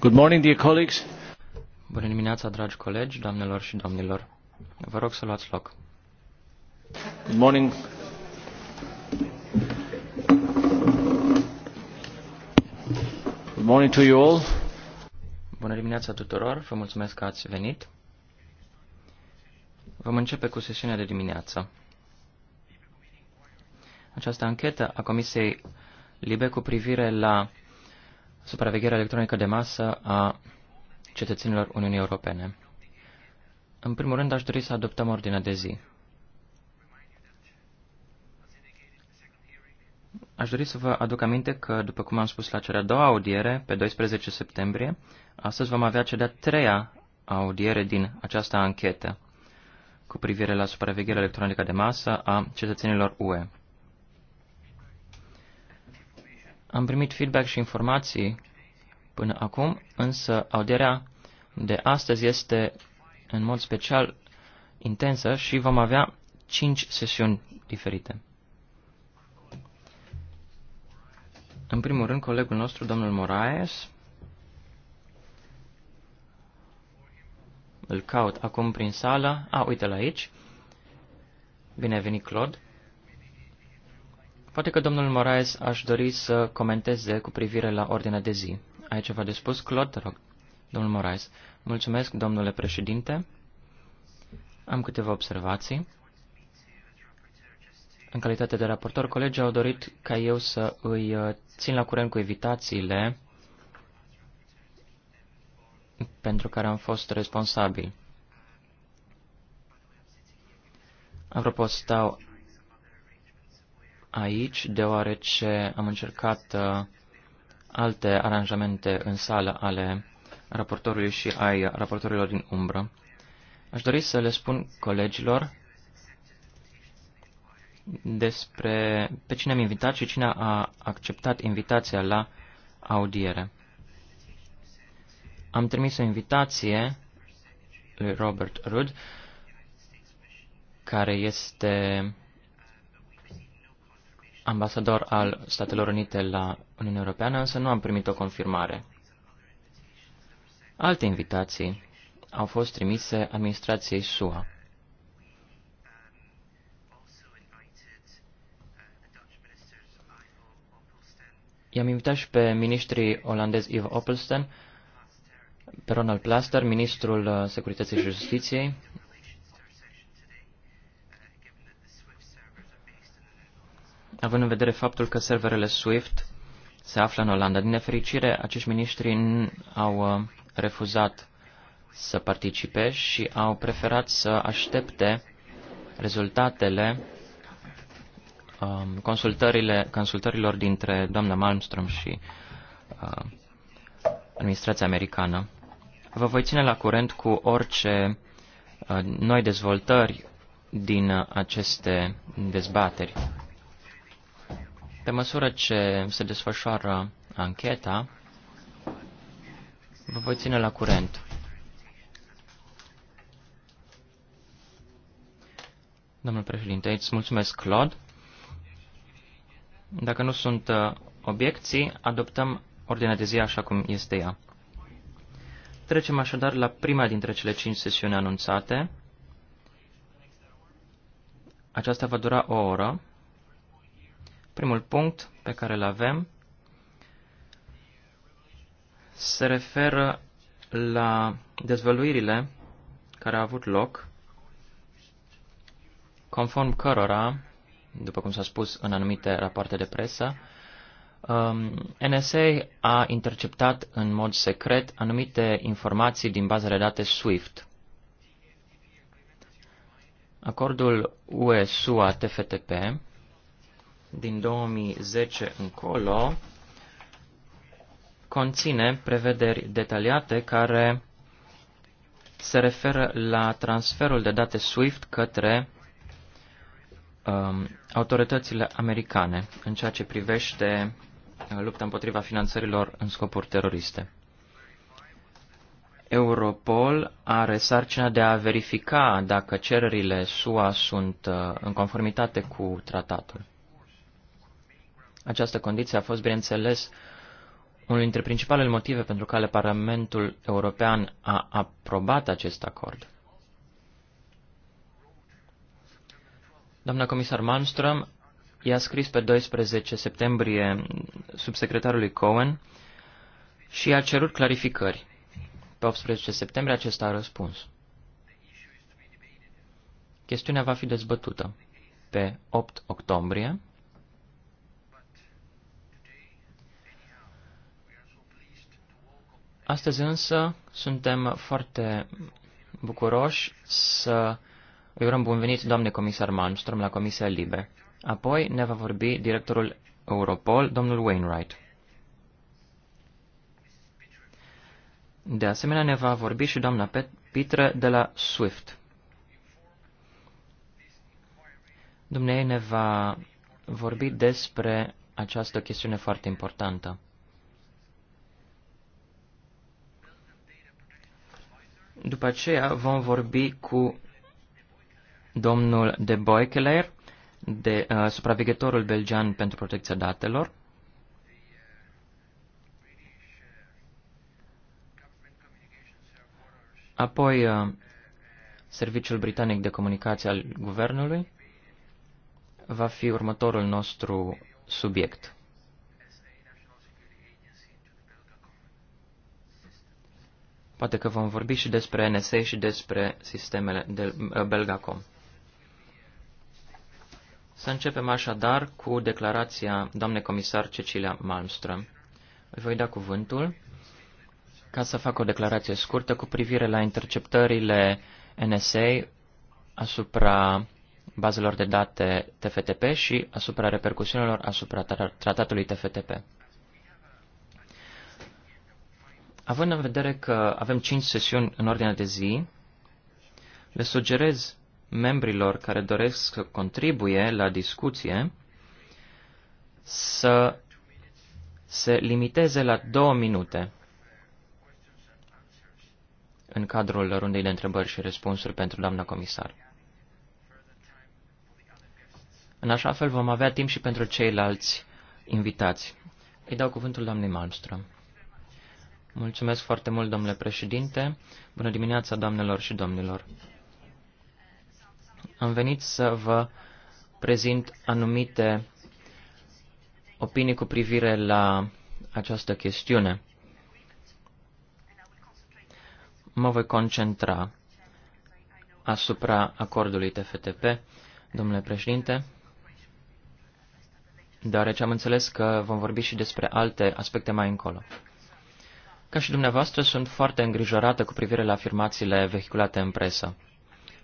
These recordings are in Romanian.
Good morning, dear colleagues. Bună dimineața, dragi colegi, doamnelor și domnilor. Vă rog să luați loc. Good morning. Good morning to you all. Bună dimineața tuturor, vă mulțumesc că ați venit. Vom începe cu sesiunea de dimineață. Această anchetă a Comisiei Libe cu privire la supravegherea electronică de masă a cetățenilor Uniunii Europene. În primul rând, aș dori să adoptăm ordinea de zi. Aș dori să vă aduc aminte că, după cum am spus la cea doua audiere, pe 12 septembrie, astăzi vom avea cea de-a treia audiere din această anchetă cu privire la supravegherea electronică de masă a cetățenilor UE. Am primit feedback și informații până acum, însă audierea de astăzi este în mod special intensă și vom avea 5 sesiuni diferite. În primul rând, colegul nostru, domnul Moraes, Îl caut acum prin sală. A, uite-l aici. Bine a venit Claude. Poate că domnul Moraes aș dori să comenteze cu privire la ordinea de zi. Ai ceva de spus, Claude? Te rog. Domnul Moraes. Mulțumesc, domnule președinte. Am câteva observații. În calitate de raportor, colegii au dorit ca eu să îi uh, țin la curent cu evitațiile pentru care am fost responsabil. Apropo, stau aici deoarece am încercat uh, alte aranjamente în sală ale raportorului și ai raportorilor din umbră. Aș dori să le spun colegilor despre pe cine am invitat și cine a acceptat invitația la audiere. Am trimis o invitație lui Robert Rudd, care este ambasador al Statelor Unite la Uniunea Europeană, însă nu am primit o confirmare. Alte invitații au fost trimise administrației SUA. I-am invitat și pe ministrii olandez Ivo Opelsten pe Ronald Plaster, ministrul uh, Securității și Justiției, având în vedere faptul că serverele SWIFT se află în Olanda. Din nefericire, acești miniștri au uh, refuzat să participe și au preferat să aștepte rezultatele um, consultările, consultărilor dintre doamna Malmström și uh, administrația americană. Vă voi ține la curent cu orice uh, noi dezvoltări din aceste dezbateri. Pe măsură ce se desfășoară ancheta, vă voi ține la curent. Domnul președinte, îți mulțumesc, Claude. Dacă nu sunt uh, obiecții, adoptăm ordinea de zi așa cum este ea. Trecem așadar la prima dintre cele cinci sesiuni anunțate. Aceasta va dura o oră. Primul punct pe care îl avem se referă la dezvăluirile care au avut loc, conform cărora, după cum s-a spus în anumite rapoarte de presă, Um, NSA a interceptat în mod secret anumite informații din baza de date SWIFT. Acordul usua tftp din 2010 încolo conține prevederi detaliate care se referă la transferul de date SWIFT către um, autoritățile americane în ceea ce privește lupta împotriva finanțărilor în scopuri teroriste. Europol are sarcina de a verifica dacă cererile SUA sunt uh, în conformitate cu tratatul. Această condiție a fost, bineînțeles, unul dintre principalele motive pentru care Parlamentul European a aprobat acest acord. Doamna comisar Malmström i-a scris pe 12 septembrie subsecretarului Cohen și a cerut clarificări. Pe 18 septembrie acesta a răspuns. Chestiunea va fi dezbătută pe 8 octombrie, Astăzi însă suntem foarte bucuroși să îi urăm bun venit, doamne comisar Malmström, la Comisia Libe. Apoi ne va vorbi directorul Europol, domnul Wainwright. De asemenea, ne va vorbi și doamna Pitre de la SWIFT. Dumnezeu ne va vorbi despre această chestiune foarte importantă. După aceea vom vorbi cu domnul de Boekeler de uh, supraveghetorul belgian pentru protecția datelor. Apoi, uh, Serviciul Britanic de Comunicație al Guvernului va fi următorul nostru subiect. Poate că vom vorbi și despre NSA și despre sistemele de uh, Belgacom. Să începem așadar cu declarația doamnei comisar Cecilia Malmström. Îi voi da cuvântul ca să fac o declarație scurtă cu privire la interceptările NSA asupra bazelor de date TFTP și asupra repercusiunilor asupra tratatului TFTP. Având în vedere că avem 5 sesiuni în ordinea de zi, le sugerez membrilor care doresc să contribuie la discuție să se limiteze la două minute în cadrul rundei de întrebări și răspunsuri pentru doamna comisar. În așa fel vom avea timp și pentru ceilalți invitați. Îi dau cuvântul doamnei Malmström. Mulțumesc foarte mult, domnule președinte. Bună dimineața, doamnelor și domnilor am venit să vă prezint anumite opinii cu privire la această chestiune. Mă voi concentra asupra acordului TFTP, domnule președinte, deoarece am înțeles că vom vorbi și despre alte aspecte mai încolo. Ca și dumneavoastră, sunt foarte îngrijorată cu privire la afirmațiile vehiculate în presă.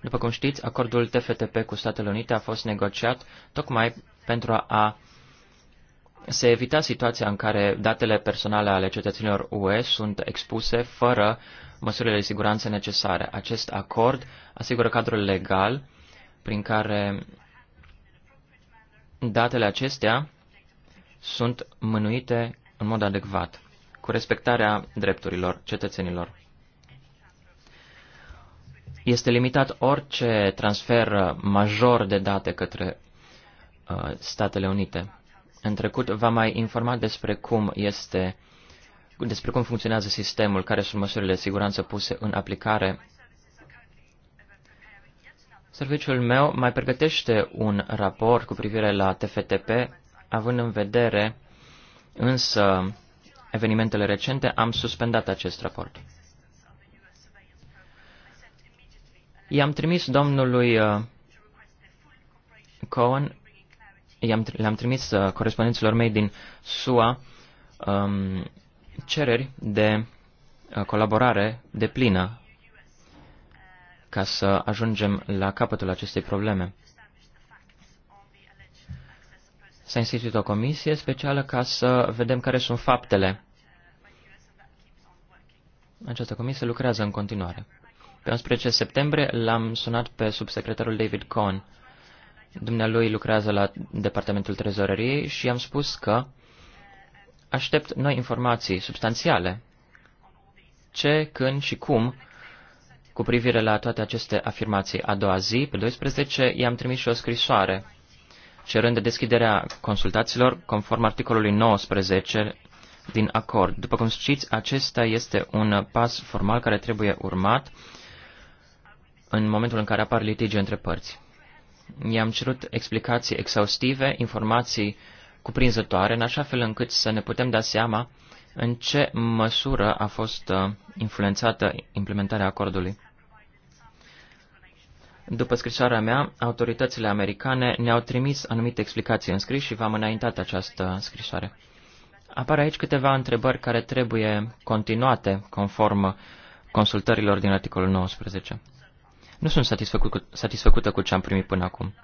După cum știți, acordul TFTP cu Statele Unite a fost negociat tocmai pentru a se evita situația în care datele personale ale cetățenilor UE sunt expuse fără măsurile de siguranță necesare. Acest acord asigură cadrul legal prin care datele acestea sunt mânuite în mod adecvat, cu respectarea drepturilor cetățenilor este limitat orice transfer major de date către uh, Statele Unite. În trecut v-am mai informat despre cum este despre cum funcționează sistemul, care sunt măsurile de siguranță puse în aplicare. Serviciul meu mai pregătește un raport cu privire la TFTP, având în vedere însă evenimentele recente, am suspendat acest raport. I-am trimis domnului uh, Cohen, le-am trimis uh, corespondenților mei din SUA um, cereri de uh, colaborare de plină ca să ajungem la capătul acestei probleme. S-a instituit o comisie specială ca să vedem care sunt faptele. Această comisie lucrează în continuare. Pe 11 septembrie l-am sunat pe subsecretarul David Cohn. Dumnealui lucrează la Departamentul Trezoreriei și i-am spus că aștept noi informații substanțiale. Ce, când și cum cu privire la toate aceste afirmații. A doua zi, pe 12, i-am trimis și o scrisoare cerând de deschiderea consultațiilor conform articolului 19 din acord. După cum știți, acesta este un pas formal care trebuie urmat în momentul în care apar litigi între părți. I-am cerut explicații exhaustive, informații cuprinzătoare, în așa fel încât să ne putem da seama în ce măsură a fost uh, influențată implementarea acordului. După scrisoarea mea, autoritățile americane ne-au trimis anumite explicații în scris și v-am înaintat această scrisoare. Apar aici câteva întrebări care trebuie continuate conform consultărilor din articolul 19. Nu sunt satisfăcut cu, satisfăcută cu ce am primit până acum.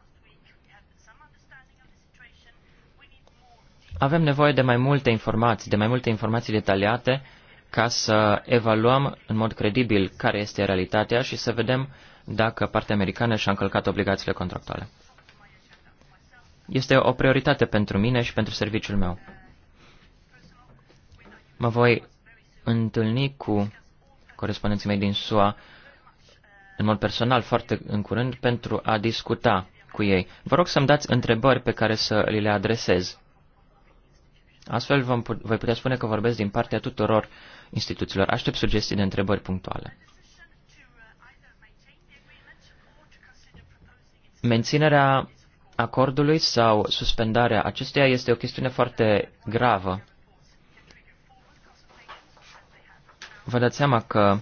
Avem nevoie de mai multe informații, de mai multe informații detaliate, ca să evaluăm în mod credibil care este realitatea și să vedem dacă partea americană și-a încălcat obligațiile contractuale. Este o prioritate pentru mine și pentru serviciul meu. Mă voi întâlni cu corespondenții mei din SUA în mod personal foarte în curând pentru a discuta cu ei. Vă rog să-mi dați întrebări pe care să li le adresez. Astfel vom, voi putea spune că vorbesc din partea tuturor instituțiilor. Aștept sugestii de întrebări punctuale. Menținerea acordului sau suspendarea acesteia este o chestiune foarte gravă. Vă dați seama că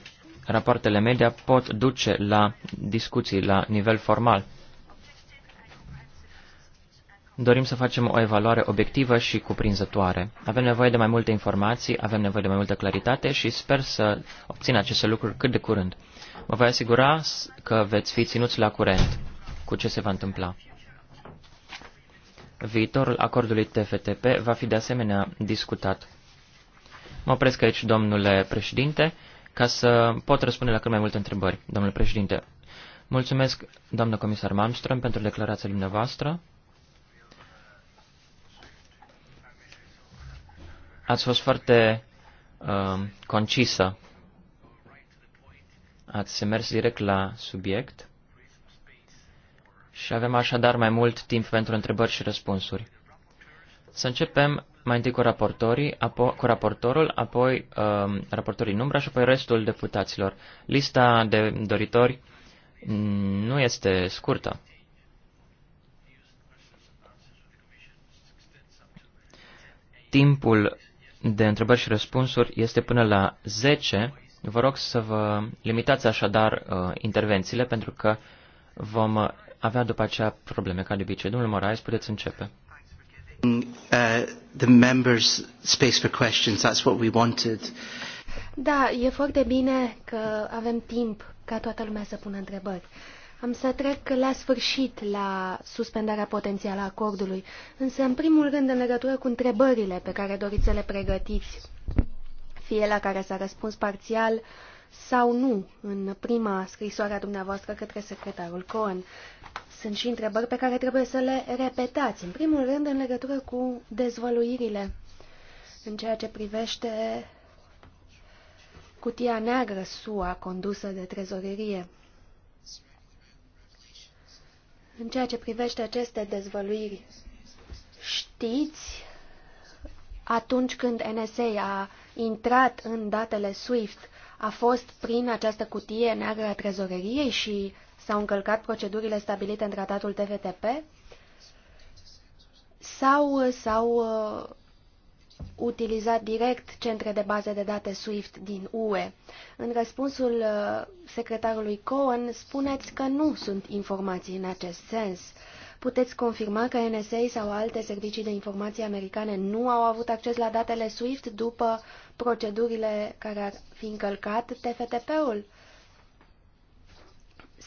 rapoartele media pot duce la discuții la nivel formal. Dorim să facem o evaluare obiectivă și cuprinzătoare. Avem nevoie de mai multe informații, avem nevoie de mai multă claritate și sper să obțin aceste lucruri cât de curând. Mă voi asigura că veți fi ținuți la curent cu ce se va întâmpla. Viitorul acordului TFTP va fi de asemenea discutat. Mă opresc aici, domnule președinte ca să pot răspunde la cât mai multe întrebări, domnule președinte. Mulțumesc, doamnă comisar Malmström, pentru declarația dumneavoastră. Ați fost foarte uh, concisă. Ați mers direct la subiect și avem așadar mai mult timp pentru întrebări și răspunsuri. Să începem mai întâi cu, raportorii, apo- cu raportorul, apoi um, raportorii în umbră și apoi restul deputaților. Lista de doritori mm, nu este scurtă. Timpul de întrebări și răspunsuri este până la 10. Vă rog să vă limitați așadar uh, intervențiile pentru că vom avea după aceea probleme ca de obicei. Domnul Moraes, puteți începe. Uh, the members space for questions. That's what we wanted. Da, e foarte bine că avem timp ca toată lumea să pună întrebări. Am să trec la sfârșit la suspendarea potențială a acordului, însă în primul rând în legătură cu întrebările pe care doriți să le pregătiți, fie la care s-a răspuns parțial, uh, sau nu în prima scrisoare a dumneavoastră către secretarul Cohen. Sunt și întrebări pe care trebuie să le repetați, în primul rând în legătură cu dezvăluirile în ceea ce privește cutia neagră SUA condusă de trezorerie. În ceea ce privește aceste dezvăluiri, știți atunci când NSA a intrat în datele SWIFT, a fost prin această cutie neagră a trezoreriei și s-au încălcat procedurile stabilite în tratatul TVTP? Sau s-au uh, utilizat direct centre de bază de date SWIFT din UE? În răspunsul uh, secretarului Cohen spuneți că nu sunt informații în acest sens. Uh, Puteți confirma că NSA sau alte servicii de informații americane nu au avut acces la datele SWIFT după procedurile care ar fi încălcat TFTP-ul?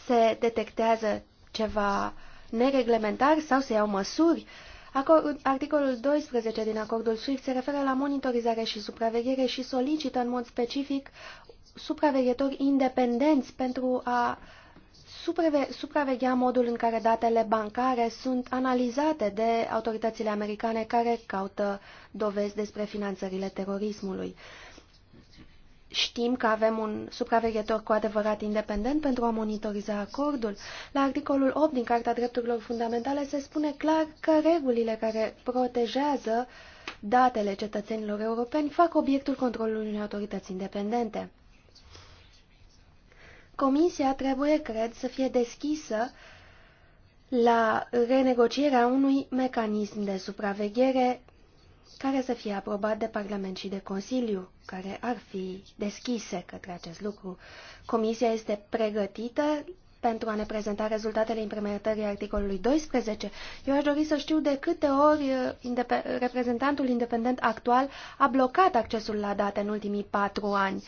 Se detectează ceva nereglementar sau se iau măsuri? articolul 12 din acordul SWIFT se referă la monitorizare și supraveghere și solicită în mod specific supraveghetori independenți pentru a supraveghea modul în care datele bancare sunt analizate de autoritățile americane care caută dovezi despre finanțările terorismului. Știm că avem un supraveghetor cu adevărat independent pentru a monitoriza acordul. La articolul 8 din Carta Drepturilor Fundamentale se spune clar că regulile care protejează datele cetățenilor europeni fac obiectul controlului unei autorități independente. Comisia trebuie, cred, să fie deschisă la renegocierea unui mecanism de supraveghere care să fie aprobat de Parlament și de Consiliu, care ar fi deschise către acest lucru. Comisia este pregătită pentru a ne prezenta rezultatele implementării articolului 12, eu aș dori să știu de câte ori uh, indep reprezentantul independent actual a blocat accesul la date în ultimii patru ani,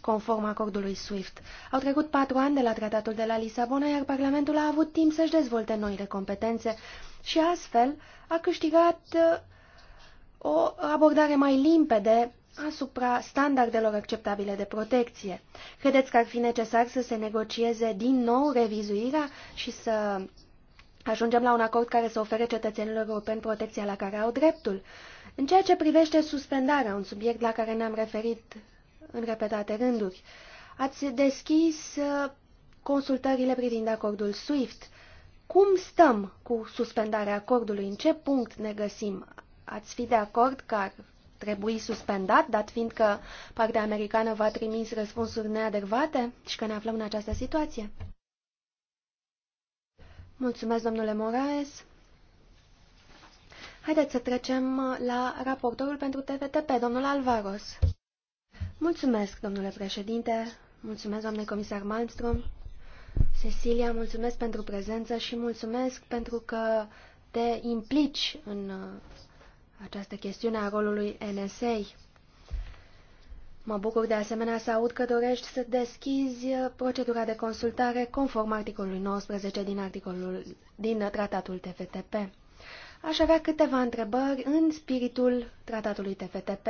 conform acordului SWIFT. Au trecut patru ani de la tratatul de la Lisabona, iar Parlamentul a avut timp să-și dezvolte noile competențe și astfel a câștigat uh, o abordare mai limpede asupra standardelor acceptabile de protecție. Credeți că ar fi necesar să se negocieze din nou revizuirea și să ajungem la un acord care să ofere cetățenilor europeni protecția la care au dreptul? În ceea ce privește suspendarea, un subiect la care ne-am referit în repetate rânduri, ați deschis uh, consultările privind acordul SWIFT. Cum stăm cu suspendarea acordului? În ce punct ne găsim? Ați fi de acord că ar trebui suspendat, dat fiind că partea americană va trimis răspunsuri neadecvate și că ne aflăm în această situație? Mulțumesc, domnule Moraes. Haideți să trecem la raportorul pentru TVTP, domnul Alvaros. Mulțumesc, domnule președinte. Mulțumesc, doamne comisar Malmström. Cecilia, mulțumesc pentru prezență și mulțumesc pentru că te implici în această chestiune a rolului NSA. Mă bucur de asemenea să aud că dorești să deschizi procedura de consultare conform articolului 19 din, articolul, din tratatul TFTP. Aș avea câteva întrebări în spiritul tratatului TFTP.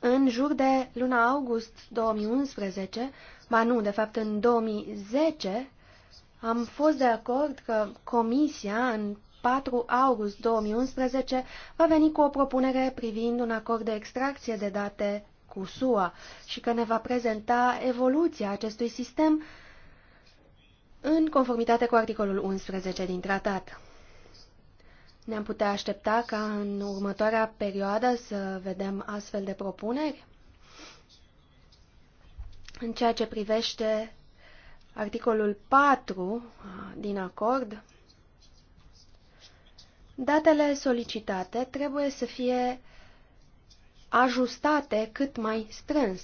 În jur de luna august 2011, ba nu, de fapt în 2010, am fost de acord că Comisia, în 4 august 2011 va veni cu o propunere privind un acord de extracție de date cu SUA și că ne va prezenta evoluția acestui sistem în conformitate cu articolul 11 din tratat. Ne-am putea aștepta ca în următoarea perioadă să vedem astfel de propuneri? În ceea ce privește articolul 4 din acord, Datele solicitate trebuie să fie ajustate cât mai strâns.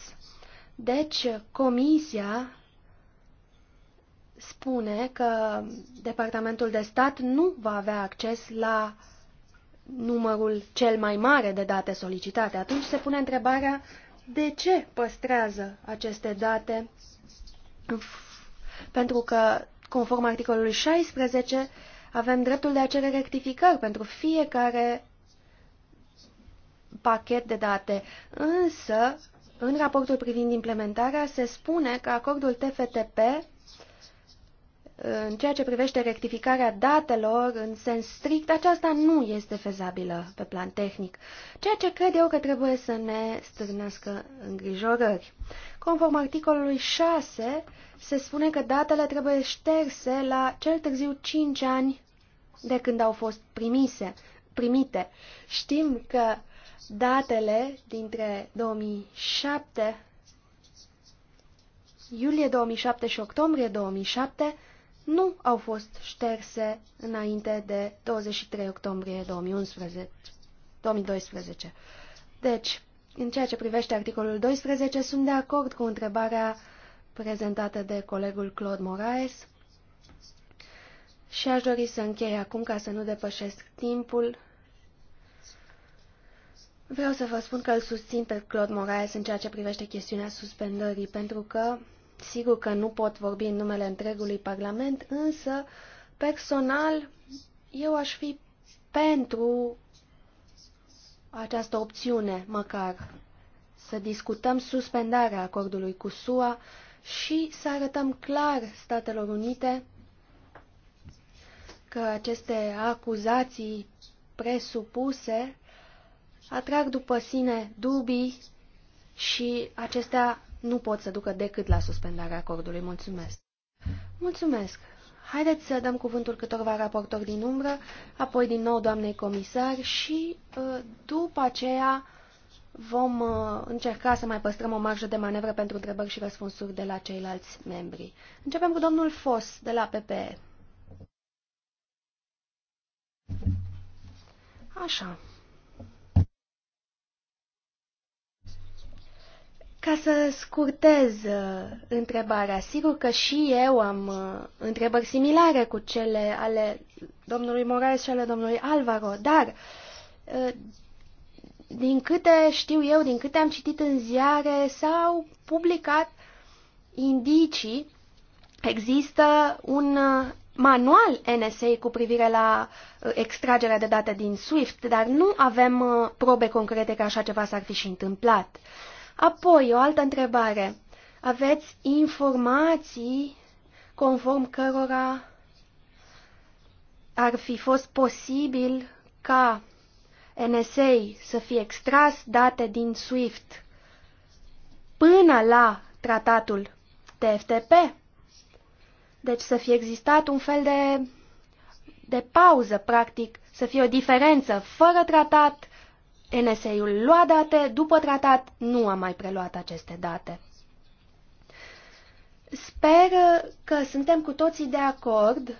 Deci, Comisia spune că Departamentul de Stat nu va avea acces la numărul cel mai mare de date solicitate. Atunci se pune întrebarea de ce păstrează aceste date, pentru că, conform articolului 16, avem dreptul de a cere rectificări pentru fiecare pachet de date, însă în raportul privind implementarea se spune că acordul TFTP în ceea ce privește rectificarea datelor în sens strict, aceasta nu este fezabilă pe plan tehnic, ceea ce cred eu că trebuie să ne stârnească îngrijorări. Conform articolului 6, se spune că datele trebuie șterse la cel târziu 5 ani de când au fost primise, primite. Știm că datele dintre 2007, iulie 2007 și octombrie 2007 nu au fost șterse înainte de 23 octombrie 2012. Deci, în ceea ce privește articolul 12, sunt de acord cu întrebarea prezentată de colegul Claude Moraes și aș dori să închei acum ca să nu depășesc timpul. Vreau să vă spun că îl susțin pe Claude Moraes în ceea ce privește chestiunea suspendării, pentru că Sigur că nu pot vorbi în numele întregului Parlament, însă, personal, eu aș fi pentru această opțiune, măcar, să discutăm suspendarea acordului cu SUA și să arătăm clar Statelor Unite că aceste acuzații presupuse atrag după sine dubii și acestea nu pot să ducă decât la suspendarea acordului. Mulțumesc! Mulțumesc! Haideți să dăm cuvântul câtorva raportori din umbră, apoi din nou doamnei comisar și uh, după aceea vom uh, încerca să mai păstrăm o marjă de manevră pentru întrebări și răspunsuri de la ceilalți membri. Începem cu domnul Fos de la PPE. Așa. Ca să scurtez uh, întrebarea, sigur că și eu am uh, întrebări similare cu cele ale domnului Moraes și ale domnului Alvaro, dar uh, din câte știu eu, din câte am citit în ziare, s-au publicat indicii, există un manual NSA cu privire la extragerea de date din SWIFT, dar nu avem probe concrete că așa ceva s-ar fi și întâmplat. Uh, Apoi, o altă întrebare. Aveți informații conform cărora ar fi fost posibil ca NSA să fie extras date din SWIFT până la tratatul TFTP? Deci să fie existat un fel de, de pauză, practic, să fie o diferență fără tratat NSA-ul lua date, după tratat nu a mai preluat aceste date. Sper că suntem cu toții de acord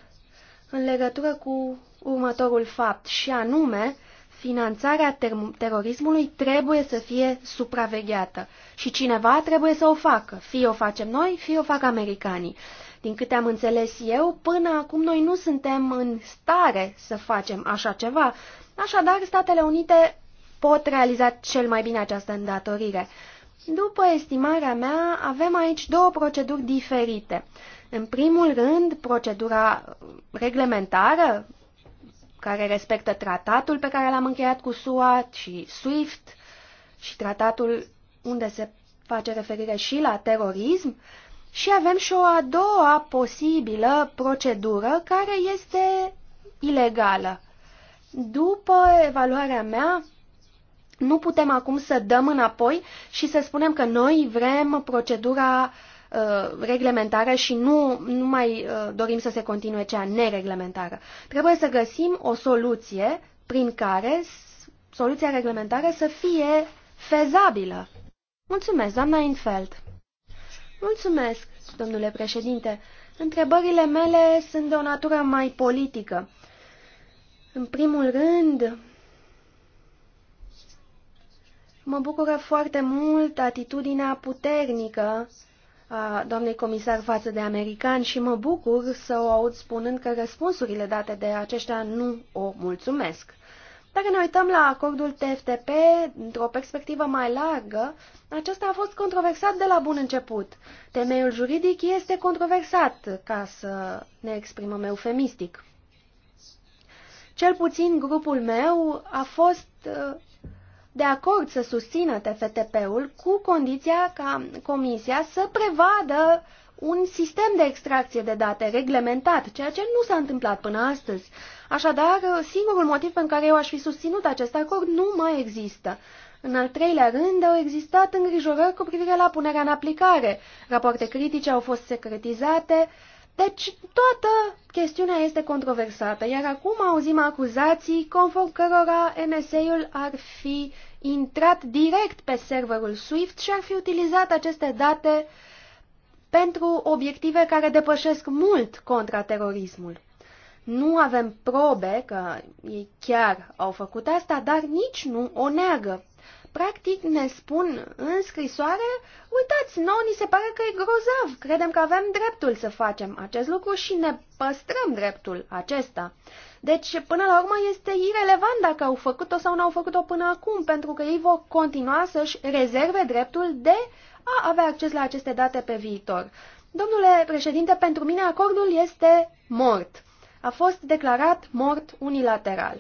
în legătură cu următorul fapt, și anume, finanțarea ter terorismului trebuie să fie supravegheată și cineva trebuie să o facă, fie o facem noi, fie o fac americanii. Din câte am înțeles eu, până acum noi nu suntem în stare să facem așa ceva, așadar Statele Unite pot realiza cel mai bine această îndatorire. După estimarea mea, avem aici două proceduri diferite. În primul rând, procedura uh, reglementară, care respectă tratatul pe care l-am încheiat cu SUA și SWIFT și tratatul unde se face referire și la terorism, și avem și o a doua posibilă procedură care este ilegală. După evaluarea mea, nu putem acum să dăm înapoi și să spunem că noi vrem procedura uh, reglementară și nu, nu mai uh, dorim să se continue cea nereglementară. Trebuie să găsim o soluție prin care soluția reglementară să fie fezabilă. Mulțumesc, doamna Infeld. Mulțumesc, domnule președinte. Întrebările mele sunt de o natură mai politică. În primul rând, Mă bucură foarte mult atitudinea puternică a doamnei comisar față de americani și mă bucur să o aud spunând că răspunsurile date de aceștia nu o mulțumesc. Dacă ne uităm la acordul TFTP într-o perspectivă mai largă, acesta a fost controversat de la bun început. Temeiul juridic este controversat, ca să ne exprimăm eufemistic. Cel puțin grupul meu a fost uh, de acord să susțină TFTP-ul cu condiția ca Comisia să prevadă un sistem de extracție de date reglementat, ceea ce nu s-a întâmplat până astăzi. Așadar, singurul motiv pentru care eu aș fi susținut acest acord nu mai există. În al treilea rând, au existat îngrijorări cu privire la punerea în aplicare. Rapoarte critice au fost secretizate, uh, deci, toată chestiunea este controversată, iar acum auzim acuzații conform cărora NSA-ul ar fi intrat direct pe serverul SWIFT și ar fi utilizat aceste date pentru obiective care depășesc mult contraterorismul. Nu avem probe că ei chiar au făcut asta, dar nici nu o neagă practic ne spun în scrisoare, uitați, nouă ni se pare că e grozav, credem că avem dreptul să facem acest lucru și ne păstrăm dreptul acesta. Deci, până la urmă, este irelevant dacă au făcut-o sau nu au făcut-o până acum, pentru că ei vor continua să-și rezerve dreptul de a avea acces la aceste date pe viitor. Domnule președinte, pentru mine acordul este mort. A fost declarat mort unilateral.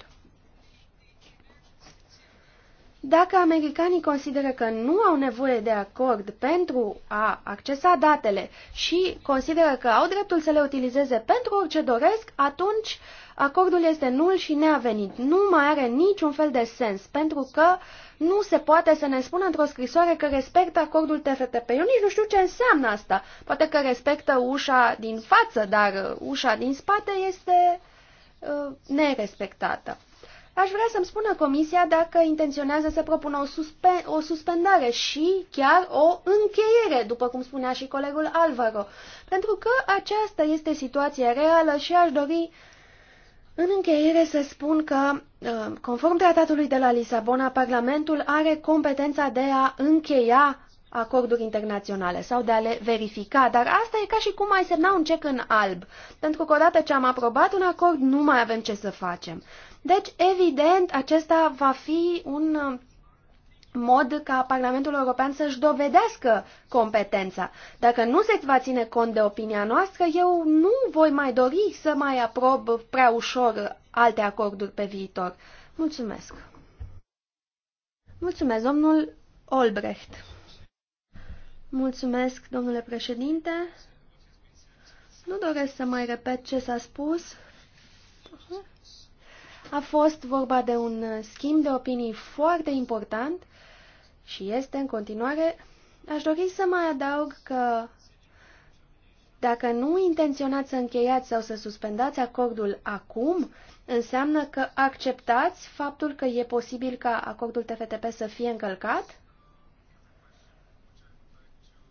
Dacă americanii consideră că nu au nevoie de acord pentru a accesa datele și consideră că au dreptul să le utilizeze pentru orice doresc, atunci acordul este nul și neavenit. Nu mai are niciun fel de sens, pentru că nu se poate să ne spună într-o scrisoare că respectă acordul TFTP. Eu nici nu știu ce înseamnă asta. Poate că respectă ușa din față, dar ușa din spate este uh, nerespectată. Aș vrea să-mi spună Comisia dacă intenționează să propună o, suspe- o suspendare și chiar o încheiere, după cum spunea și colegul Alvaro, pentru că aceasta este situația reală și aș dori în încheiere să spun că, ă, conform tratatului de la Lisabona, Parlamentul are competența de a încheia acorduri internaționale sau de a le verifica, dar asta e ca și cum ai semna un cec în alb, pentru că odată ce am aprobat un acord, nu mai avem ce să facem. Deci, evident, acesta va fi un uh, mod ca Parlamentul European să-și dovedească competența. Dacă nu se va ține cont de opinia noastră, eu nu voi mai dori să mai aprob prea ușor alte acorduri pe viitor. Mulțumesc! Mulțumesc, domnul Olbrecht! Mulțumesc, domnule președinte! Nu doresc să mai repet ce s-a spus. A fost vorba de un schimb de opinii foarte important și este în continuare. Aș dori să mai adaug că dacă nu intenționați să încheiați sau să suspendați acordul acum, înseamnă că acceptați faptul că e posibil ca acordul TFTP să fie încălcat?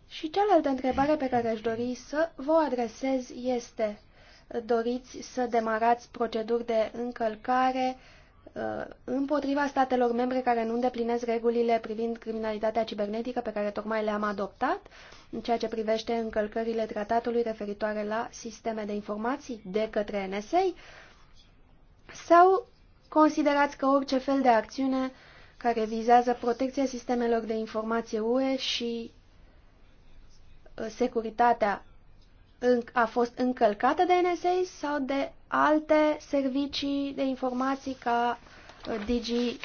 Și cealaltă întrebare pe care aș dori să vă adresez este doriți să demarați proceduri de încălcare uh, împotriva statelor membre care nu îndeplinesc regulile privind criminalitatea cibernetică pe care tocmai le-am adoptat, în ceea ce privește încălcările tratatului referitoare la sisteme de informații de către NSA? Sau considerați că orice fel de acțiune care vizează protecția sistemelor de informație UE și uh, securitatea a fost încălcată de NSA sau de alte servicii de informații ca uh, DGCQ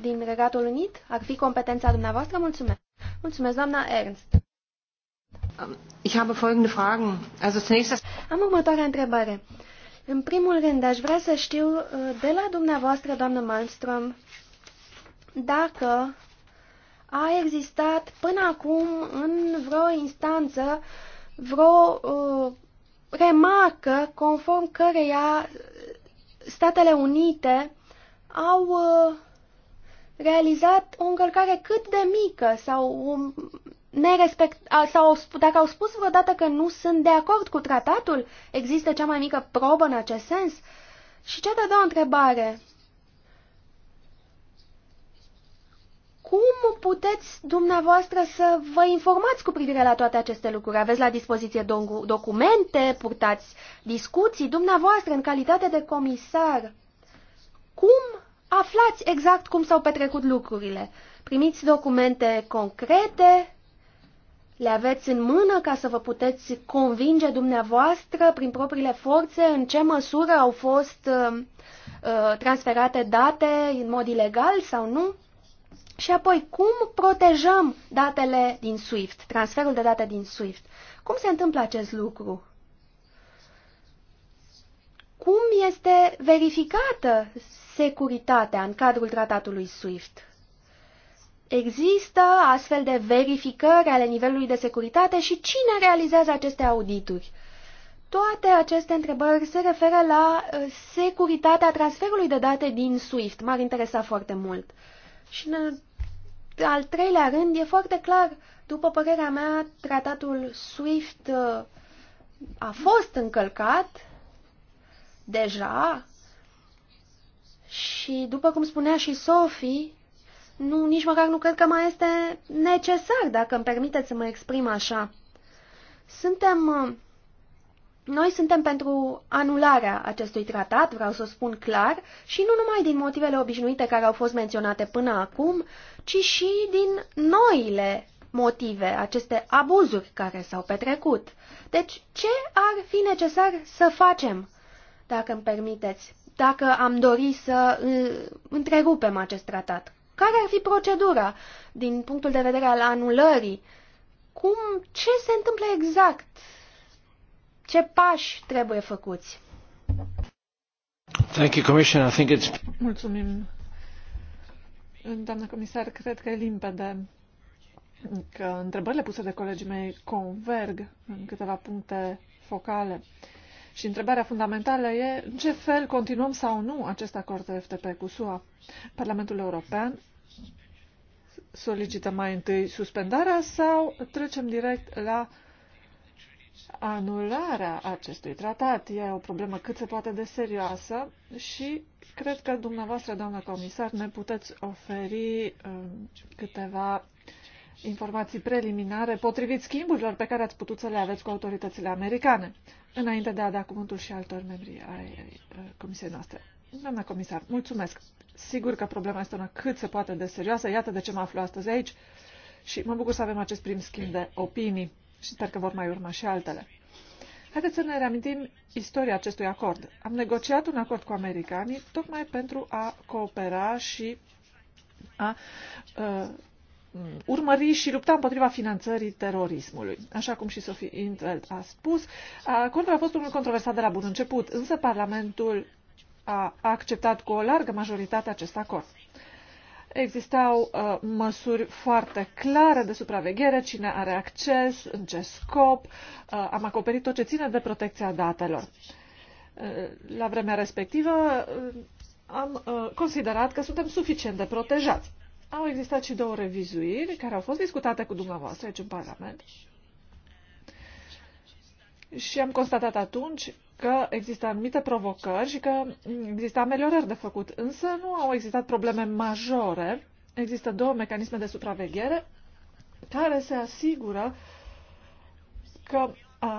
din Regatul Unit? Ar fi competența dumneavoastră? Mulțumesc. Mulțumesc, doamna Ernst. Um, ich habe folgende Fragen. Also zunächst Am următoarea întrebare. În primul rând, aș vrea să știu uh, de la dumneavoastră, doamnă Malmström, dacă a existat până acum în vreo instanță vreo uh, remarcă conform căreia Statele Unite au uh, realizat o încălcare cât de mică sau um, nerespect, sau dacă au spus vreodată că nu sunt de acord cu tratatul, există cea mai mică probă în acest sens? Și cea de-a doua întrebare, cum puteți dumneavoastră să vă informați cu privire la toate aceste lucruri? Aveți la dispoziție documente, purtați discuții, dumneavoastră, în calitate de comisar. Cum aflați exact cum s-au petrecut lucrurile? Primiți documente concrete, le aveți în mână ca să vă puteți convinge dumneavoastră prin propriile forțe în ce măsură au fost uh, uh transferate date în mod ilegal sau nu? Și apoi, cum protejăm datele din SWIFT, transferul de date din SWIFT? Cum se întâmplă acest lucru? Cum este verificată securitatea în cadrul tratatului SWIFT? Există astfel de verificări ale nivelului de securitate și cine realizează aceste audituri? Toate aceste întrebări se referă la uh, securitatea transferului de date din SWIFT. M-ar interesa foarte mult. Și al treilea rând, e foarte clar, după părerea mea, tratatul SWIFT uh, a fost încălcat deja și, după cum spunea și Sophie, nu, nici măcar nu cred că mai este necesar, dacă îmi permiteți să mă exprim așa. Suntem uh, noi suntem pentru anularea acestui tratat, vreau să o spun clar, și nu numai din motivele obișnuite care au fost menționate până acum, ci și din noile motive, aceste abuzuri care s-au petrecut. Deci, ce ar fi necesar să facem, dacă îmi permiteți, dacă am dori să întrerupem acest tratat? Care ar fi procedura din punctul de vedere al anulării? Cum, ce se întâmplă exact ce pași trebuie făcuți? Thank you, Commissioner. I think it's... Mulțumim, doamna comisar. Cred că e limpede că întrebările puse de colegii mei converg în câteva puncte focale. Și întrebarea fundamentală e în ce fel continuăm sau nu acest acord de FTP cu SUA. Parlamentul European solicită mai întâi suspendarea sau trecem direct la anularea acestui tratat. E o problemă cât se poate de serioasă și cred că dumneavoastră, doamnă comisar, ne puteți oferi uh, câteva informații preliminare potrivit schimburilor pe care ați putut să le aveți cu autoritățile americane, înainte de a da cuvântul și altor membri ai uh, comisiei noastre. Doamna comisar, mulțumesc. Sigur că problema este una cât se poate de serioasă. Iată de ce mă aflu astăzi aici și mă bucur să avem acest prim schimb de opinii și sper că vor mai urma și altele. Haideți să ne reamintim istoria acestui acord. Am negociat un acord cu americanii tocmai pentru a coopera și a uh, urmări și lupta împotriva finanțării terorismului. Așa cum și Sophie Intveld a spus, acordul a fost unul controversat de la bun început, însă Parlamentul a acceptat cu o largă majoritate acest acord. Existau uh, măsuri foarte clare de supraveghere, cine are acces, în ce scop. Uh, am acoperit tot ce ține de protecția datelor. Uh, la vremea respectivă uh, am uh, considerat că suntem suficient de protejați. Au existat și două revizuiri care au fost discutate cu dumneavoastră aici în Parlament și am constatat atunci că există anumite provocări și că există ameliorări de făcut, însă nu au existat probleme majore. Există două mecanisme de supraveghere care se asigură că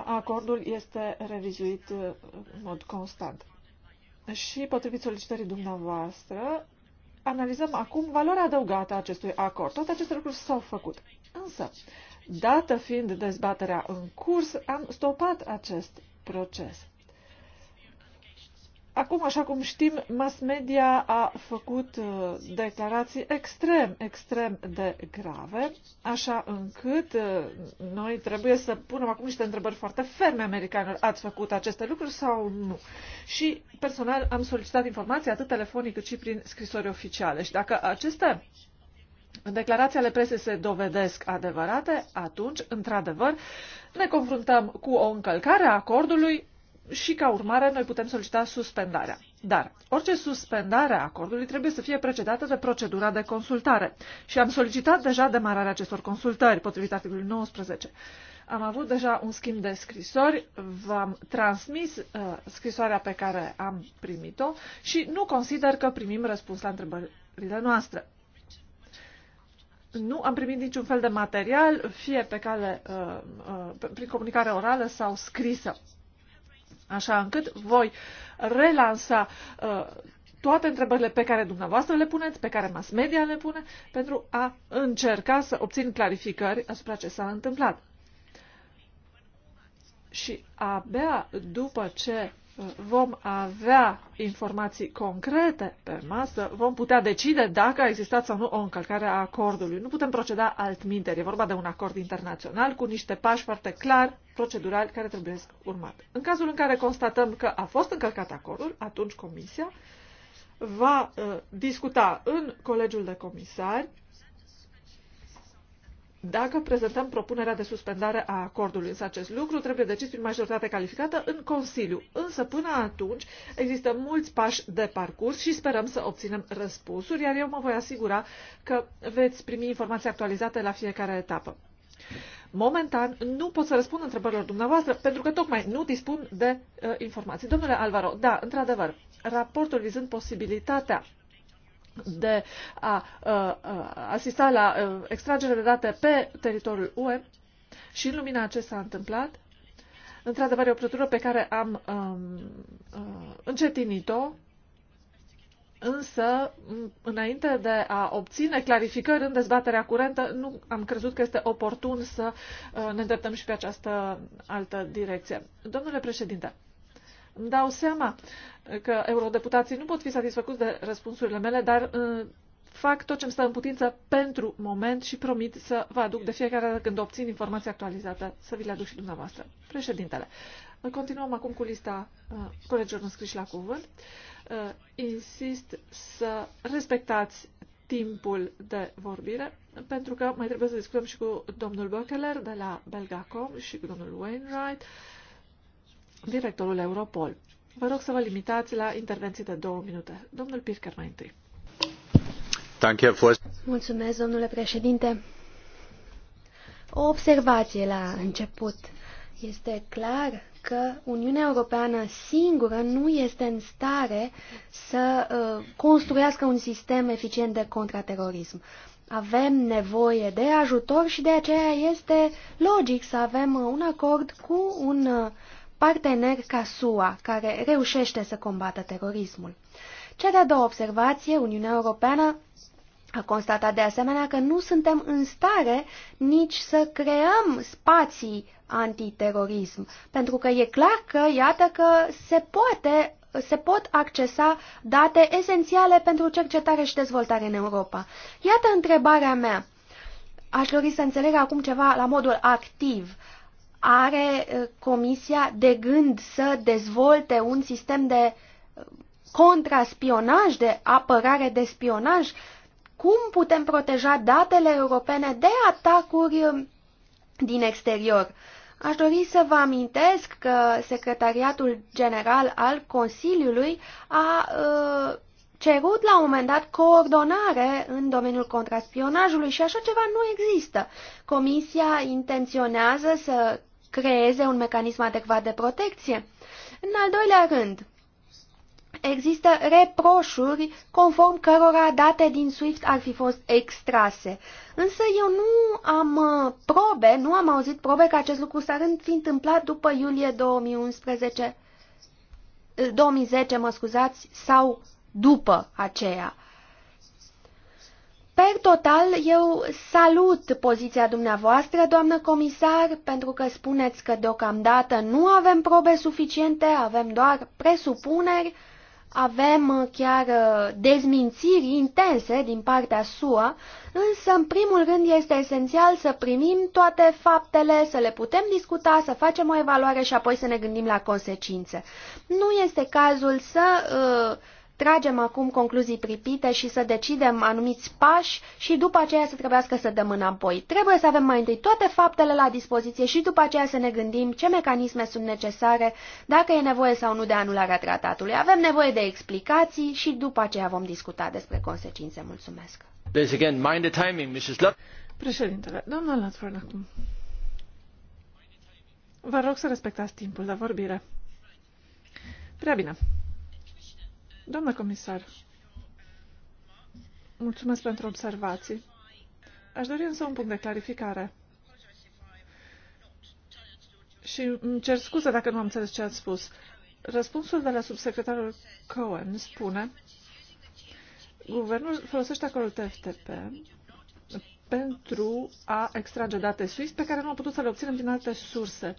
acordul este revizuit uh, în mod constant. Și potrivit solicitării dumneavoastră, analizăm acum valoarea adăugată a acestui acord. Toate aceste lucruri s-au făcut. Însă, Dată fiind dezbaterea în curs, am stopat acest proces. Acum, așa cum știm, mass media a făcut uh, declarații extrem, extrem de grave, așa încât uh, noi trebuie să punem acum niște întrebări foarte ferme americanilor. Ați făcut aceste lucruri sau nu? Și personal am solicitat informații atât telefonic cât și prin scrisori oficiale. Și dacă aceste declarații ale presei se dovedesc adevărate, atunci, într-adevăr, ne confruntăm cu o încălcare a acordului și, ca urmare, noi putem solicita suspendarea. Dar orice suspendare a acordului trebuie să fie precedată de procedura de consultare. Și am solicitat deja demararea acestor consultări, potrivit articolului 19. Am avut deja un schimb de scrisori, v-am transmis uh, scrisoarea pe care am primit-o și nu consider că primim răspuns la întrebările noastre nu am primit niciun fel de material, fie pe cale, uh, uh, prin comunicare orală sau scrisă. Așa încât voi relansa uh, toate întrebările pe care dumneavoastră le puneți, pe care mass media le pune, pentru a încerca să obțin clarificări asupra ce s-a întâmplat. Și abia după ce vom avea informații concrete pe masă, vom putea decide dacă a existat sau nu o încălcare a acordului. Nu putem proceda altminteri. E vorba de un acord internațional cu niște pași foarte clar, procedurali, care trebuie urmat. În cazul în care constatăm că a fost încălcat acordul, atunci Comisia va uh, discuta în Colegiul de Comisari dacă prezentăm propunerea de suspendare a acordului. Însă acest lucru trebuie decis prin majoritate calificată în Consiliu. Însă până atunci există mulți pași de parcurs și sperăm să obținem răspunsuri, iar eu mă voi asigura că veți primi informații actualizate la fiecare etapă. Momentan nu pot să răspund întrebărilor dumneavoastră pentru că tocmai nu dispun de uh, informații. Domnule Alvaro, da, într-adevăr, raportul vizând posibilitatea de a, a, a asista la a, extragere de date pe teritoriul UE și în lumina ce s-a întâmplat, într-adevăr e o procedură pe care am um, uh, încetinit-o, însă înainte de a obține clarificări în dezbaterea curentă, nu am crezut că este oportun să uh, ne îndreptăm și pe această altă direcție. Domnule președinte, îmi dau seama că eurodeputații nu pot fi satisfăcuți de răspunsurile mele, dar uh, fac tot ce îmi stă în putință pentru moment și promit să vă aduc de fiecare dată când obțin informații actualizate, să vi le aduc și dumneavoastră. Președintele, uh, continuăm acum cu lista uh, colegilor înscriși la cuvânt. insist să respectați timpul de vorbire, pentru că mai trebuie să discutăm și cu domnul Böckeler de la Belgacom și cu domnul Wainwright. Uh, directorul Europol. Vă rog să vă limitați la intervenții de două minute. Domnul Pirker mai întâi. Mulțumesc, domnule președinte. O observație la început. Este clar că Uniunea Europeană singură nu este în stare să uh, construiască un sistem eficient de contraterorism. Avem nevoie de ajutor și de aceea este logic să avem uh, un acord cu un uh, partener ca SUA, care reușește să combată terorismul. Cea de-a doua observație, Uniunea Europeană a constatat de asemenea că nu suntem în stare nici să creăm spații antiterorism, pentru că e clar că, iată că se poate se pot accesa date esențiale pentru cercetare și dezvoltare în Europa. Iată întrebarea mea. Aș dori să înțeleg acum ceva la modul activ are uh, Comisia de gând să dezvolte un sistem de uh, contraspionaj, de apărare de spionaj? Cum putem proteja datele europene de atacuri uh, din exterior? Aș dori să vă amintesc că Secretariatul General al Consiliului a cerut la un moment dat coordonare în domeniul contraspionajului și așa ceva nu există. Comisia intenționează să creeze un mecanism adecvat de protecție. În al doilea rând, există reproșuri conform cărora date din SWIFT ar fi fost extrase. Însă eu nu am uh, probe, nu am auzit probe că acest lucru s-ar fi întâmplat după iulie 2011, 2010, mă scuzați, sau după aceea. Per total, eu salut poziția dumneavoastră, doamnă comisar, pentru că spuneți că deocamdată nu avem probe suficiente, avem doar presupuneri, avem chiar uh, dezmințiri intense din partea SUA, însă în primul rând este esențial să primim toate faptele, să le putem discuta, să facem o evaluare și apoi să ne gândim la consecințe. Nu este cazul să... Uh, tragem acum concluzii pripite și să decidem anumiți pași și după aceea să trebuiască să dăm înapoi. Trebuie să avem mai întâi toate faptele la dispoziție și după aceea să ne gândim ce mecanisme sunt necesare, dacă e nevoie sau nu de anularea tratatului. Avem nevoie de explicații și după aceea vom discuta despre consecințe. Mulțumesc! Președintele, doamna Latford acum. Vă rog să respectați timpul la vorbire. Prea bine. Doamnă comisar, mulțumesc pentru observații. Aș dori însă un punct de clarificare. Și îmi cer scuze dacă nu am înțeles ce ați spus. Răspunsul de la subsecretarul Cohen spune Guvernul folosește acolo TFTP pentru a extrage date SWIS pe care nu au putut să le obținem din alte surse.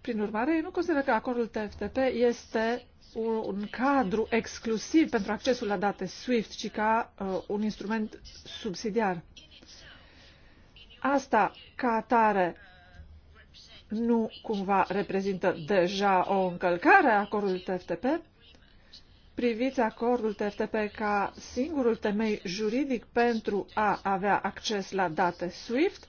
Prin urmare, eu nu consider că acordul TFTP este un cadru exclusiv pentru accesul la date SWIFT, ci ca uh, un instrument subsidiar. Asta, ca atare, nu cumva reprezintă deja o încălcare a acordului TFTP? Priviți acordul TFTP ca singurul temei juridic pentru a avea acces la date SWIFT?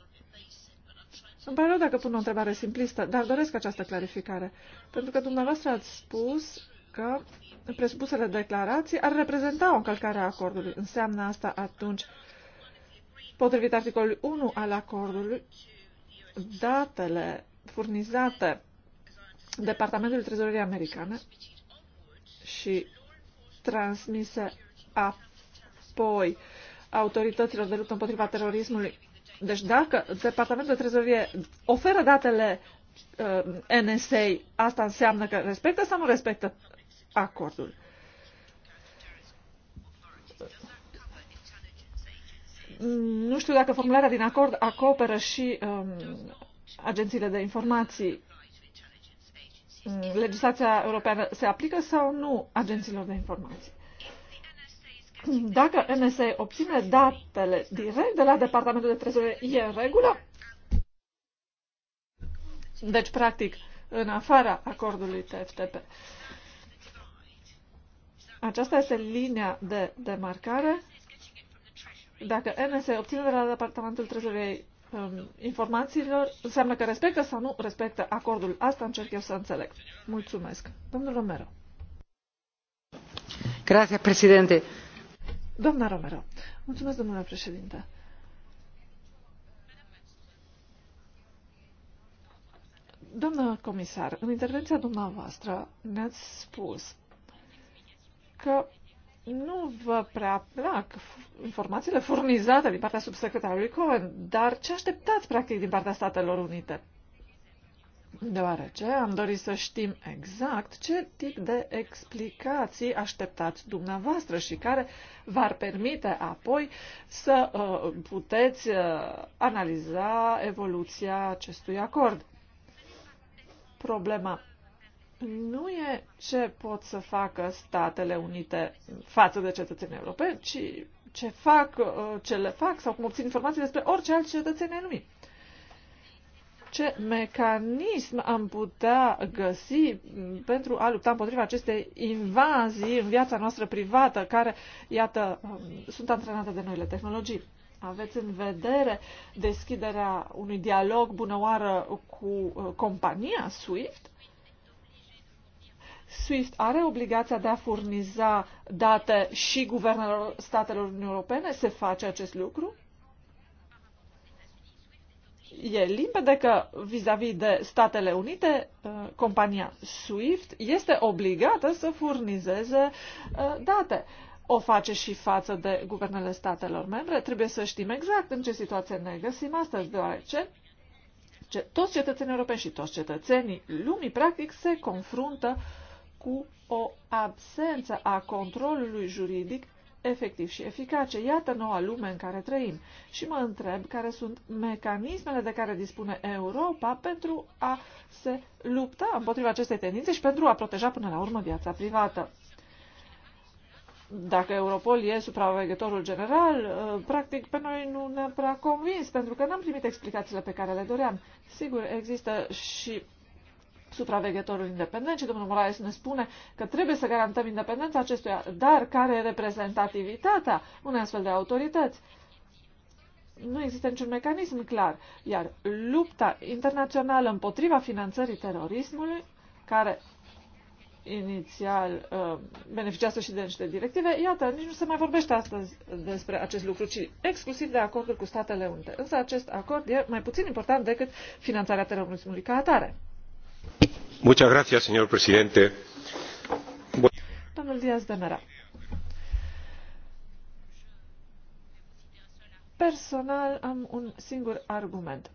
Îmi pare rău dacă pun o întrebare simplistă, dar doresc această clarificare. Pentru că dumneavoastră ați spus că presupusele declarații ar reprezenta o încălcare a acordului. Înseamnă asta atunci, potrivit articolului 1 al acordului, datele furnizate Departamentului Trezoreriei Americane și transmise apoi autorităților de luptă împotriva terorismului. Deci dacă Departamentul de Trezorie oferă datele uh, NSA, asta înseamnă că respectă sau nu respectă acordul. Nu știu dacă formularea din acord acoperă și um, agențiile de informații. Legislația europeană se aplică sau nu agențiilor de informații? Dacă NSA obține datele direct de la Departamentul de Trezorerie, e în regulă? Deci, practic, în afara acordului TFTP. Aceasta este linia de demarcare. Dacă NS obține de la Departamentul Trezorei um, informațiilor, înseamnă că respectă sau nu respectă acordul. Asta încerc eu să înțeleg. Mulțumesc. Domnul Romero. Grazie, președinte. Doamna Romero. Mulțumesc, domnule președinte. Doamna comisar, în intervenția dumneavoastră ne-ați spus că nu vă prea plac informațiile furnizate din partea subsecretarului Cohen, dar ce așteptați practic din partea Statelor Unite? Deoarece am dorit să știm exact ce tip de explicații așteptați dumneavoastră și care v-ar permite apoi să uh, puteți uh, analiza evoluția acestui acord. Problema nu e ce pot să facă Statele Unite față de cetățenii europeni, ci ce fac, uh, ce le fac sau cum obțin informații despre orice alt cetățeni ai lumii. Ce mecanism am putea găsi pentru a lupta împotriva acestei invazii în viața noastră privată, care, iată, um, sunt antrenate de noile tehnologii? Aveți în vedere deschiderea unui dialog bunăoară cu uh, compania SWIFT? SWIFT are obligația de a furniza date și guvernelor statelor Uniunii Europene? Se face acest lucru? E limpede că vis-a-vis -vis de Statele Unite, uh, compania SWIFT este obligată să furnizeze uh, date. O face și față de guvernele statelor membre. Trebuie să știm exact în ce situație ne găsim astăzi, deoarece toți cetățenii europeni și toți cetățenii lumii, practic, se confruntă uh, cu o absență a controlului juridic efectiv și eficace. Iată noua lume în care trăim și mă întreb care sunt mecanismele de care dispune Europa pentru a se lupta împotriva acestei tendințe și pentru a proteja până la urmă viața privată. Dacă Europol e supraveghetorul general, ă, practic pe noi nu ne-a prea convins, pentru că n-am primit explicațiile pe care le doream. Sigur, există și supraveghetorul independent și domnul Moraes ne spune că trebuie să garantăm independența acestuia, dar care e reprezentativitatea unei astfel de autorități? Nu există niciun mecanism clar, iar lupta internațională împotriva finanțării terorismului, care inițial uh, beneficiază și de niște directive, iată, nici nu se mai vorbește astăzi despre acest lucru, ci exclusiv de acordul cu Statele Unite. Însă acest acord e mai puțin important decât finanțarea terorismului ca atare. Muchas gracias, señor presidente. Domnul Diaz de Personal am un singur argument.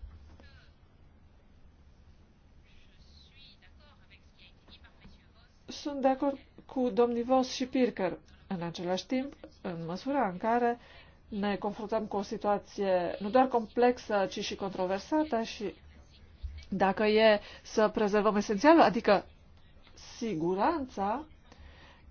Sunt de acord cu domnii Vos și Pirker. În același timp, în măsura în care ne confruntăm cu o situație nu doar complexă, ci și controversată și dacă e să prezervăm esențialul, adică siguranța,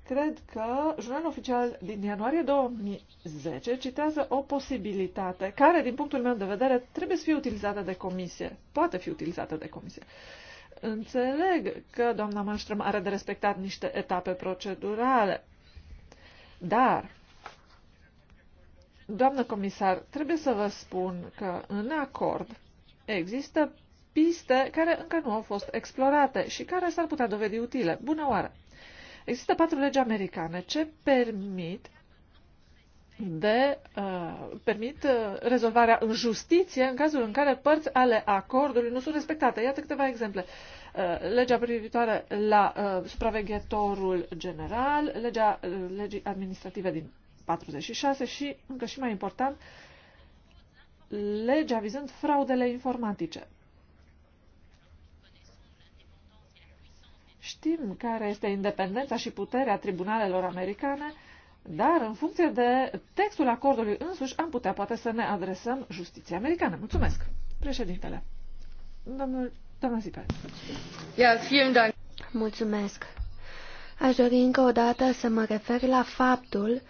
cred că jurnalul oficial din ianuarie 2010 citează o posibilitate care, din punctul meu de vedere, trebuie să fie utilizată de comisie. Poate fi utilizată de comisie. Înțeleg că doamna Malmström are de respectat niște etape procedurale, dar, doamnă comisar, trebuie să vă spun că în acord există piste care încă nu au fost explorate și care s-ar putea dovedi utile. Bună oară! Există patru legi americane ce permit de uh, permit uh, rezolvarea în justiție în cazul în care părți ale acordului nu sunt respectate. Iată câteva exemple. Uh, legea privitoare la uh, supraveghetorul general, legea uh, legii administrative din 46 și, încă și mai important, legea vizând fraudele informatice. Știm care este independența și puterea tribunalelor americane, dar în funcție de textul acordului însuși am putea poate să ne adresăm justiției americane. Mulțumesc, președintele. Domnul, doamna Zipel. Mulțumesc. Aș dori încă o dată să mă refer la faptul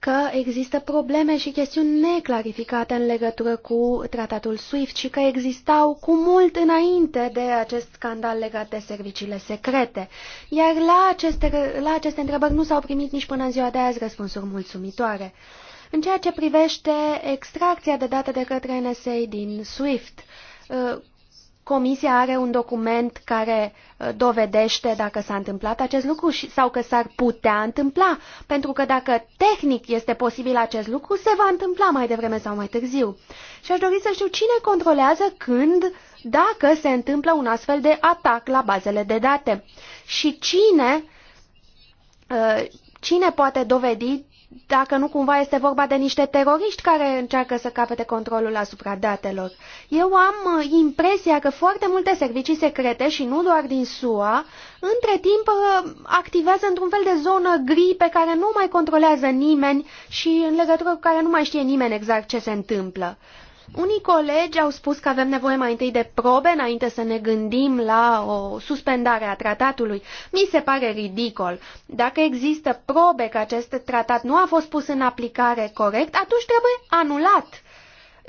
că există probleme și chestiuni neclarificate în legătură cu tratatul SWIFT și că existau cu mult înainte de acest scandal legat de serviciile secrete. Iar la aceste, la aceste întrebări nu s-au primit nici până în ziua de azi răspunsuri mulțumitoare. În ceea ce privește extracția de date de către NSA din SWIFT, Comisia are un document care uh, dovedește dacă s-a întâmplat acest lucru sau că s-ar putea întâmpla, pentru că dacă tehnic este posibil acest lucru, se va întâmpla mai devreme sau mai târziu. Și aș dori să știu cine controlează când, dacă se întâmplă un astfel de atac la bazele de date și cine, uh, cine poate dovedi dacă nu cumva este vorba de niște teroriști care încearcă să capete controlul asupra datelor. Eu am uh, impresia că foarte multe servicii secrete, și nu doar din SUA, între timp uh, activează într-un fel de zonă gri pe care nu mai controlează nimeni și în legătură cu care nu mai știe nimeni exact ce se întâmplă. Unii colegi au spus că avem nevoie mai întâi de probe înainte să ne gândim la o suspendare a tratatului. Mi se pare ridicol. Dacă există probe că acest tratat nu a fost pus în aplicare corect, atunci trebuie anulat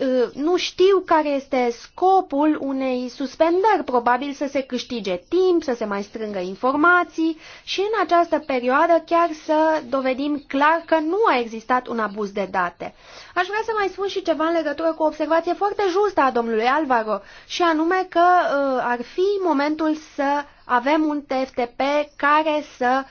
Ă, nu știu care este scopul unei suspendări, probabil să se câștige timp, să se mai strângă informații și în această perioadă chiar să dovedim clar că nu a existat un abuz de date. Aș vrea să mai spun și ceva în legătură cu o observație foarte justă a domnului Alvaro și anume că ă, ar fi momentul să avem un TFTP care să uh,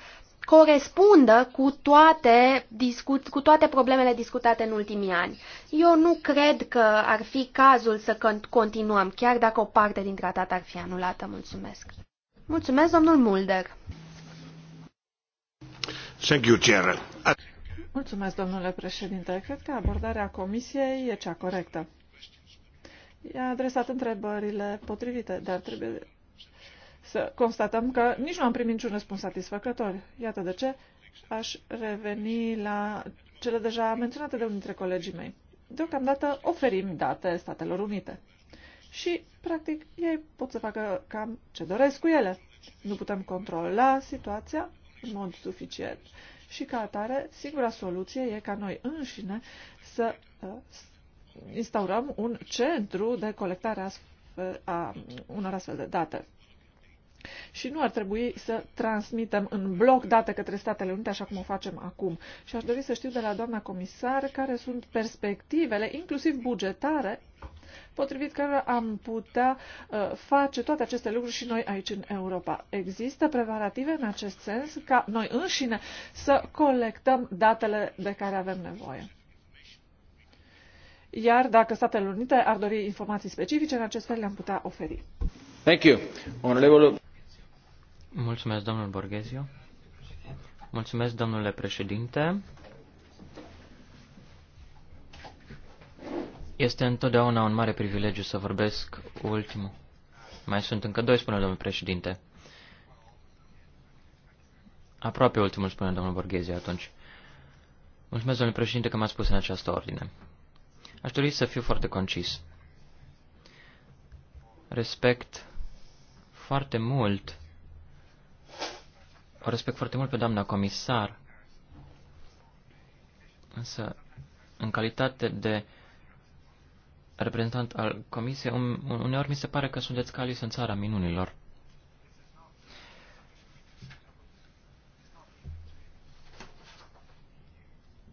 corespundă cu toate, discut, cu toate problemele discutate în ultimii ani. Eu nu cred că ar fi cazul să continuăm, chiar dacă o parte din tratat ar fi anulată. Mulțumesc. Mulțumesc, domnul Mulder. Thank you, Chair. Mulțumesc, domnule președinte. Cred că abordarea comisiei e cea corectă. E adresat întrebările potrivite, dar trebuie să constatăm că nici nu am primit niciun răspuns satisfăcător. Iată de ce aș reveni la cele deja menționate de unul dintre colegii mei. Deocamdată oferim date Statelor Unite. Și, practic, ei pot să facă cam ce doresc cu ele. Nu putem controla situația în mod suficient și, ca atare, singura soluție e ca noi înșine să uh, instaurăm un centru de colectare a unor astfel de date și nu ar trebui să transmitem în bloc date către Statele Unite, așa cum o facem acum. Și aș dori să știu de la doamna comisar care sunt perspectivele, inclusiv bugetare, potrivit care am putea uh, face toate aceste lucruri și noi aici în Europa. Există preparative în acest sens ca noi înșine să colectăm datele de care avem nevoie. Iar dacă Statele Unite ar dori informații specifice, în acest fel le-am putea oferi. Thank you. Mulțumesc, domnul Borghezio. Mulțumesc, domnule președinte. Este întotdeauna un mare privilegiu să vorbesc ultimul. Mai sunt încă doi, spune domnul președinte. Aproape ultimul, spune domnul Borghezio atunci. Mulțumesc, domnule președinte, că m-ați spus în această ordine. Aș dori să fiu foarte concis. Respect foarte mult o respect foarte mult pe doamna comisar, însă în calitate de reprezentant al comisiei, uneori mi se pare că sunteți ca în țara minunilor.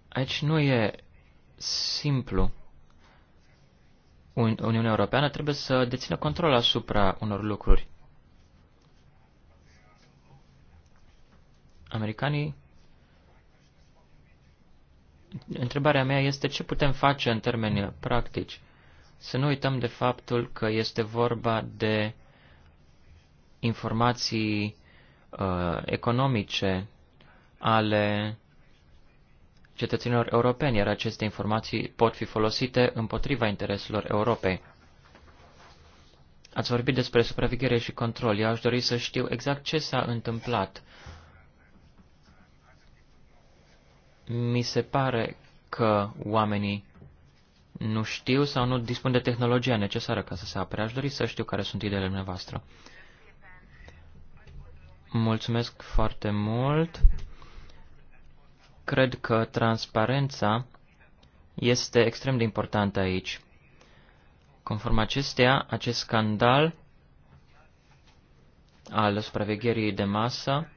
Aici nu e simplu. Uniunea Europeană trebuie să dețină control asupra unor lucruri. americanii Întrebarea mea este ce putem face în termeni practici. Să nu uităm de faptul că este vorba de informații uh, economice ale cetățenilor europeni, iar aceste informații pot fi folosite împotriva intereselor Europei. Ați vorbit despre supraveghere și control. Eu aș dori să știu exact ce s-a întâmplat mi se pare că oamenii nu știu sau nu dispun de tehnologia necesară ca să se apere. Aș dori să știu care sunt ideile dumneavoastră. Mulțumesc foarte mult. Cred că transparența este extrem de importantă aici. Conform acestea, acest scandal al supravegherii de masă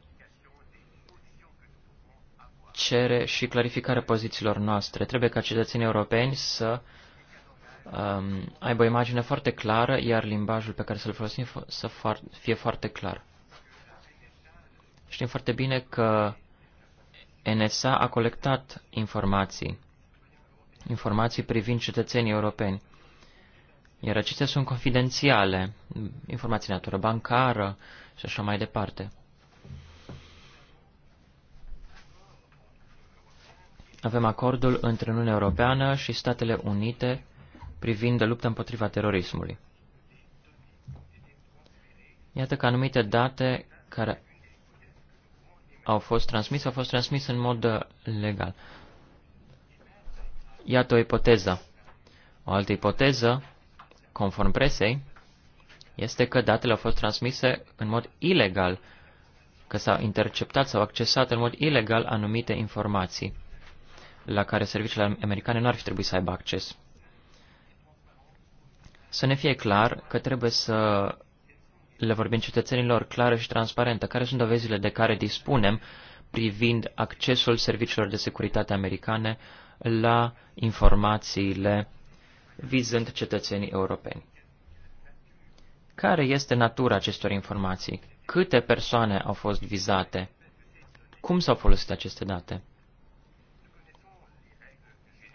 cere și clarificarea pozițiilor noastre. Trebuie ca cetățenii europeni să um, aibă o imagine foarte clară, iar limbajul pe care să-l folosim să fie foarte clar. Știm foarte bine că NSA a colectat informații, informații privind cetățenii europeni, iar acestea sunt confidențiale, informații natură bancară și așa mai departe. avem acordul între Uniunea Europeană și Statele Unite privind lupta împotriva terorismului. Iată că anumite date care au fost transmise, au fost transmise în mod uh, legal. Iată o ipoteză. O altă ipoteză, conform presei, este că datele au fost transmise în mod ilegal, că s-au interceptat sau accesat în mod ilegal anumite informații la care serviciile americane nu ar fi trebuit să aibă acces. Să ne fie clar că trebuie să le vorbim cetățenilor clară și transparentă care sunt dovezile de care dispunem privind accesul serviciilor de securitate americane la informațiile vizând cetățenii europeni. Care este natura acestor informații? Câte persoane au fost vizate? Cum s-au folosit aceste date?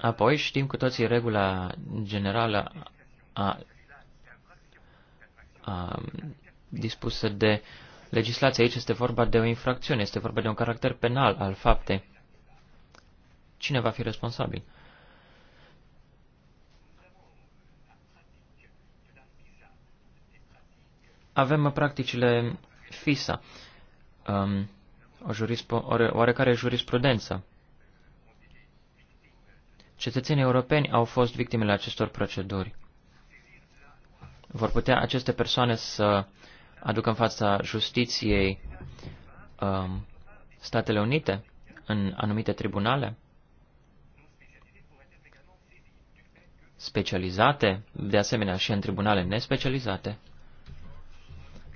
Apoi știm cu toții regula generală a, a, dispusă de legislație. Aici este vorba de o infracțiune, este vorba de un caracter penal al faptei. Cine va fi responsabil? Avem practicile FISA, um, o, jurispo, oarecare jurisprudență Cetățenii europeni au fost victimele acestor proceduri. Vor putea aceste persoane să aducă în fața justiției um, Statele Unite în anumite tribunale specializate, de asemenea și în tribunale nespecializate.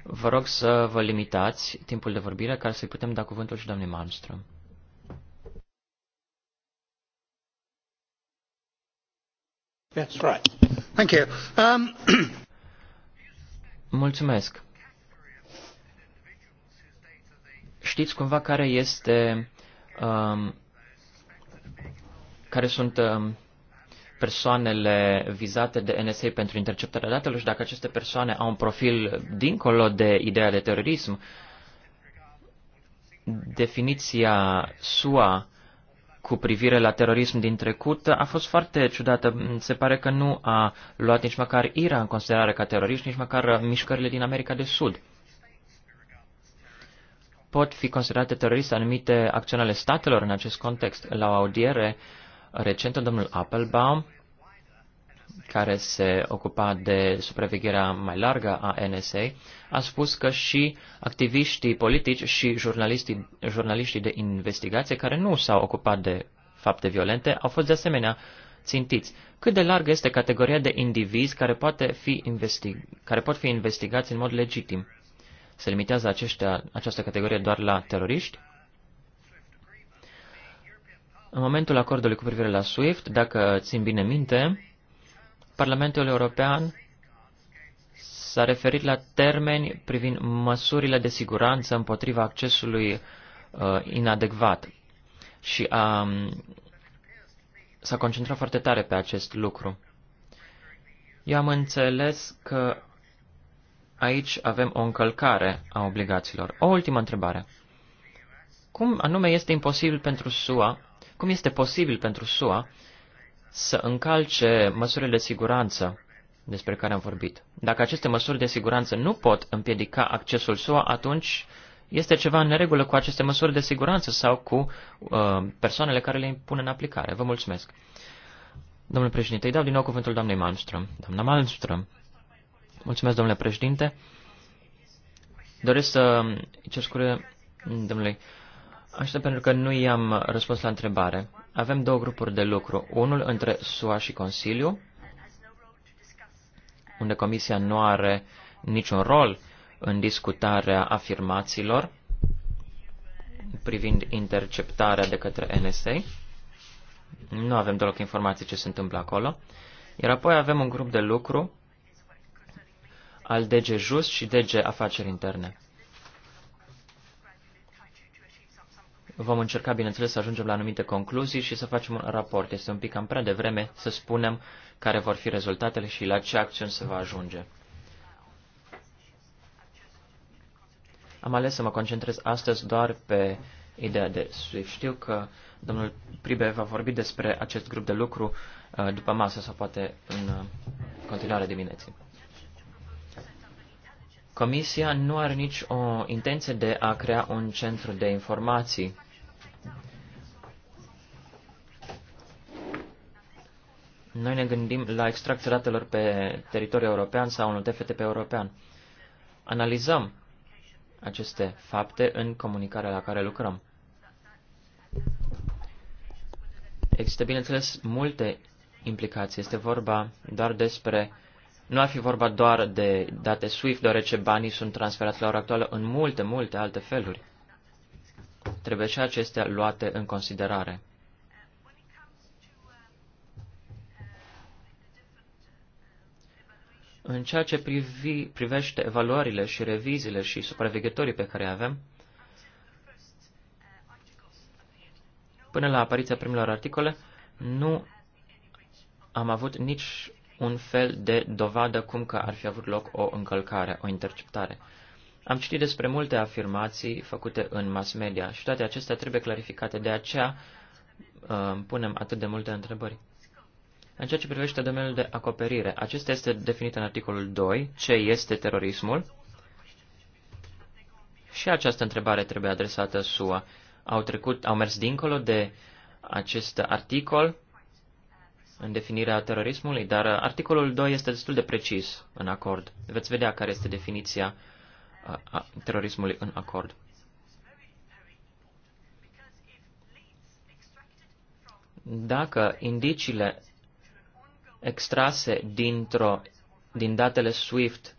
Vă rog să vă limitați timpul de vorbire, ca să-i putem da cuvântul și doamnei Malmström. Um, Știți cumva care este um, care sunt um, persoanele vizate de NSA pentru interceptarea datelor și dacă aceste persoane au un profil dincolo de ideea de terorism, definiția SUA cu privire la terorism din trecut a fost foarte ciudată. Se pare că nu a luat nici măcar IRA în considerare ca terorist, nici măcar mișcările din America de Sud. Pot fi considerate teroriste anumite acțiuni ale statelor în acest context. La o audiere recentă, domnul Applebaum care se ocupa de supravegherea mai largă a NSA, a spus că și activiștii politici și jurnaliștii, jurnaliștii de investigație care nu s-au ocupat de fapte violente au fost de asemenea țintiți. Cât de largă este categoria de indivizi care, poate fi investig- care pot fi investigați în mod legitim? Se limitează aceștia, această categorie doar la teroriști? În momentul acordului cu privire la SWIFT, dacă țin bine minte, Parlamentul European s-a referit la termeni privind măsurile de siguranță împotriva accesului uh, inadecvat și a, um, s-a concentrat foarte tare pe acest lucru. Eu am înțeles că aici avem o încălcare a obligațiilor. O ultimă întrebare. Cum anume este imposibil pentru SUA, cum este posibil pentru SUA să încalce măsurile de siguranță despre care am vorbit. Dacă aceste măsuri de siguranță nu pot împiedica accesul SUA, atunci este ceva în neregulă cu aceste măsuri de siguranță sau cu uh, persoanele care le impun în aplicare. Vă mulțumesc. Domnule președinte, îi dau din nou cuvântul doamnei Malmström. Doamna Malmström. Mulțumesc, domnule președinte. Doresc să cer scuze, domnule, așa pentru că nu i-am răspuns la întrebare. Avem două grupuri de lucru. Unul între SUA și Consiliu, unde Comisia nu are niciun rol în discutarea afirmațiilor privind interceptarea de către NSA. Nu avem deloc informații ce se întâmplă acolo. Iar apoi avem un grup de lucru al DG Just și DG Afaceri Interne. Vom încerca, bineînțeles, să ajungem la anumite concluzii și să facem un raport. Este un pic cam prea devreme să spunem care vor fi rezultatele și la ce acțiuni se va ajunge. Am ales să mă concentrez astăzi doar pe ideea de SWIFT. Știu că domnul Pribe va vorbi despre acest grup de lucru uh, după masă sau poate în uh, continuare dimineții. Comisia nu are nici o intenție de a crea un centru de informații. Noi ne gândim la extracția datelor pe teritoriul european sau unul TFTP european. Analizăm aceste fapte în comunicarea la care lucrăm. Există, bineînțeles, multe implicații. Este vorba doar despre... Nu ar fi vorba doar de date SWIFT, deoarece banii sunt transferați la ora actuală în multe, multe alte feluri. Trebuie și acestea luate în considerare. În ceea ce privi, privește evaluările și reviziile și supraveghetorii pe care avem, până la apariția primelor articole, nu am avut nici un fel de dovadă cum că ar fi avut loc o încălcare, o interceptare. Am citit despre multe afirmații făcute în mass media și toate acestea trebuie clarificate, de aceea uh, punem atât de multe întrebări. În ceea ce privește domeniul de acoperire, acesta este definit în articolul 2, ce este terorismul, și această întrebare trebuie adresată SUA. Au, trecut, au mers dincolo de acest articol în definirea terorismului, dar articolul 2 este destul de precis în acord. Veți vedea care este definiția a terorismului în acord. Dacă indiciile extrase dintr-o, din datele SWIFT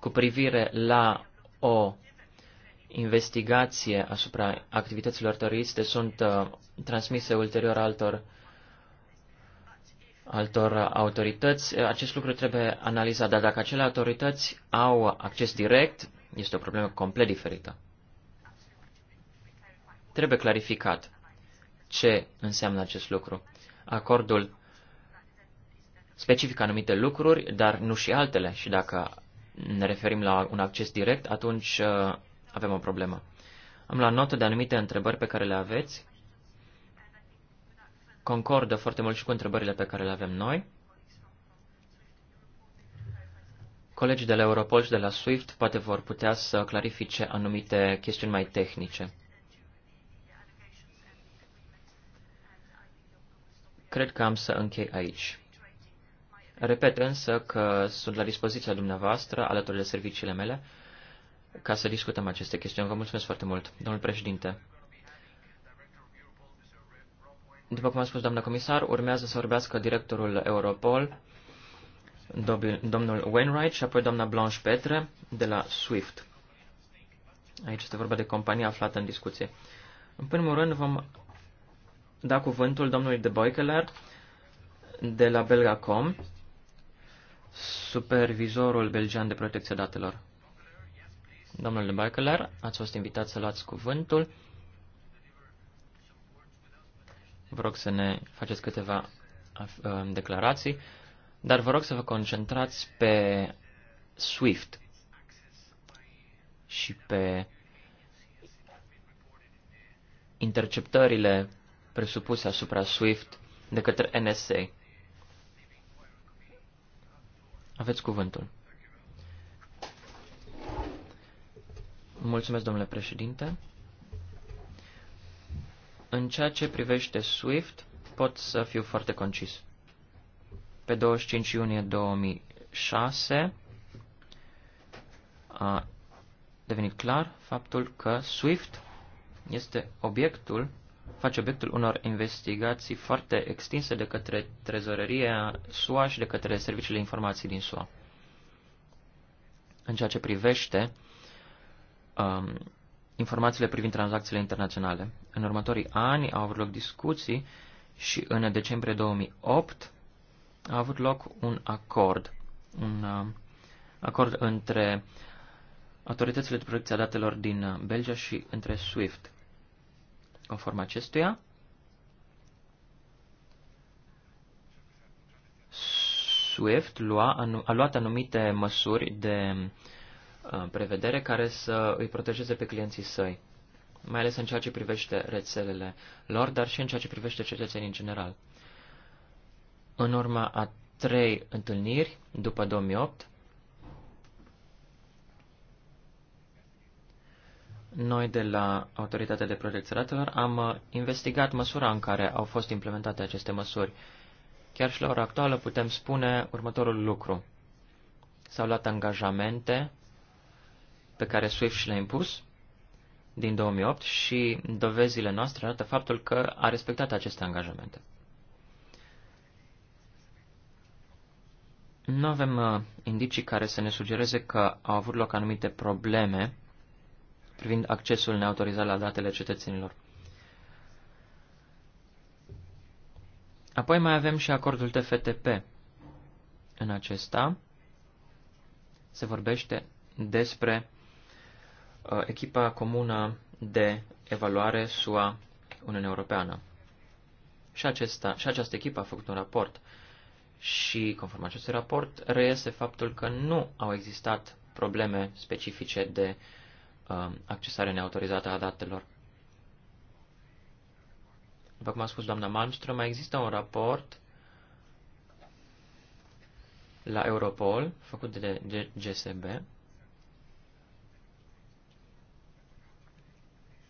cu privire la o investigație asupra activităților teroriste sunt uh, transmise ulterior altor, altor autorități. Acest lucru trebuie analizat, dar dacă acele autorități au acces direct, este o problemă complet diferită. Trebuie clarificat ce înseamnă acest lucru. Acordul specific anumite lucruri, dar nu și altele. Și dacă ne referim la un acces direct, atunci uh, avem o problemă. Am la notă de anumite întrebări pe care le aveți. Concordă foarte mult și cu întrebările pe care le avem noi. Colegii de la Europol și de la SWIFT poate vor putea să clarifice anumite chestiuni mai tehnice. Cred că am să închei aici. Repet însă că sunt la dispoziția dumneavoastră, alături de serviciile mele, ca să discutăm aceste chestiuni. Vă mulțumesc foarte mult, domnul președinte. După cum a spus doamna comisar, urmează să vorbească directorul Europol, domnul Wainwright și apoi doamna Blanche Petre de la SWIFT. Aici este vorba de compania aflată în discuție. În primul rând vom da cuvântul domnului de Boikeler de la Belgacom, supervizorul belgian de protecție datelor. Domnule Baicheler, ați fost invitat să luați cuvântul. Vă rog să ne faceți câteva uh, declarații, dar vă rog să vă concentrați pe SWIFT și pe interceptările presupuse asupra SWIFT de către NSA. Aveți cuvântul. Mulțumesc, domnule președinte. În ceea ce privește SWIFT, pot să fiu foarte concis. Pe 25 iunie 2006 a devenit clar faptul că SWIFT este obiectul face obiectul unor investigații foarte extinse de către trezorăria SUA și de către serviciile informații din SUA. În ceea ce privește um, informațiile privind tranzacțiile internaționale. În următorii ani au avut loc discuții și în decembrie 2008 a avut loc un acord, un uh, acord între autoritățile de protecție a datelor din Belgia și între SWIFT. Conform acestuia, SWIFT lua, a luat anumite măsuri de uh, prevedere care să îi protejeze pe clienții săi, mai ales în ceea ce privește rețelele lor, dar și în ceea ce privește cetățenii în general. În urma a trei întâlniri, după 2008, Noi de la Autoritatea de Protecție Datelor am uh, investigat măsura în care au fost implementate aceste măsuri. Chiar și la ora actuală putem spune următorul lucru. S-au luat angajamente pe care SWIFT și le-a impus din 2008 și dovezile noastre arată faptul că a respectat aceste angajamente. Nu avem uh, indicii care să ne sugereze că au avut loc anumite probleme privind accesul neautorizat la datele cetățenilor. Apoi mai avem și acordul TFTP. În acesta se vorbește despre uh, echipa comună de evaluare SUA Uniunea Europeană. Și, acesta, și această echipă a făcut un raport și, conform acestui raport, reiese faptul că nu au existat probleme specifice de uh, Uh, accesare neautorizată a datelor. După cum a spus doamna Malmström, mai există un raport la Europol, făcut de GSB,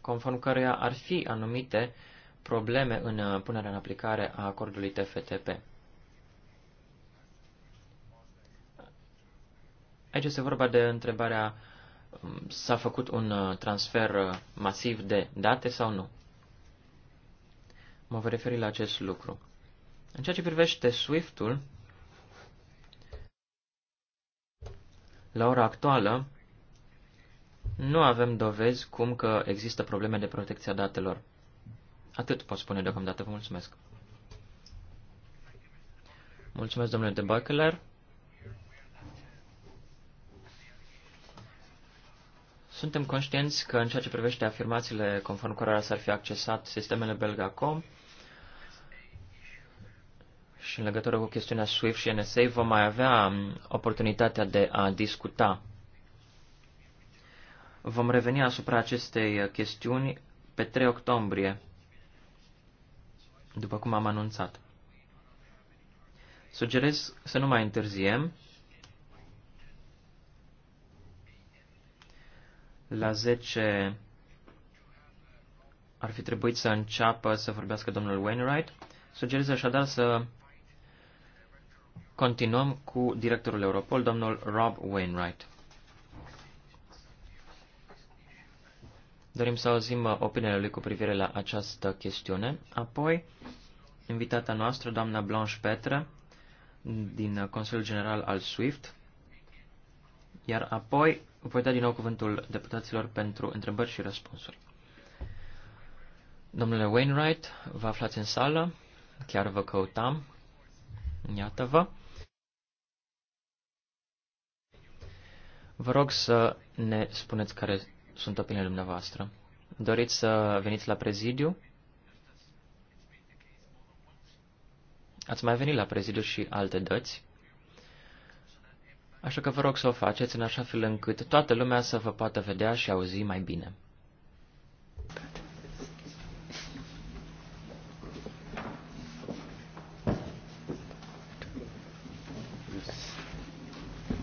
conform căruia ar fi anumite probleme în uh, punerea în aplicare a acordului TFTP. Aici este vorba de întrebarea uh, s-a făcut un uh, transfer uh, masiv de date sau nu. Mă voi referi la acest lucru. În ceea ce privește Swift-ul, la ora actuală, nu avem dovezi cum că există probleme de protecție a datelor. Atât pot spune deocamdată. Vă mulțumesc. Mulțumesc, domnule de Buckler. Suntem conștienți că în ceea ce privește afirmațiile conform cărora s-ar fi accesat sistemele Belgacom și în legătură cu chestiunea SWIFT și NSA vom mai avea um, oportunitatea de a discuta. Vom reveni asupra acestei uh, chestiuni pe 3 octombrie, după cum am anunțat. Sugerez să nu mai întârziem La 10 ar fi trebuit să înceapă să vorbească domnul Wainwright. Sugerez așadar să continuăm cu directorul Europol, domnul Rob Wainwright. Dorim să auzim opiniile lui cu privire la această chestiune. Apoi, invitata noastră, doamna Blanche Petre, din Consiliul General al SWIFT, iar apoi voi da din nou cuvântul deputaților pentru întrebări și răspunsuri. Domnule Wainwright, vă aflați în sală, chiar vă căutam, iată-vă. Vă rog să ne spuneți care sunt opiniile dumneavoastră. Doriți să veniți la prezidiu? Ați mai venit la prezidiu și alte dăți? Așa că vă rog să o faceți în așa fel încât toată lumea să vă poată vedea și auzi mai bine.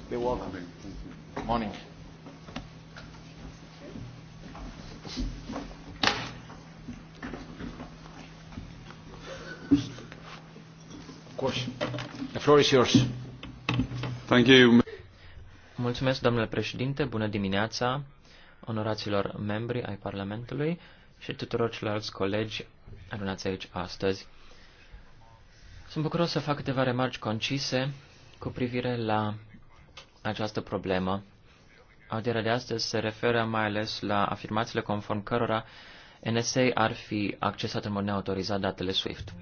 Good morning. Of course. The floor is yours. Thank you. Mulțumesc, domnule președinte, bună dimineața, onoraților membri ai Parlamentului și tuturor celorlalți colegi adunați aici astăzi. Sunt bucuros să fac câteva remarci concise cu privire la această problemă. Audierea de astăzi se referă mai ales la afirmațiile conform cărora NSA ar fi accesat în mod neautorizat datele SWIFT.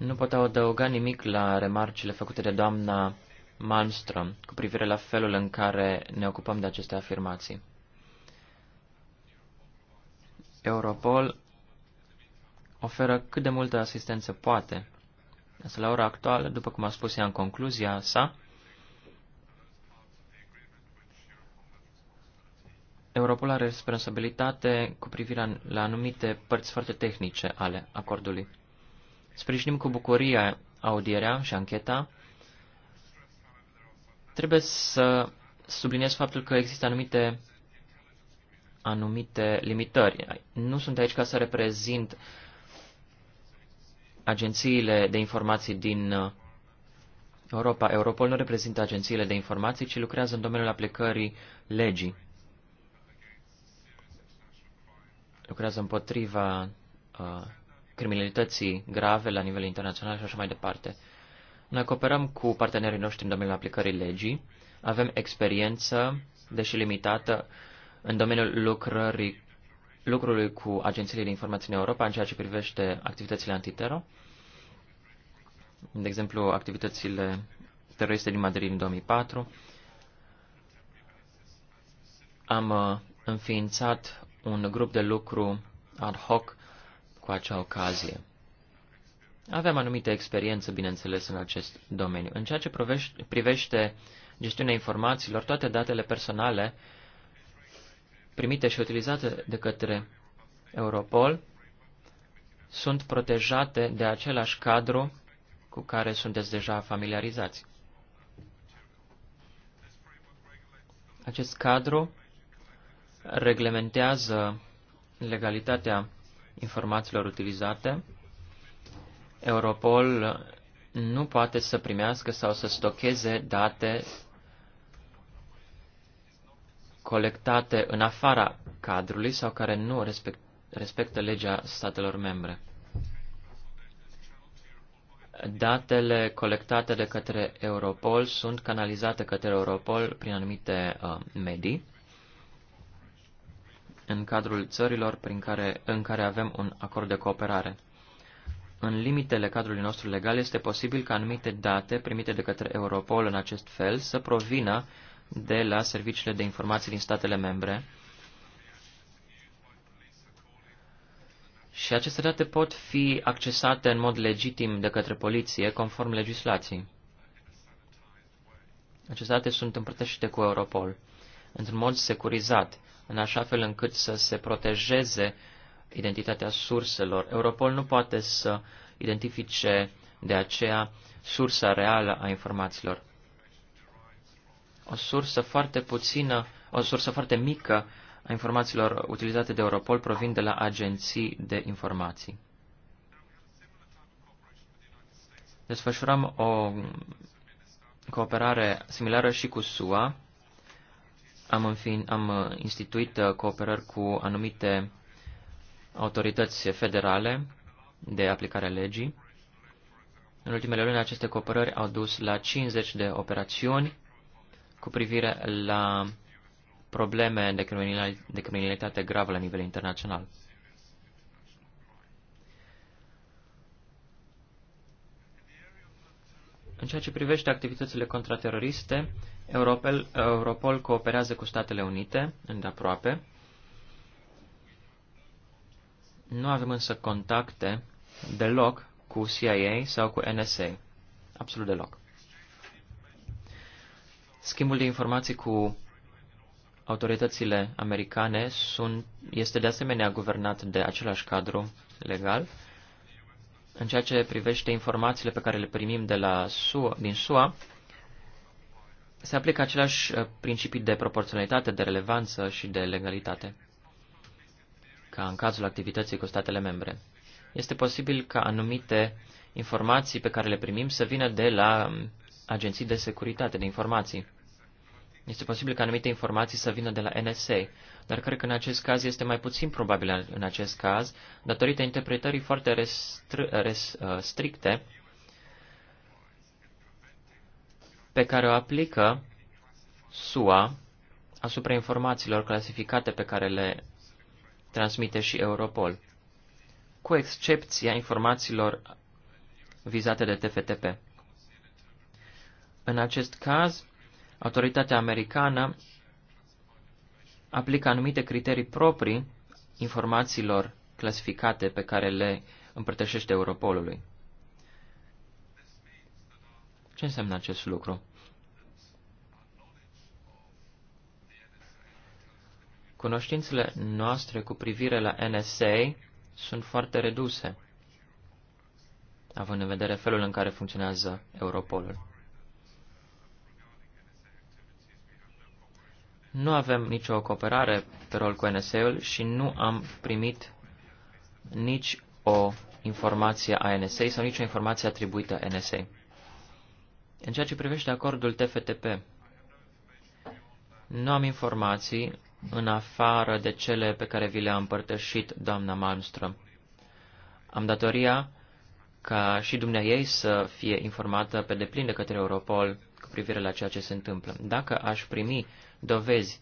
Nu pot adăuga nimic la remarcile făcute de doamna Malmström cu privire la felul în care ne ocupăm de aceste afirmații. Europol oferă cât de multă asistență poate. Însă la ora actuală, după cum a spus ea în concluzia sa, Europol are responsabilitate cu privire la anumite părți foarte tehnice ale acordului. Sprijinim cu bucurie audierea și ancheta. Trebuie să subliniez faptul că există anumite anumite limitări. Nu sunt aici ca să reprezint agențiile de informații din uh, Europa. Europol nu reprezintă agențiile de informații, ci lucrează în domeniul aplicării legii. Lucrează împotriva uh, criminalității grave la nivel internațional și așa mai departe. Noi cooperăm cu partenerii noștri în domeniul aplicării legii, avem experiență, deși limitată, în domeniul lucrării, lucrului cu agențiile de informații în Europa în ceea ce privește activitățile antitero, de exemplu activitățile teroriste din Madrid în 2004. Am uh, înființat un grup de lucru ad hoc cu acea ocazie. Avem anumite experiențe, bineînțeles, în acest domeniu. În ceea ce privește gestiunea informațiilor, toate datele personale primite și utilizate de către Europol sunt protejate de același cadru cu care sunteți deja familiarizați. Acest cadru reglementează legalitatea informațiilor utilizate, Europol nu poate să primească sau să stocheze date colectate în afara cadrului sau care nu respect, respectă legea statelor membre. Datele colectate de către Europol sunt canalizate către Europol prin anumite uh, medii în cadrul țărilor prin care, în care avem un acord de cooperare. În limitele cadrului nostru legal este posibil ca anumite date primite de către Europol în acest fel să provină de la serviciile de informații din statele membre și aceste date pot fi accesate în mod legitim de către poliție conform legislației. Aceste date sunt împărtășite cu Europol într-un mod securizat în așa fel încât să se protejeze identitatea surselor. Europol nu poate să identifice de aceea sursa reală a informațiilor. O sursă foarte puțină, o sursă foarte mică a informațiilor utilizate de Europol provin de la agenții de informații. Desfășurăm o cooperare similară și cu SUA, am, înfin, am uh, instituit uh, cooperări cu anumite autorități federale de aplicare a legii. În ultimele luni, aceste cooperări au dus la 50 de operațiuni cu privire la probleme de, de criminalitate gravă la nivel internațional. În ceea ce privește activitățile contrateroriste, Europol, Europol cooperează cu Statele Unite îndeaproape. Nu avem însă contacte deloc cu CIA sau cu NSA. Absolut deloc. Schimbul de informații cu autoritățile americane sunt, este de asemenea guvernat de același cadru legal. În ceea ce privește informațiile pe care le primim de la SUA, din SUA, se aplică aceleași uh, principii de proporționalitate, de relevanță și de legalitate, ca în cazul activității cu statele membre. Este posibil ca anumite informații pe care le primim să vină de la um, agenții de securitate de informații. Este posibil ca anumite informații să vină de la NSA, dar cred că în acest caz este mai puțin probabil în acest caz, datorită interpretării foarte restricte pe care o aplică SUA asupra informațiilor clasificate pe care le transmite și Europol, cu excepția informațiilor vizate de TFTP. În acest caz, autoritatea americană aplică anumite criterii proprii informațiilor clasificate pe care le împărtășește Europolului. Ce înseamnă acest lucru? Cunoștințele noastre cu privire la NSA sunt foarte reduse, având în vedere felul în care funcționează Europolul. Nu avem nicio cooperare pe rol cu NSA-ul și nu am primit nici o informație a NSA sau nicio informație atribuită NSA. În ceea ce privește acordul TFTP, nu am informații în afară de cele pe care vi le-a împărtășit doamna Malmström. Am datoria ca și dumnea ei să fie informată pe deplin de către Europol cu privire la ceea ce se întâmplă. Dacă aș primi dovezi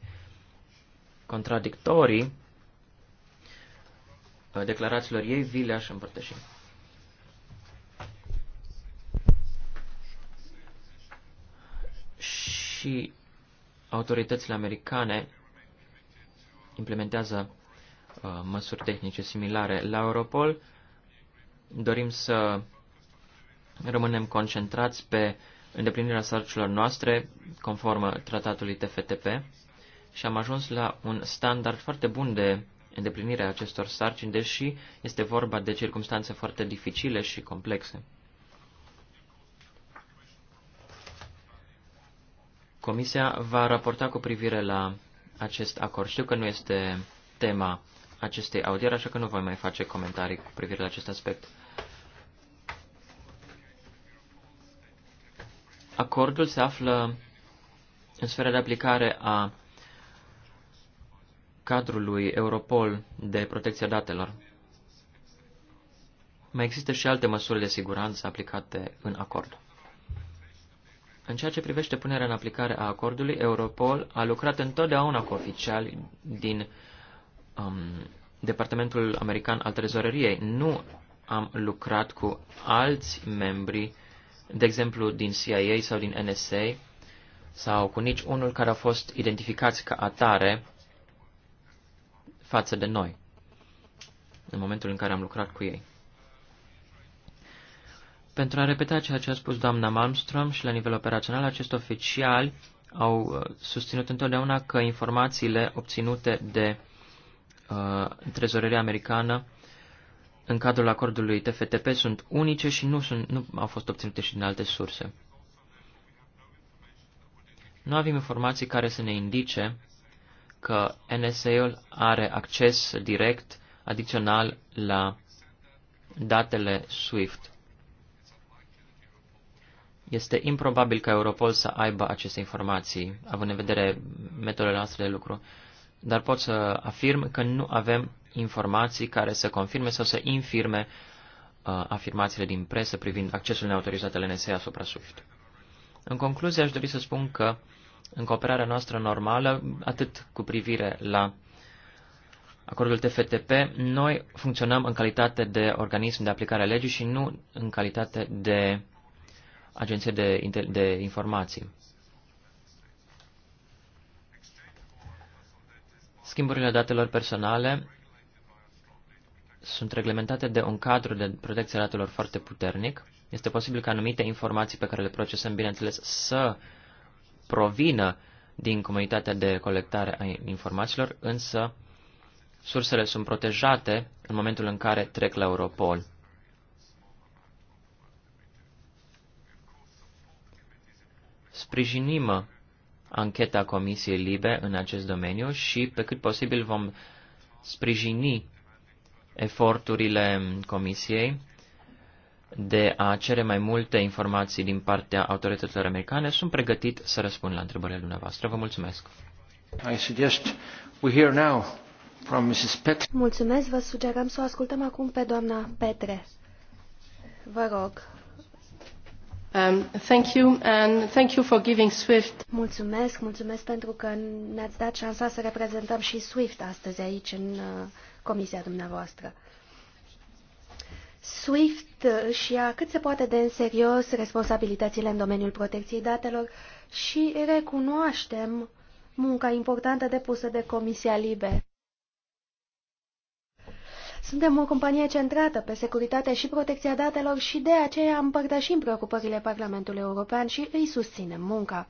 contradictorii uh, declarațiilor ei, vi le-aș împărtăși. și autoritățile americane implementează uh, măsuri tehnice similare. La Europol dorim să rămânem concentrați pe îndeplinirea sarcilor noastre conform tratatului TFTP și am ajuns la un standard foarte bun de îndeplinire a acestor sarcini, deși este vorba de circunstanțe foarte dificile și complexe. Comisia va raporta cu privire la acest acord. Știu că nu este tema acestei audieri, așa că nu voi mai face comentarii cu privire la acest aspect. Acordul se află în sfera de aplicare a cadrului Europol de protecție a datelor. Mai există și alte măsuri de siguranță aplicate în acord. În ceea ce privește punerea în aplicare a acordului, Europol a lucrat întotdeauna cu oficiali din um, Departamentul American al Trezoreriei. Nu am lucrat cu alți membri, de exemplu din CIA sau din NSA, sau cu nici unul care a fost identificați ca atare față de noi, în momentul în care am lucrat cu ei. Pentru a repeta ceea ce a spus doamna Malmström și la nivel operațional, acești oficiali au uh, susținut întotdeauna că informațiile obținute de uh, trezoreria americană în cadrul acordului TFTP sunt unice și nu, sunt, nu au fost obținute și din alte surse. Nu avem informații care să ne indice că NSA-ul are acces direct, adițional, la datele SWIFT. Este improbabil ca Europol să aibă aceste informații, având în vedere metodele noastre de lucru, dar pot să afirm că nu avem informații care să confirme sau să infirme uh, afirmațiile din presă privind accesul neautorizat al NSA asupra SWIFT. În concluzie, aș dori să spun că în cooperarea noastră normală, atât cu privire la acordul TFTP, noi funcționăm în calitate de organism de aplicare a legii și nu în calitate de uh, agenție de, de informații. Schimburile datelor personale sunt reglementate de un cadru de protecție a datelor foarte puternic. Este posibil ca anumite informații pe care le procesăm, bineînțeles, să provină din comunitatea de colectare a informațiilor, însă sursele sunt protejate în momentul în care trec la Europol. sprijinim ancheta Comisiei Libe în acest domeniu și pe cât posibil vom sprijini eforturile Comisiei de a cere mai multe informații din partea autorităților americane, sunt pregătit să răspund la întrebările dumneavoastră. Vă mulțumesc. I suggest we hear now from Mrs. Pet. Mulțumesc, vă sugerăm să o ascultăm acum pe doamna Petre. Vă rog. Um, thank you and thank you for giving SWIFT. Mulțumesc, mulțumesc pentru că ne-ați dat șansa să reprezentăm și SWIFT astăzi aici în uh, comisia dumneavoastră. SWIFT uh, își ia cât se poate de în serios responsabilitățile în domeniul protecției datelor și recunoaștem munca importantă depusă de Comisia Libe. Suntem o companie centrată pe securitatea și protecția datelor și de aceea împărtășim preocupările Parlamentului European și îi susținem munca.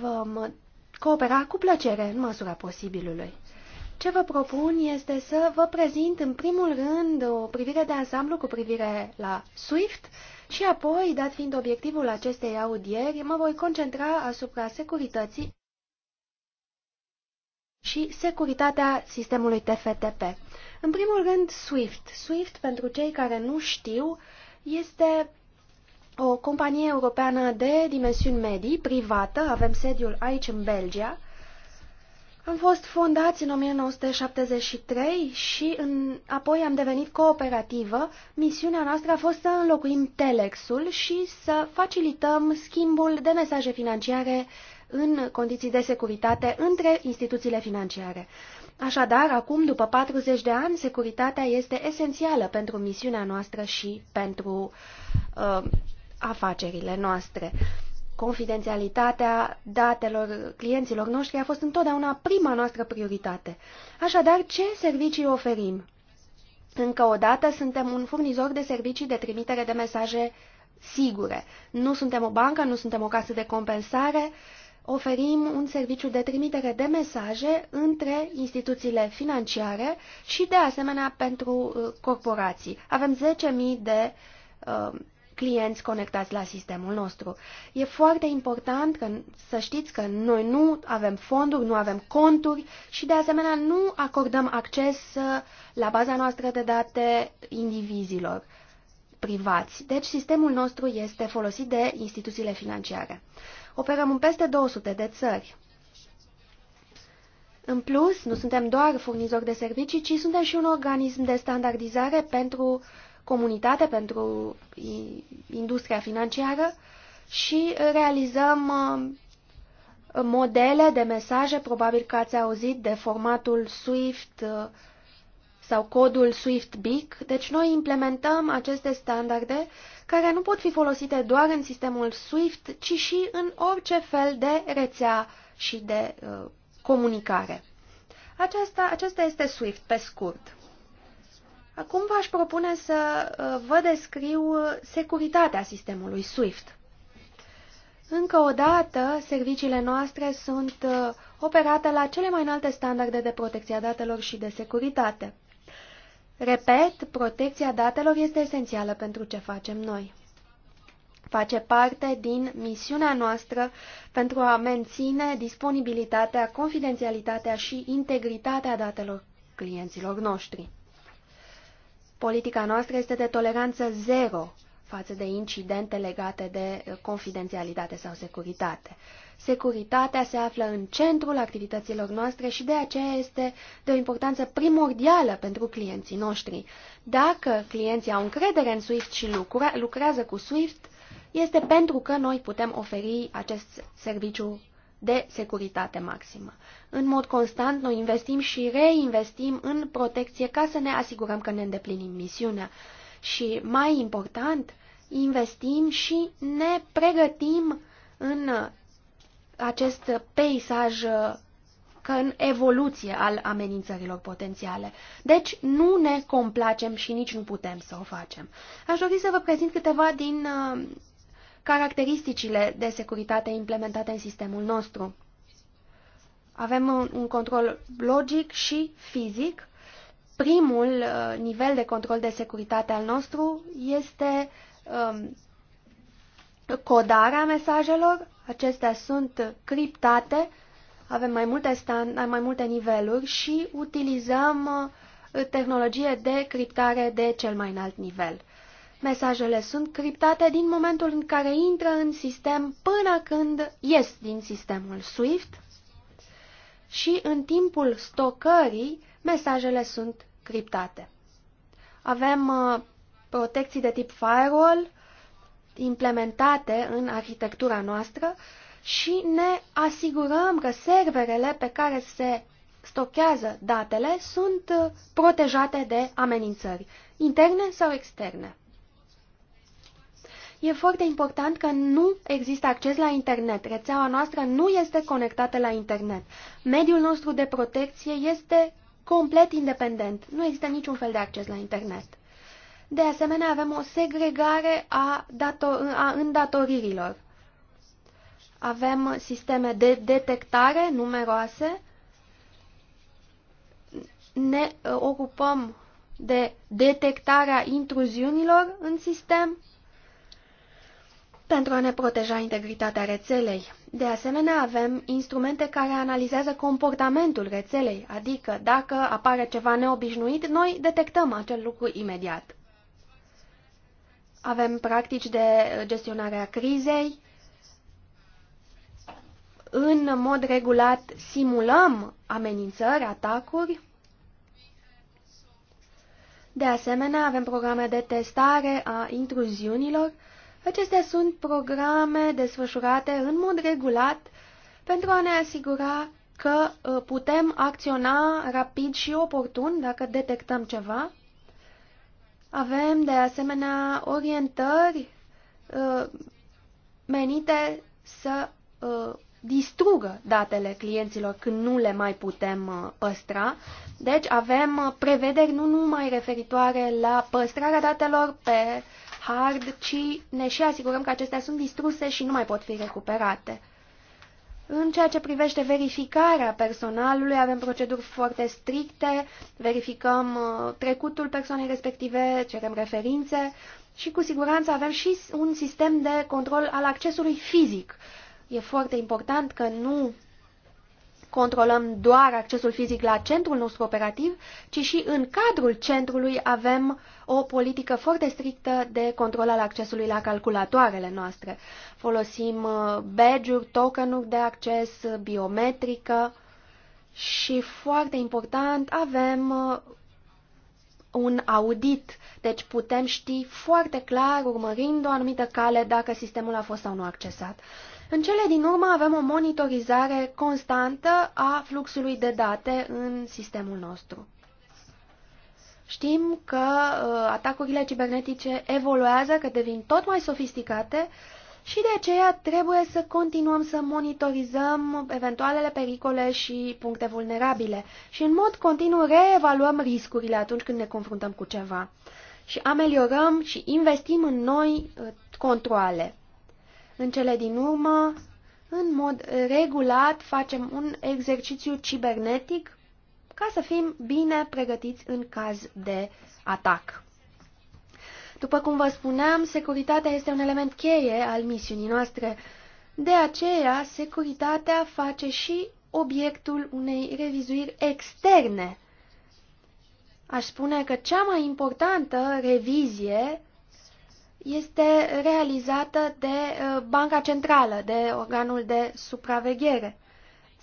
Vom coopera cu plăcere în măsura posibilului. Ce vă propun este să vă prezint în primul rând o privire de ansamblu cu privire la SWIFT și apoi, dat fiind obiectivul acestei audieri, mă voi concentra asupra securității și securitatea sistemului TFTP. În primul rând, SWIFT. SWIFT, pentru cei care nu știu, este o companie europeană de dimensiuni medii, privată, avem sediul aici în Belgia. Am fost fondați în 1973 și în, apoi am devenit cooperativă. Misiunea noastră a fost să înlocuim telexul și să facilităm schimbul de mesaje financiare în condiții de securitate între instituțiile financiare. Așadar, acum, după 40 de ani, securitatea este esențială pentru misiunea noastră și pentru uh, afacerile noastre. Confidențialitatea datelor clienților noștri a fost întotdeauna prima noastră prioritate. Așadar, ce servicii oferim? Încă o dată, suntem un furnizor de servicii de trimitere de mesaje sigure. Nu suntem o bancă, nu suntem o casă de compensare, uh, oferim un serviciu de trimitere de mesaje între instituțiile financiare și, de asemenea, pentru uh, corporații. Avem 10.000 de uh, clienți conectați la sistemul nostru. E foarte important că, să știți că noi nu avem fonduri, nu avem conturi și, de asemenea, nu acordăm acces uh, la baza noastră de date indivizilor privați. Deci, sistemul nostru este folosit de instituțiile financiare. Operăm în peste 200 de țări. În plus, nu suntem doar furnizori de servicii, ci suntem și un organism de standardizare pentru comunitate, pentru industria financiară și realizăm uh, modele de mesaje, probabil că ați auzit de formatul SWIFT, uh, sau codul SWIFT-BIC, deci noi implementăm aceste standarde care nu pot fi folosite doar în sistemul SWIFT, ci și în orice fel de rețea și de uh, comunicare. Aceasta, acesta este SWIFT, pe scurt. Acum v-aș propune să uh, vă descriu uh, securitatea sistemului SWIFT. Încă o dată, serviciile noastre sunt uh, operate la cele mai înalte standarde de protecție a datelor și de securitate. Repet, protecția datelor este esențială pentru ce facem noi. Face parte din misiunea noastră pentru a menține disponibilitatea, confidențialitatea și integritatea datelor clienților noștri. Politica noastră este de toleranță zero față de incidente legate de uh, confidențialitate sau securitate. Securitatea se află în centrul activităților noastre și de aceea este de o importanță primordială pentru clienții noștri. Dacă clienții au încredere în SWIFT și lucrează cu SWIFT, este pentru că noi putem oferi acest serviciu de securitate maximă. În mod constant, noi investim și reinvestim în protecție ca să ne asigurăm că ne îndeplinim misiunea. Și mai important, investim și ne pregătim în acest peisaj că în evoluție al amenințărilor potențiale. Deci nu ne complacem și nici nu putem să o facem. Aș dori să vă prezint câteva din uh, caracteristicile de securitate implementate în sistemul nostru. Avem un control logic și fizic. Primul uh, nivel de control de securitate al nostru este uh, um, codarea mesajelor, acestea sunt criptate, avem mai multe, stand, mai multe niveluri și utilizăm uh, tehnologie de criptare de cel mai înalt nivel. Mesajele sunt criptate din momentul în care intră în sistem până când ies din sistemul SWIFT și în timpul stocării mesajele sunt criptate. Avem uh, protecții de tip firewall implementate în arhitectura noastră și ne asigurăm că serverele pe care se stochează datele sunt uh, protejate de amenințări, interne sau externe. E foarte important că nu există acces la internet. Rețeaua noastră nu este conectată la internet. Mediul nostru de protecție este complet independent. Nu există niciun fel de acces la internet. De asemenea, avem o segregare a, dator, a îndatoririlor. Avem sisteme de detectare numeroase. Ne uh, ocupăm de detectarea intruziunilor în sistem pentru a ne proteja integritatea rețelei. De asemenea, avem instrumente care analizează comportamentul rețelei, adică dacă apare ceva neobișnuit, noi detectăm acel lucru imediat. Avem practici de gestionare a crizei. În mod regulat simulăm amenințări, atacuri. De asemenea, avem programe de testare a intruziunilor. Acestea sunt programe desfășurate în mod regulat pentru a ne asigura că uh, putem acționa rapid și oportun dacă detectăm ceva avem, de asemenea, orientări uh, menite să uh, distrugă datele clienților când nu le mai putem uh, păstra. Deci avem uh, prevederi nu numai referitoare la păstrarea datelor pe hard, ci ne și asigurăm că acestea sunt distruse și nu mai pot fi recuperate. În ceea ce privește verificarea personalului, avem proceduri foarte stricte, verificăm uh, trecutul persoanei respective, cerem referințe și cu siguranță avem și un sistem de control al accesului fizic. E foarte important că nu controlăm doar accesul fizic la centrul nostru operativ, ci și în cadrul centrului avem o politică foarte strictă de control al accesului la calculatoarele noastre. Folosim uh, badge-uri, token-uri de acces, biometrică și, foarte important, avem uh, un audit. Deci putem ști foarte clar, urmărind o anumită cale, dacă sistemul a fost sau nu accesat. În cele din urmă avem o monitorizare constantă a fluxului de date în sistemul nostru. Știm că uh, atacurile cibernetice evoluează, că devin tot mai sofisticate și de aceea trebuie să continuăm să monitorizăm eventualele pericole și puncte vulnerabile și în mod continuu reevaluăm riscurile atunci când ne confruntăm cu ceva și ameliorăm și investim în noi uh, controle. În cele din urmă, în mod regulat, facem un exercițiu cibernetic ca să fim bine pregătiți în caz de atac. După cum vă spuneam, securitatea este un element cheie al misiunii noastre. De aceea, securitatea face și obiectul unei revizuiri externe. Aș spune că cea mai importantă revizie este realizată de uh, Banca Centrală, de organul de supraveghere.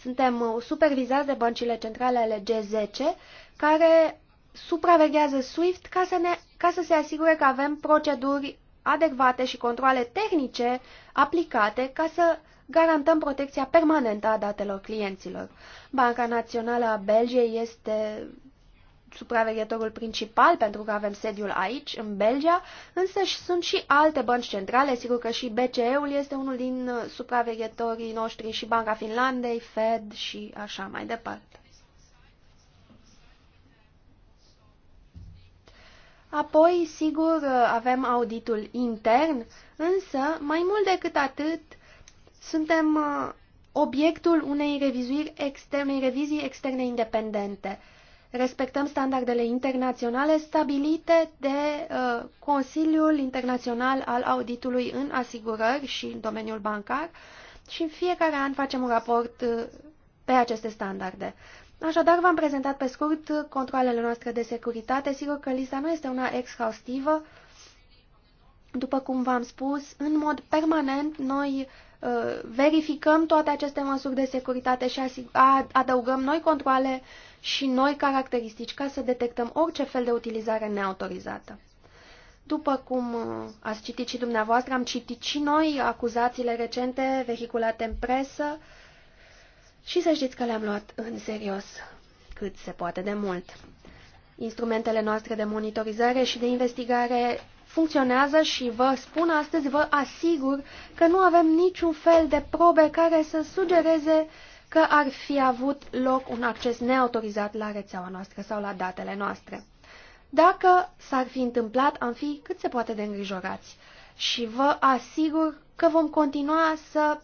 Suntem uh, supervizați de băncile centrale ale G10, care supraveghează SWIFT ca să, ne, ca să se asigure că avem proceduri adecvate și controle tehnice aplicate ca să garantăm protecția permanentă a datelor clienților. Banca Națională a Belgiei este supraveghetorul principal, pentru că avem sediul aici, în Belgia, însă sunt și alte bănci centrale, sigur că și BCE-ul este unul din uh, supraveghetorii noștri și Banca Finlandei, Fed și așa mai departe. Apoi, sigur, uh, avem auditul intern, însă, mai mult decât atât, suntem uh, obiectul unei revizuiri externe, unei revizii externe independente respectăm standardele internaționale stabilite de uh, Consiliul Internațional al Auditului în asigurări și în domeniul bancar și în fiecare an facem un raport uh, pe aceste standarde. Așadar, v-am prezentat pe scurt controlele noastre de securitate. Sigur că lista nu este una exhaustivă. După cum v-am spus, în mod permanent noi uh, verificăm toate aceste măsuri de securitate și adăugăm noi controle uh, și noi caracteristici ca să detectăm orice fel de utilizare neautorizată. După cum uh, ați citit și dumneavoastră, am citit și noi acuzațiile recente vehiculate în presă și să știți că le-am luat în serios cât se poate de mult. Instrumentele noastre de monitorizare și de investigare funcționează și vă spun astăzi, vă asigur că nu avem niciun fel de probe care să sugereze uh, că ar fi avut loc un acces neautorizat la rețeaua noastră sau la datele noastre. Dacă s-ar fi întâmplat, am fi cât se poate de îngrijorați și vă asigur că vom continua să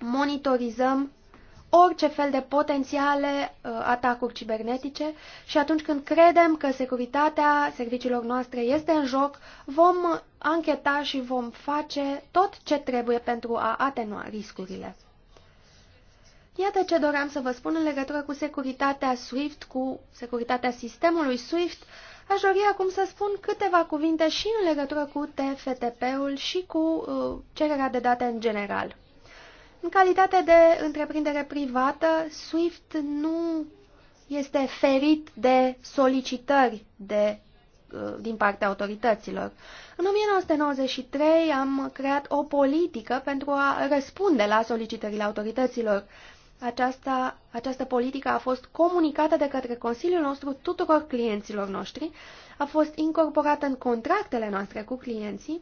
monitorizăm orice fel de potențiale uh, atacuri cibernetice și atunci când credem că securitatea serviciilor noastre este în joc, vom ancheta și vom face tot ce trebuie pentru a atenua riscurile. Iată ce doream să vă spun în legătură cu securitatea SWIFT, cu securitatea sistemului SWIFT. Aș dori acum să spun câteva cuvinte și în legătură cu TFTP-ul și cu uh, cererea de date în general. În calitate de întreprindere privată, SWIFT nu este ferit de solicitări de, uh, din partea autorităților. În 1993 am creat o politică pentru a răspunde la solicitările autorităților. Aceasta, această politică a fost comunicată de către Consiliul nostru tuturor clienților noștri, a fost incorporată în contractele noastre cu clienții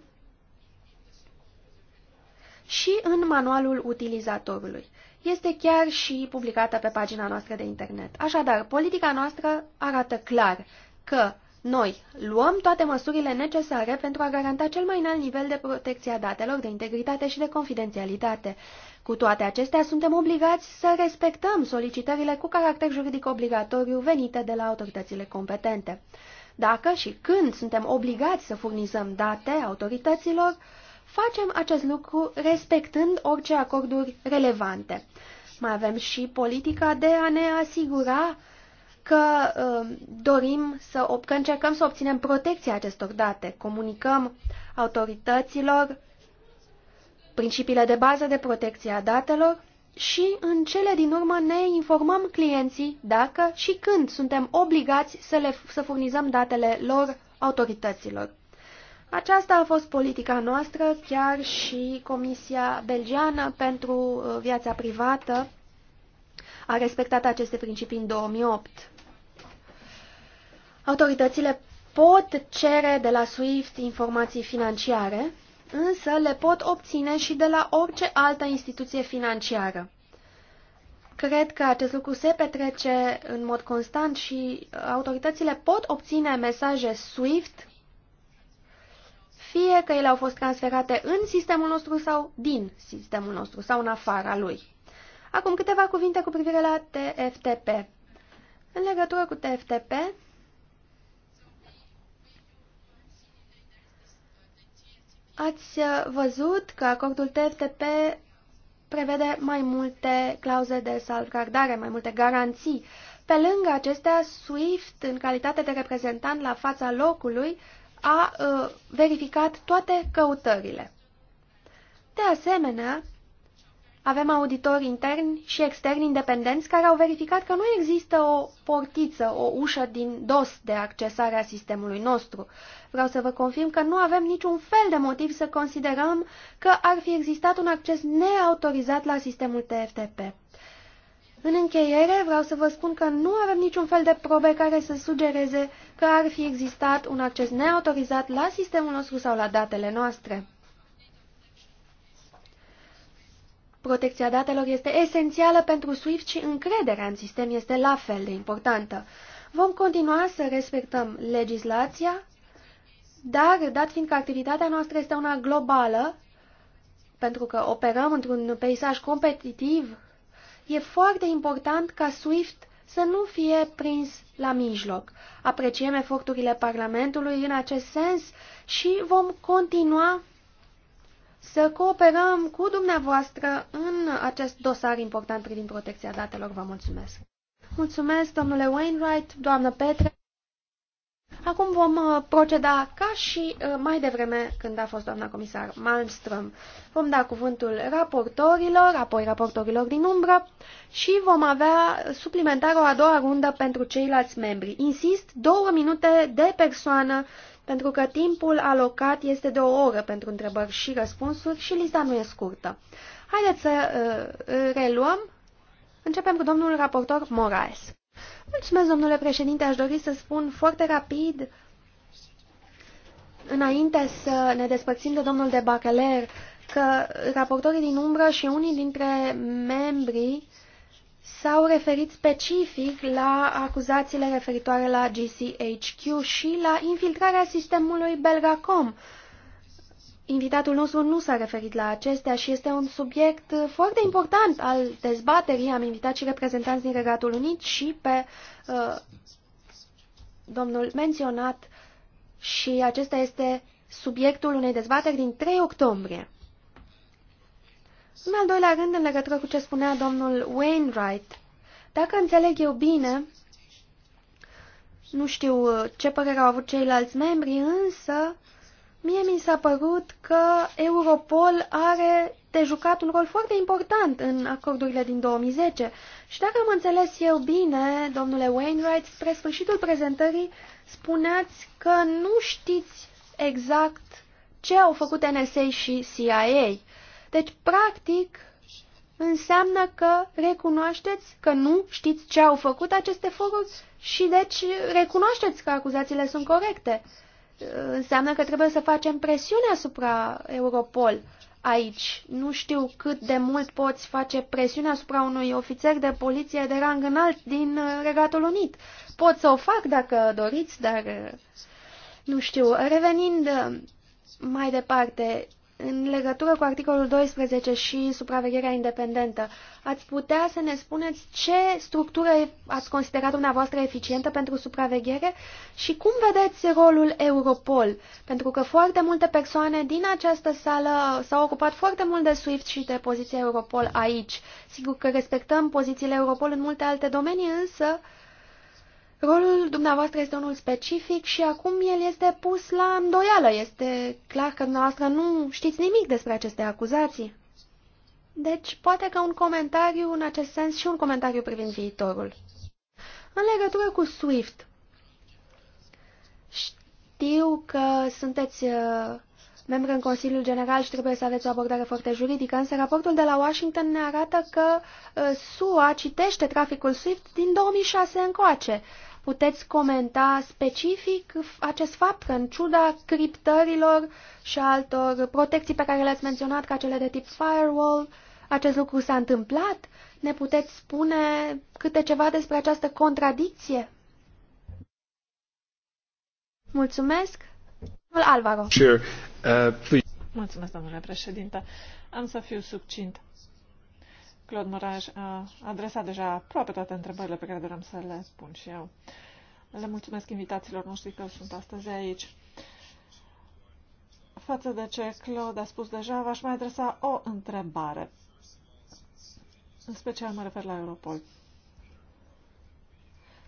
și în manualul utilizatorului. Este chiar și publicată pe pagina noastră de internet. Așadar, politica noastră arată clar că noi luăm toate măsurile necesare pentru a garanta cel mai înalt nivel de protecție a datelor, de integritate și de confidențialitate. Cu toate acestea, suntem obligați să respectăm solicitările cu caracter juridic obligatoriu venite de la autoritățile competente. Dacă și când suntem obligați să furnizăm date autorităților, facem acest lucru respectând orice acorduri relevante. Mai avem și politica de a ne asigura că uh, dorim să, că încercăm să obținem protecția acestor date. Comunicăm autorităților principiile de bază de protecție a datelor și, în cele din urmă, ne informăm clienții dacă și când suntem obligați să, le, să furnizăm datele lor autorităților. Aceasta a fost politica noastră, chiar și Comisia Belgiană pentru uh, Viața Privată a respectat aceste principii în 2008. Autoritățile pot cere de la SWIFT informații financiare însă le pot obține și de la orice altă instituție financiară. Cred că acest lucru se petrece în mod constant și autoritățile pot obține mesaje SWIFT, fie că ele au fost transferate în sistemul nostru sau din sistemul nostru sau în afara lui. Acum câteva cuvinte cu privire la TFTP. În legătură cu TFTP, Ați uh, văzut că acordul TFTP prevede mai multe clauze de salvgardare, mai multe garanții. Pe lângă acestea, SWIFT, în calitate de reprezentant la fața locului, a uh, verificat toate căutările. De asemenea, avem auditori interni și externi independenți care au verificat că nu există o portiță, o ușă din dos de accesare a sistemului nostru. Vreau să vă confirm că nu avem niciun fel de motiv să considerăm că ar fi existat un acces neautorizat la sistemul TFTP. În încheiere, vreau să vă spun că nu avem niciun fel de probe care să sugereze că ar fi existat un acces neautorizat la sistemul nostru sau la datele noastre. Protecția datelor este esențială pentru SWIFT și încrederea în sistem este la fel de importantă. Vom continua să respectăm legislația, dar, dat fiindcă activitatea noastră este una globală, pentru că operăm într-un peisaj competitiv, e foarte important ca SWIFT să nu fie prins la mijloc. Apreciem eforturile Parlamentului în acest sens și vom continua să cooperăm cu dumneavoastră în acest dosar important privind protecția datelor. Vă mulțumesc! Mulțumesc, domnule Wainwright, doamnă Petre. Acum vom uh, proceda ca și uh, mai devreme când a fost doamna comisar Malmström. Vom da cuvântul raportorilor, apoi raportorilor din umbră și vom avea suplimentar o a doua rundă pentru ceilalți membri. Insist, două minute de persoană pentru că timpul alocat este de o oră pentru întrebări și răspunsuri și lista nu e scurtă. Haideți să uh, uh, reluăm. Începem cu domnul raportor Moraes. Mulțumesc, domnule președinte. Aș dori să spun foarte rapid, înainte să ne despărțim de domnul de Bacheler, că raportorii din umbră și unii dintre membrii uh, s-au referit specific la acuzațiile referitoare la GCHQ și la infiltrarea sistemului Belgacom. Invitatul nostru nu s-a referit la acestea și este un subiect foarte important al dezbaterii. Am invitat și reprezentanți din Regatul Unit și pe uh, domnul menționat și acesta este subiectul unei dezbateri din 3 octombrie. În al doilea rând, în legătură cu ce spunea domnul Wainwright, dacă înțeleg eu bine, nu știu uh, ce părere au avut ceilalți membri, însă mie mi s-a părut că Europol are de jucat un rol foarte important în acordurile din 2010. Și dacă am înțeles eu bine, domnule Wainwright, spre sfârșitul prezentării spuneați că nu știți exact ce au făcut NSA și CIA deci, practic, înseamnă că recunoașteți că nu știți ce au făcut aceste foruri și deci recunoașteți că acuzațiile sunt corecte. Înseamnă că trebuie să facem presiune asupra Europol aici. Nu știu cât de mult poți face presiune asupra unui ofițer de poliție de rang înalt din uh, Regatul Unit. Pot să o fac dacă doriți, dar uh, nu știu. Revenind uh, mai departe, în legătură cu articolul 12 și supravegherea independentă, ați putea să ne spuneți ce structură ați considerat dumneavoastră eficientă pentru supraveghere și cum vedeți rolul Europol? Pentru că foarte multe persoane din această sală s-au ocupat foarte mult de SWIFT și de poziția Europol aici. Sigur că respectăm pozițiile Europol în multe alte domenii, însă uh, Rolul dumneavoastră este unul specific și acum el este pus la îndoială. Este clar că dumneavoastră nu știți nimic despre aceste acuzații. Deci, poate că un comentariu în acest sens și un comentariu privind viitorul. În legătură cu SWIFT, știu că sunteți uh, membru în Consiliul General și trebuie să aveți o abordare foarte juridică, însă raportul de la Washington ne arată că uh, SUA citește traficul SWIFT din 2006 încoace Puteți comenta specific acest fapt că în ciuda criptărilor și altor protecții pe care le-ați menționat ca cele de tip firewall, acest lucru s-a întâmplat? Ne puteți spune câte ceva despre această contradicție? Mulțumesc. Alvaro. Sure. Uh, Mulțumesc, domnule președinte. Am să fiu succint. Claude Moraj a adresat deja aproape toate întrebările pe care doream să le spun și eu. Le mulțumesc invitațiilor noștri că sunt astăzi aici. Față de ce Claude a spus deja, v-aș mai adresa o întrebare. În special mă refer la Europol.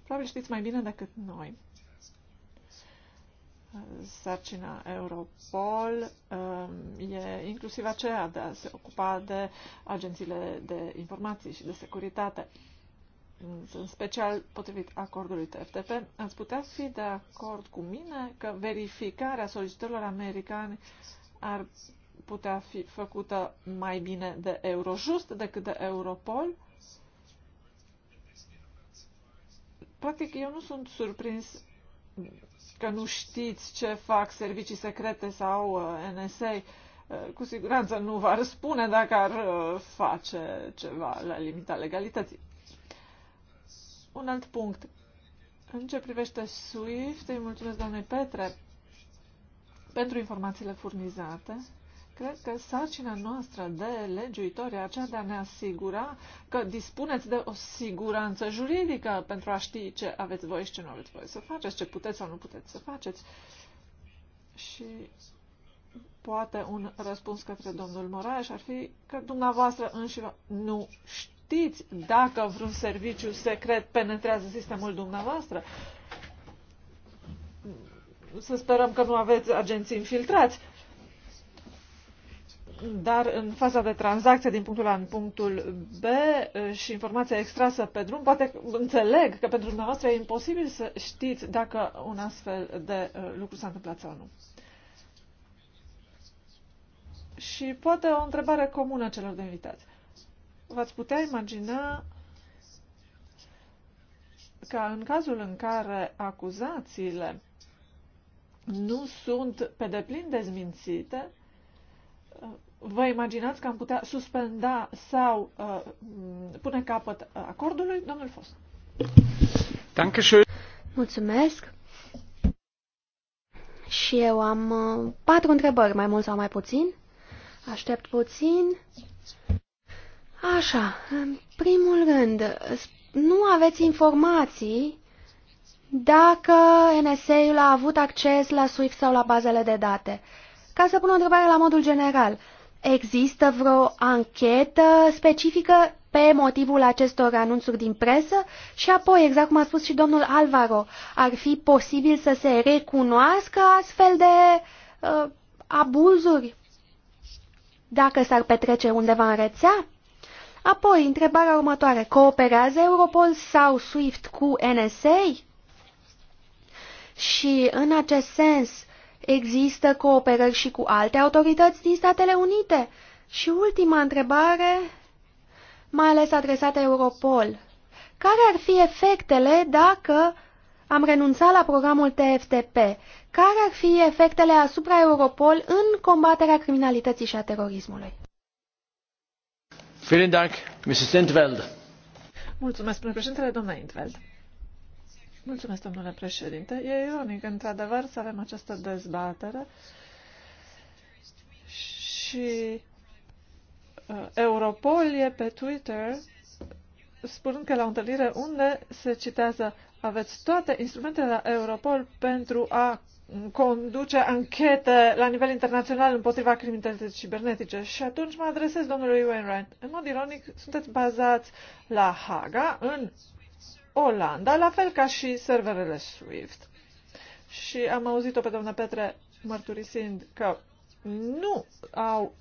Probabil știți mai bine decât noi sarcina Europol um, e inclusiv aceea de a se ocupa de agențiile de informații și de securitate. În special, potrivit acordului TFTP, ați putea fi de acord cu mine că verificarea solicitărilor americani ar putea fi făcută mai bine de Eurojust decât de Europol? Practic, eu nu sunt surprins că nu știți ce fac servicii secrete sau uh, NSA, uh, cu siguranță nu va răspune dacă ar uh, face ceva la limita legalității. Un alt punct. În ce privește SWIFT, îi mulțumesc doamnei Petre pentru informațiile furnizate Cred că sarcina noastră de legiuitori e aceea de a ne asigura că dispuneți de o siguranță juridică pentru a ști ce aveți voi și ce nu aveți voi să faceți, ce puteți sau nu puteți să faceți. Și poate un răspuns către domnul Moraes ar fi că dumneavoastră înși nu știți dacă vreun serviciu secret penetrează sistemul dumneavoastră. Să sperăm că nu aveți agenții infiltrați dar în faza de tranzacție din punctul A în punctul B și informația extrasă pe drum, poate înțeleg că pentru dumneavoastră e imposibil să știți dacă un astfel de lucru s-a întâmplat sau nu. Și poate o întrebare comună celor de invitați. V-ați putea imagina ca în cazul în care acuzațiile nu sunt pe deplin dezmințite, Vă imaginați că am putea suspenda sau uh, pune capăt uh, acordului? Domnul Fost. Mulțumesc. Și eu am uh, patru întrebări, mai mult sau mai puțin. Aștept puțin. Așa, în primul rând, nu aveți informații dacă NSA-ul a avut acces la SWIFT sau la bazele de date. Ca să pun o întrebare la modul general, Există vreo anchetă specifică pe motivul acestor anunțuri din presă și apoi, exact cum a spus și domnul Alvaro, ar fi posibil să se recunoască astfel de uh, abuzuri dacă s-ar petrece undeva în rețea? Apoi, întrebarea următoare, cooperează Europol sau SWIFT cu NSA? Și în acest sens, Există cooperări și cu alte autorități din Statele Unite? Și ultima întrebare, mai ales adresată Europol. Care ar fi efectele dacă am renunțat la programul TFTP? Care ar fi efectele asupra Europol în combaterea criminalității și a terorismului? Vielen Dank, Mrs. Mulțumesc, președintele, domnule Intveld. Mulțumesc, domnule președinte. E ironic, într-adevăr, să avem această dezbatere și uh, Europol e pe Twitter spunând că la o întâlnire unde se citează aveți toate instrumentele la Europol pentru a conduce anchete la nivel internațional împotriva criminalității cibernetice. Și atunci mă adresez domnului Wainwright. În mod ironic, sunteți bazați la Haga, în Olanda, la fel ca și serverele SWIFT. Și am auzit-o pe doamna Petre mărturisind că nu au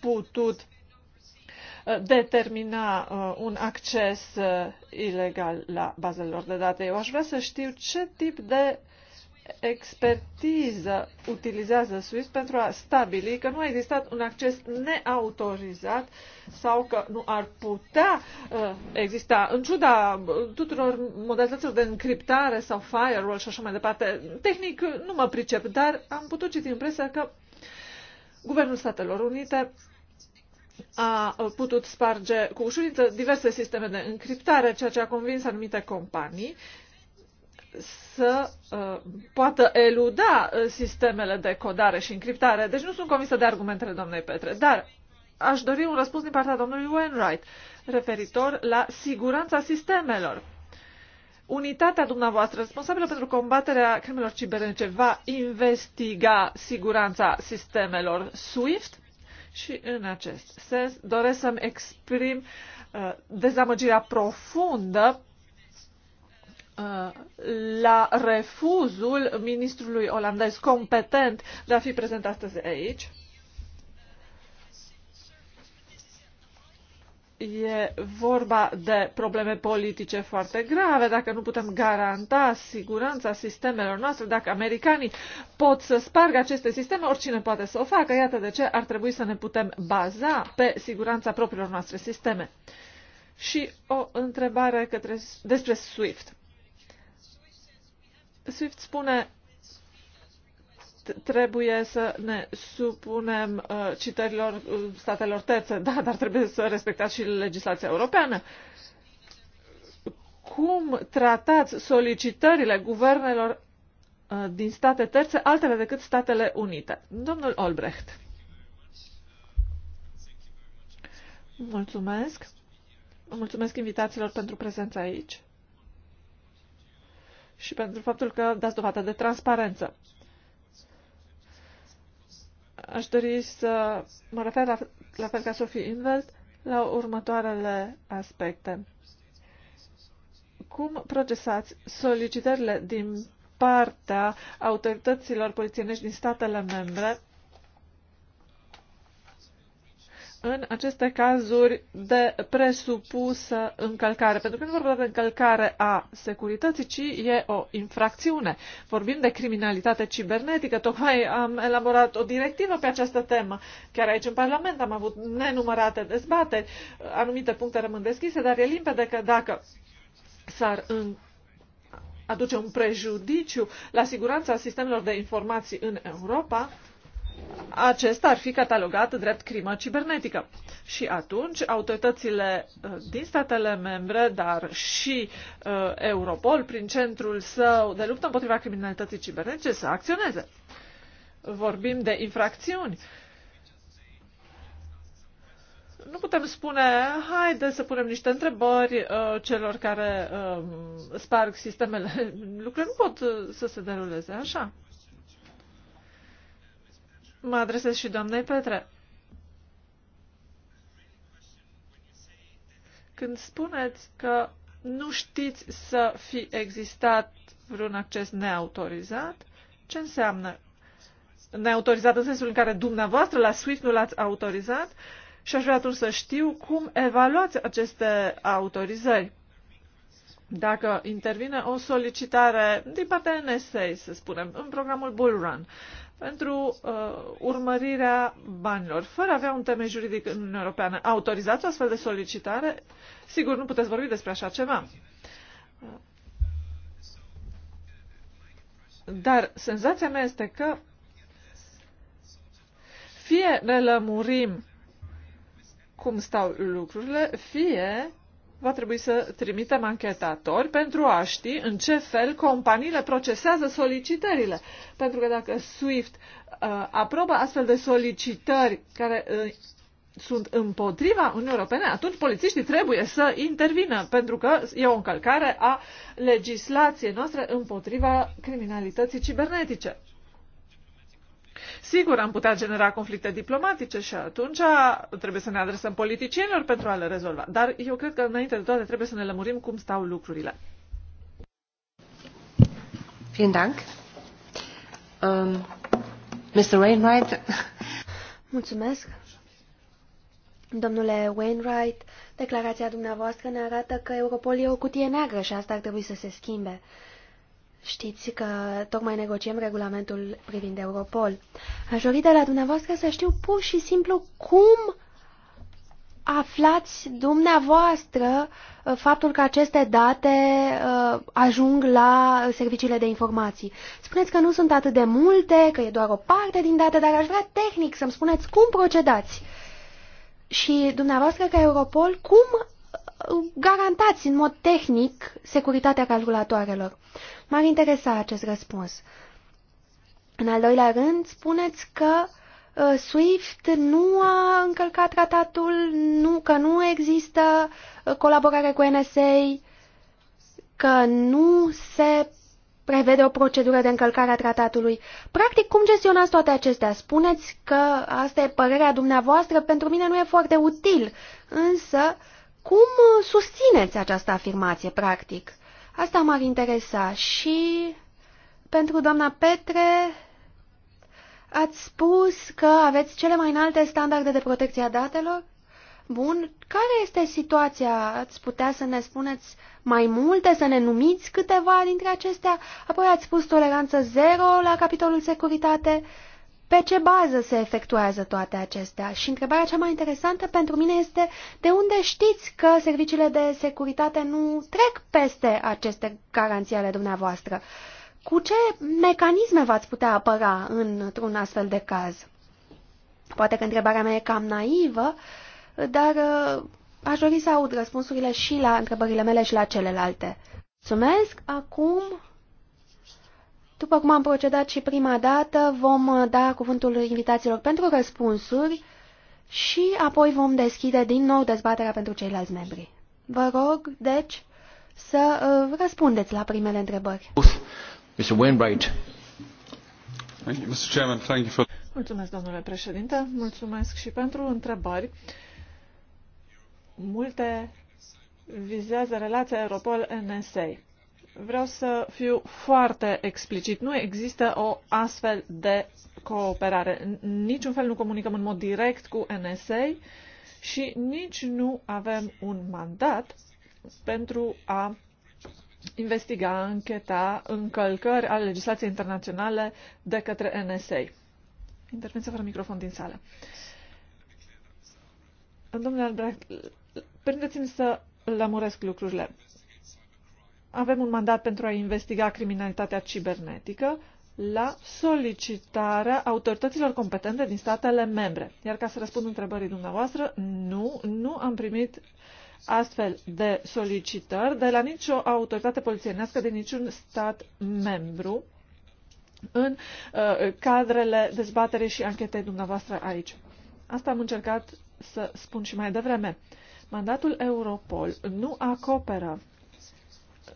putut uh, determina uh, un acces uh, ilegal la bazelor de date. Eu aș vrea să știu ce tip de uh, expertiză utilizează SWIFT pentru a stabili că nu a existat un acces neautorizat sau că nu ar putea uh, exista, în ciuda uh, tuturor modalităților de încriptare sau firewall și așa mai departe. Tehnic uh, nu mă pricep, dar am putut citi în presă că Guvernul Statelor Unite a uh, putut sparge cu ușurință diverse sisteme de încriptare, ceea ce a convins anumite companii să uh, poată eluda uh, sistemele de codare și încriptare. Deci nu sunt convinsă de argumentele doamnei Petre, dar aș dori un răspuns din partea domnului Wainwright referitor la siguranța sistemelor. Unitatea dumneavoastră responsabilă pentru combaterea crimelor cibernetice va investiga siguranța sistemelor SWIFT și în acest sens doresc să-mi exprim uh, dezamăgirea profundă la refuzul ministrului olandez competent de a fi prezent astăzi aici. E vorba de probleme politice foarte grave, dacă nu putem garanta siguranța sistemelor noastre, dacă americanii pot să spargă aceste sisteme, oricine poate să o facă. Iată de ce ar trebui să ne putem baza pe siguranța propriilor noastre sisteme. Și o întrebare către, despre SWIFT. Swift spune trebuie să ne supunem uh, citărilor uh, statelor terțe, da, dar trebuie să respectați și legislația europeană. Cum tratați solicitările guvernelor uh, din state terțe, altele decât Statele Unite? Domnul Olbrecht. Mulțumesc. Mulțumesc invitațiilor pentru prezența aici și pentru faptul că dați dovadă de transparență. Aș dori să mă refer la, la fel ca Sophie Invelt la următoarele aspecte. Cum procesați solicitările din partea autorităților polițienești din statele membre în aceste cazuri de presupusă încălcare. Pentru că nu vorbim de încălcare a securității, ci e o infracțiune. Vorbim de criminalitate cibernetică. Tocmai am elaborat o directivă pe această temă. Chiar aici în Parlament am avut nenumărate dezbateri. Anumite puncte rămân deschise, dar e limpede că dacă s-ar aduce un prejudiciu la siguranța sistemelor de informații în Europa, acesta ar fi catalogat drept crimă cibernetică. Și atunci autoritățile uh, din statele membre, dar și uh, Europol, prin centrul său de luptă împotriva criminalității cibernetice, să acționeze. Vorbim de infracțiuni. Nu putem spune, haide să punem niște întrebări uh, celor care uh, sparg sistemele. Lucrurile nu pot uh, să se deruleze așa. Mă adresez și doamnei Petre. Când spuneți că nu știți să fi existat vreun acces neautorizat, ce înseamnă neautorizat în sensul în care dumneavoastră la SWIFT nu l-ați autorizat și aș vrea atunci să știu cum evaluați aceste autorizări. Dacă intervine o solicitare din partea NSA, să spunem, în programul Bull Run, pentru uh, urmărirea banilor, fără a avea un temei juridic în Uniunea Europeană. Autorizați o astfel de solicitare? Sigur, nu puteți vorbi despre așa ceva. Dar senzația mea este că fie ne lămurim cum stau lucrurile, fie va trebui să trimitem anchetatori pentru a ști în ce fel companiile procesează solicitările. Pentru că dacă SWIFT uh, aprobă astfel de solicitări care uh, sunt împotriva Uniunii Europene, atunci polițiștii trebuie să intervină, pentru că e o încălcare a legislației noastre împotriva criminalității cibernetice. Sigur, am putea genera conflicte diplomatice și atunci trebuie să ne adresăm politicienilor pentru a le rezolva. Dar eu cred că, înainte de toate, trebuie să ne lămurim cum stau lucrurile. Vielen Dank. Um, Mr. Wainwright. Mulțumesc. Domnule Wainwright, declarația dumneavoastră ne arată că Europol e o cutie neagră și asta ar trebui să se schimbe. Știți că tocmai negociem regulamentul privind Europol. Aș dori de la dumneavoastră să știu pur și simplu cum aflați dumneavoastră uh, faptul că aceste date uh, ajung la serviciile de informații. Spuneți că nu sunt atât de multe, că e doar o parte din date, dar aș vrea tehnic să-mi spuneți cum procedați. Și dumneavoastră ca Europol, cum garantați în mod tehnic securitatea calculatoarelor. M-ar interesa acest răspuns. În al doilea rând, spuneți că uh, SWIFT nu a încălcat tratatul, nu, că nu există uh, colaborare cu NSA, că nu se prevede o procedură de încălcare a tratatului. Practic, cum gestionați toate acestea? Spuneți că asta e părerea dumneavoastră, pentru mine nu e foarte util, însă uh, cum uh, susțineți această afirmație, practic? Asta m-ar interesa și pentru doamna Petre ați spus că aveți cele mai înalte standarde de protecție a datelor? Bun, care este situația? Ați putea să ne spuneți mai multe, să ne numiți câteva dintre acestea? Apoi ați spus toleranță zero la capitolul securitate. Uh, pe ce bază se efectuează toate acestea? Și întrebarea cea mai interesantă pentru mine este de unde știți că serviciile de securitate nu trec peste aceste garanții ale dumneavoastră? Cu ce mecanisme v-ați putea apăra într-un astfel de caz? Poate că întrebarea mea e cam naivă, dar uh, aș dori să aud răspunsurile și la întrebările mele și la celelalte. Mulțumesc! Acum după cum am procedat și prima dată, vom uh, da cuvântul invitațiilor pentru răspunsuri și apoi vom deschide din nou dezbaterea pentru ceilalți membri. Vă rog, deci, să uh, răspundeți la primele întrebări. Mr. Wainwright. Thank you, Mr. Chairman. Thank you for... Mulțumesc, domnule președinte. Mulțumesc și pentru întrebări. Multe vizează relația Europol-NSA. Vreau să fiu foarte explicit. Nu există o astfel de cooperare. Niciun fel nu comunicăm în mod direct cu NSA și nici nu avem un mandat pentru a investiga, încheta încălcări ale legislației internaționale de către NSA. Intervenție fără microfon din sală. Domnule Albrecht, permiteți-mi să lămuresc lucrurile avem un mandat pentru a investiga criminalitatea cibernetică la solicitarea autorităților competente din statele membre. Iar ca să răspund întrebării dumneavoastră, nu, nu am primit astfel de solicitări de la nicio autoritate polițienească de niciun stat membru în uh, cadrele dezbaterei și anchetei dumneavoastră aici. Asta am încercat să spun și mai devreme. Mandatul Europol nu acoperă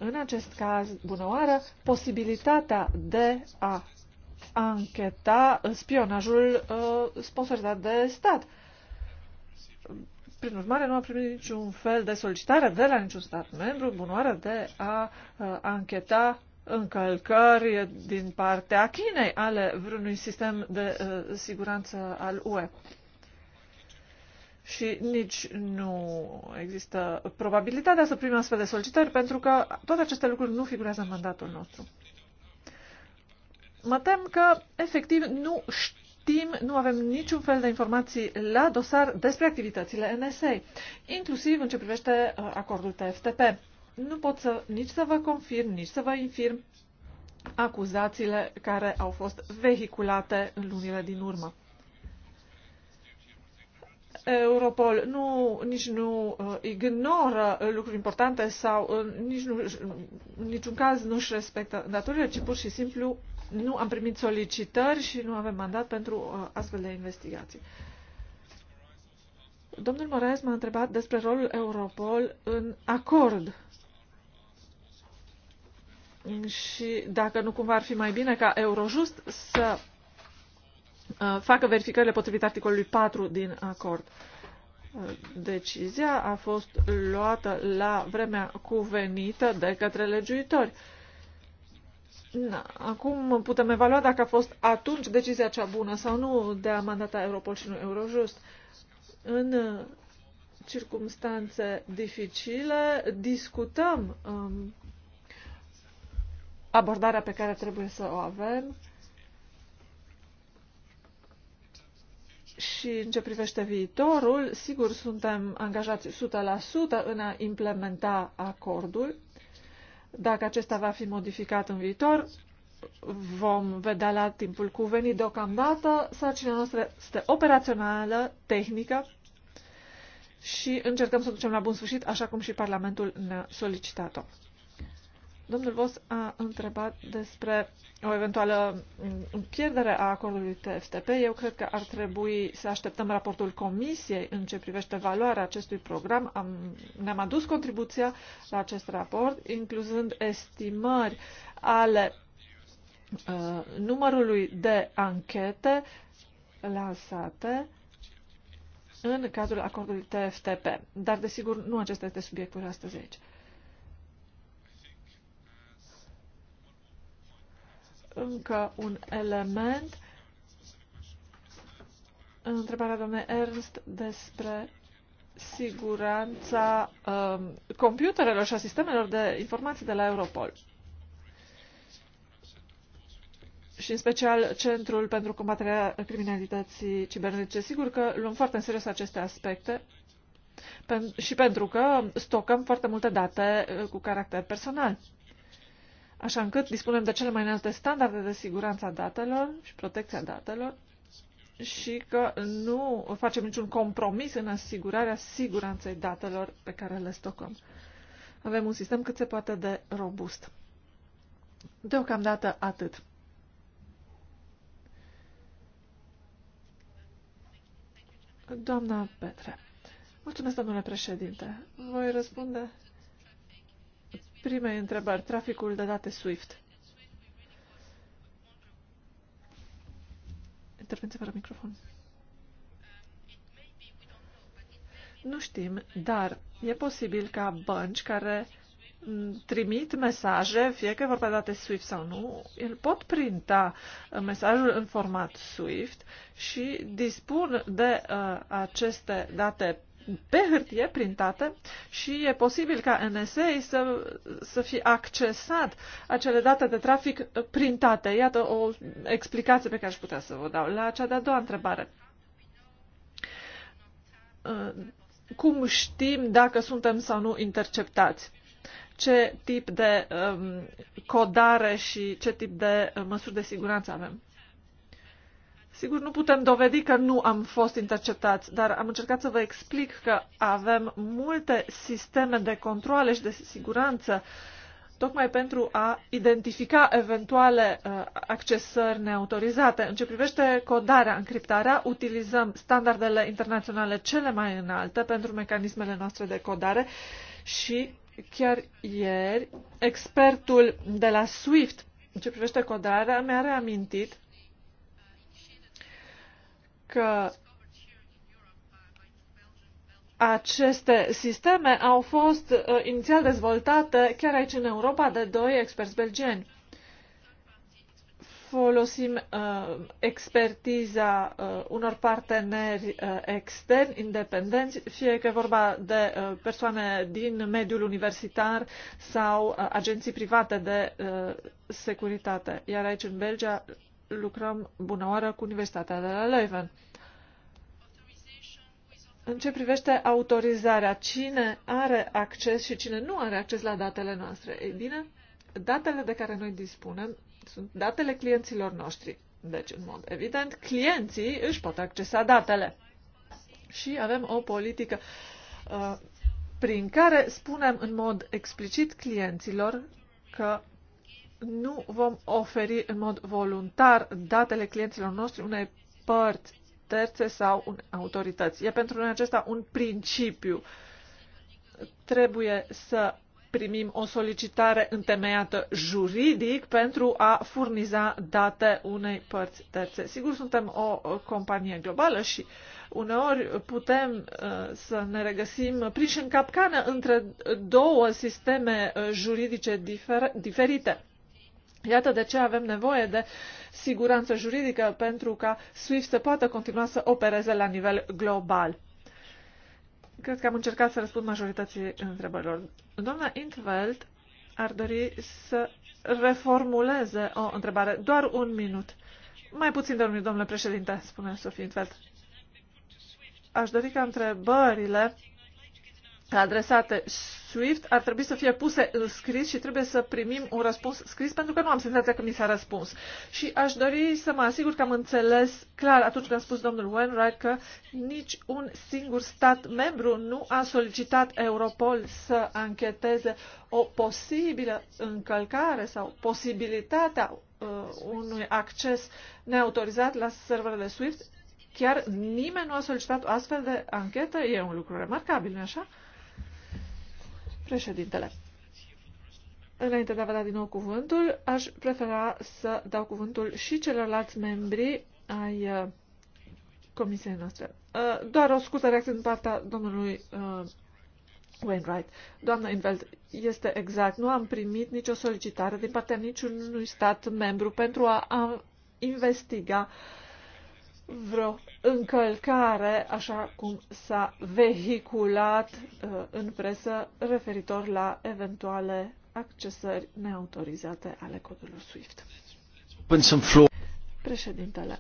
în acest caz, bună oară, posibilitatea de a ancheta spionajul uh, sponsorizat de stat. Prin urmare, nu a primit niciun fel de solicitare de la niciun stat membru, bunoară, de a uh, ancheta încălcări din partea Chinei ale vreunui sistem de uh, siguranță al UE și nici nu există probabilitatea să primim astfel de solicitări, pentru că toate aceste lucruri nu figurează în mandatul nostru. Mă tem că, efectiv, nu știm, nu avem niciun fel de informații la dosar despre activitățile NSA, inclusiv în ce privește uh, acordul TFTP. Nu pot să, nici să vă confirm, nici să vă infirm acuzațiile care au fost vehiculate în lunile din urmă. Europol nu, nici nu uh, ignoră uh, lucruri importante sau uh, nici nu, în niciun caz nu își respectă datorile, ci pur și simplu nu am primit solicitări și nu avem mandat pentru astfel de investigații. Domnul Moraes m-a întrebat despre rolul Europol în acord și dacă nu cumva ar fi mai bine ca Eurojust să Uh, facă verificările potrivit articolului 4 din acord. Uh, decizia a fost luată la vremea cuvenită de către legiuitori. Acum putem evalua dacă a fost atunci decizia cea bună sau nu de a mandata Europol și nu Eurojust. În uh, circumstanțe dificile discutăm um, abordarea pe care trebuie să o avem Și în ce privește viitorul, sigur, suntem angajați 100% în a implementa acordul. Dacă acesta va fi modificat în viitor, vom vedea la timpul cuvenit. Deocamdată, sarcina noastră este operațională, tehnică și încercăm să ducem la bun sfârșit, așa cum și Parlamentul ne-a solicitat-o. Domnul Vos a întrebat despre o eventuală mm, pierdere a acordului TFTP. Eu cred că ar trebui să așteptăm raportul Comisiei în ce privește valoarea acestui program. Am, ne-am adus contribuția la acest raport, incluzând estimări ale uh, numărului de anchete lansate în cadrul acordului TFTP. Dar, desigur, nu acesta este subiectul astăzi aici. încă un element. Întrebarea doamnei Ernst despre siguranța um, computerelor și a sistemelor de informații de la Europol și în special Centrul pentru combaterea criminalității cibernetice. Sigur că luăm foarte în serios aceste aspecte și pentru că stocăm foarte multe date uh, cu caracter personal așa încât dispunem de cele mai înalte standarde de siguranță a datelor și protecția datelor și că nu facem niciun compromis în asigurarea siguranței datelor pe care le stocăm. Avem un sistem cât se poate de robust. Deocamdată atât. Doamna Petre. Mulțumesc, domnule președinte. Voi răspunde Primei întrebări, traficul de date SWIFT. Intervenție fără microfon. Nu știm, dar e posibil ca bănci care trimit mesaje, fie că vorba de date SWIFT sau nu, îl pot printa uh, mesajul în format SWIFT și dispun de uh, aceste date pe hârtie printate și e posibil ca NSA să, să fie accesat acele date de trafic printate. Iată o explicație pe care aș putea să vă dau. La cea de-a doua întrebare. Uh, cum știm dacă suntem sau nu interceptați? Ce tip de um, codare și ce tip de uh, măsuri de siguranță avem? Sigur, nu putem dovedi că nu am fost interceptați, dar am încercat să vă explic că avem multe sisteme de controle și de siguranță tocmai pentru a identifica eventuale uh, accesări neautorizate. În ce privește codarea, încriptarea, utilizăm standardele internaționale cele mai înalte pentru mecanismele noastre de codare și chiar ieri expertul de la SWIFT în ce privește codarea mi-a reamintit că aceste sisteme au fost uh, inițial dezvoltate chiar aici în Europa de doi experți belgeni. Folosim uh, expertiza uh, unor parteneri uh, externi, independenți, fie că vorba de uh, persoane din mediul universitar sau uh, agenții private de uh, securitate. Iar aici în Belgia lucrăm bună oară cu Universitatea de la Leuven. În ce privește autorizarea, cine are acces și cine nu are acces la datele noastre? Ei bine, datele de care noi dispunem sunt datele clienților noștri. Deci, în mod evident, clienții își pot accesa datele. Și avem o politică uh, prin care spunem în mod explicit clienților că nu vom oferi în mod voluntar datele clienților noștri unei părți terțe sau un autorități. E pentru noi acesta un principiu. Trebuie să primim o solicitare întemeiată juridic pentru a furniza date unei părți terțe. Sigur, suntem o companie globală și uneori putem uh, să ne regăsim prinși în capcană între două sisteme uh, juridice diferite Iată de ce avem nevoie de siguranță juridică pentru ca SWIFT să poată continua să opereze la nivel global. Cred că am încercat să răspund majorității întrebărilor. Doamna Intveld ar dori să reformuleze o întrebare. Doar un minut. Mai puțin de un minut, domnule președinte, spune Sofie Intveld. Aș dori ca întrebările adresate SWIFT ar trebui să fie puse în scris și trebuie să primim un răspuns scris pentru că nu am senzația că mi s-a răspuns. Și aș dori să mă asigur că am înțeles clar atunci când a spus domnul Wainwright că nici un singur stat membru nu a solicitat Europol să ancheteze o posibilă încălcare sau posibilitatea uh, unui acces neautorizat la serverele SWIFT chiar nimeni nu a solicitat o astfel de anchetă, e un lucru remarcabil, nu așa? Președintele, înainte de a vă da din nou cuvântul, aș prefera să dau cuvântul și celorlalți membri ai uh, comisiei noastre. Uh, doar o scurtă reacție din partea domnului uh, Wainwright. Doamna Inveld, este exact. Nu am primit nicio solicitare din partea niciunui stat membru pentru a investiga uh, vreo încălcare, așa cum s-a vehiculat uh, în presă referitor la eventuale accesări neautorizate ale Codului SWIFT. Președintele,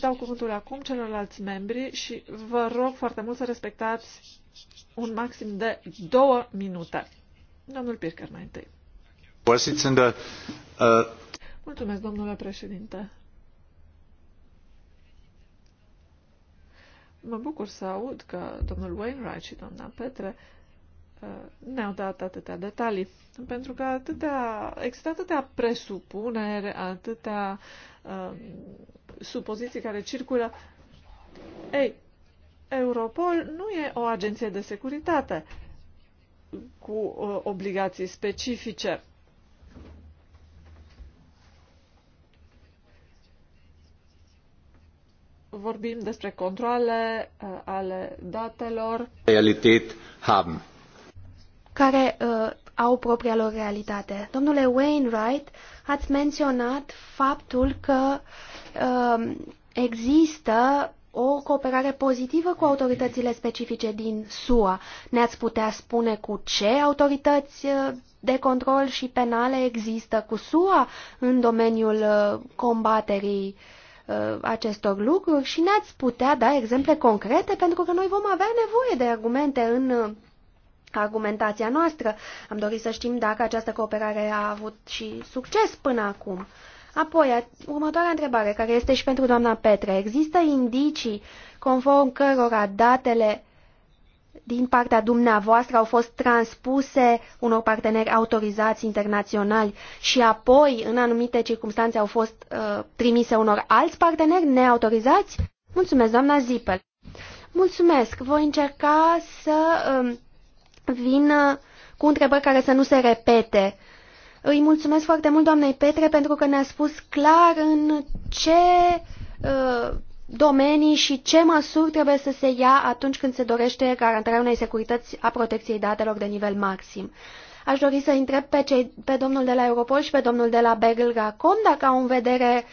dau cuvântul acum celorlalți membri și vă rog foarte mult să respectați un maxim de două minute. Domnul Pirker mai întâi. Uh, Mulțumesc, domnule președinte. Mă bucur să aud că domnul Wainwright și doamna Petre uh, ne-au dat atâtea detalii. Pentru că atâtea, există atâtea presupuneri, atâtea um, supoziții care circulă. Ei, Europol nu e o agenție de securitate cu uh, obligații specifice vorbim despre controle uh, ale datelor Realität haben. care uh, au propria lor realitate. Domnule Wainwright, ați menționat faptul că uh, există o cooperare pozitivă cu autoritățile specifice din SUA. Ne-ați putea spune cu ce autorități uh, de control și penale există cu SUA în domeniul uh, combaterii uh, Uh, acestor lucruri și ne-ați putea da exemple concrete pentru că noi vom avea nevoie de argumente în uh, argumentația noastră. Am dorit să știm dacă această cooperare a avut și succes până acum. Apoi, următoarea întrebare, care este și pentru doamna Petre. Există indicii conform cărora datele din partea dumneavoastră au fost transpuse unor parteneri autorizați internaționali și apoi, în anumite circunstanțe, au fost uh, trimise unor alți parteneri neautorizați? Mulțumesc, doamna Zipel. Mulțumesc. Voi încerca să um, uh, vin cu întrebări care să nu se repete. Îi mulțumesc foarte mult doamnei Petre pentru că ne-a spus clar în ce uh, domenii și ce măsuri trebuie să se ia atunci când se dorește garantarea unei securități a protecției datelor de nivel maxim. Aș dori să întreb pe, cei, pe domnul de la Europol și pe domnul de la Berlgacom dacă au în vedere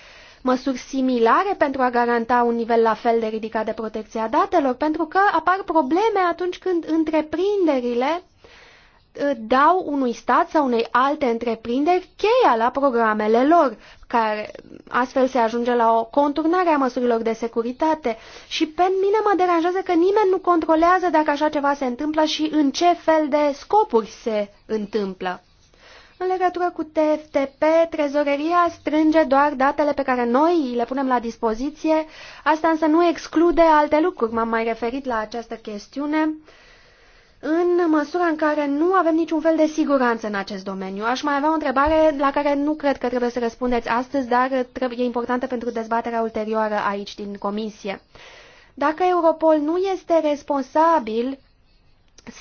măsuri similare pentru a garanta un nivel la fel de ridicat de protecție a datelor, pentru că apar probleme atunci când întreprinderile Uh, dau unui stat sau unei alte întreprinderi cheia la programele lor, care astfel se ajunge la o conturnare a măsurilor de securitate și pe mine mă deranjează că nimeni nu controlează dacă așa ceva se întâmplă și în ce fel de scopuri se întâmplă. În legătură cu TFTP, trezoreria strânge doar datele pe care noi le punem la dispoziție, asta însă nu exclude alte lucruri. M-am mai referit la această chestiune. Uh, în măsura în care nu avem niciun fel de siguranță în acest domeniu. Aș mai avea o întrebare la care nu cred că trebuie să răspundeți astăzi, dar e importantă pentru dezbaterea ulterioară aici din comisie. Dacă Europol nu este responsabil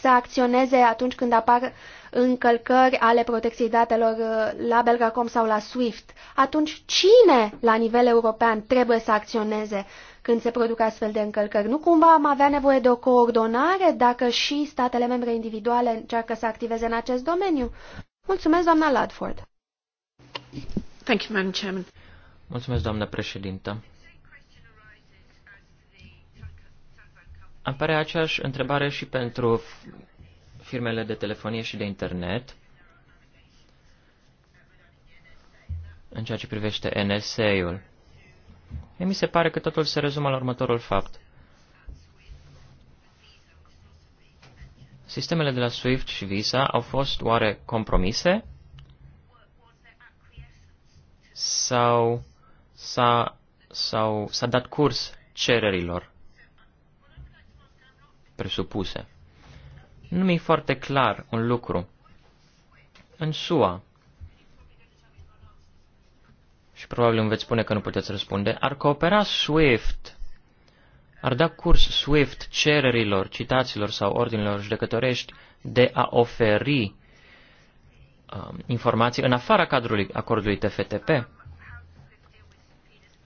să acționeze atunci când apar încălcări ale protecției datelor uh, la Belgacom sau la SWIFT, atunci cine la nivel european trebuie să acționeze? când se produc astfel de încălcări. Nu cumva am avea nevoie de o coordonare dacă și statele membre individuale încearcă să activeze în acest domeniu? Mulțumesc, doamna Ladford. Thank you, Madam Chairman. Mulțumesc, doamnă președintă. Apare aceeași întrebare și pentru firmele de telefonie și de internet în ceea ce privește NSA-ul. E mi se pare că totul se rezumă la următorul fapt. Sistemele de la SWIFT și Visa au fost oare compromise? Sau s-a, sau s-a dat curs cererilor presupuse? Nu mi-e foarte clar un lucru. În SUA, și probabil îmi veți spune că nu puteți răspunde, ar coopera SWIFT, ar da curs SWIFT cererilor, citaților sau ordinilor judecătorești de a oferi um, informații în afara cadrului acordului TFTP?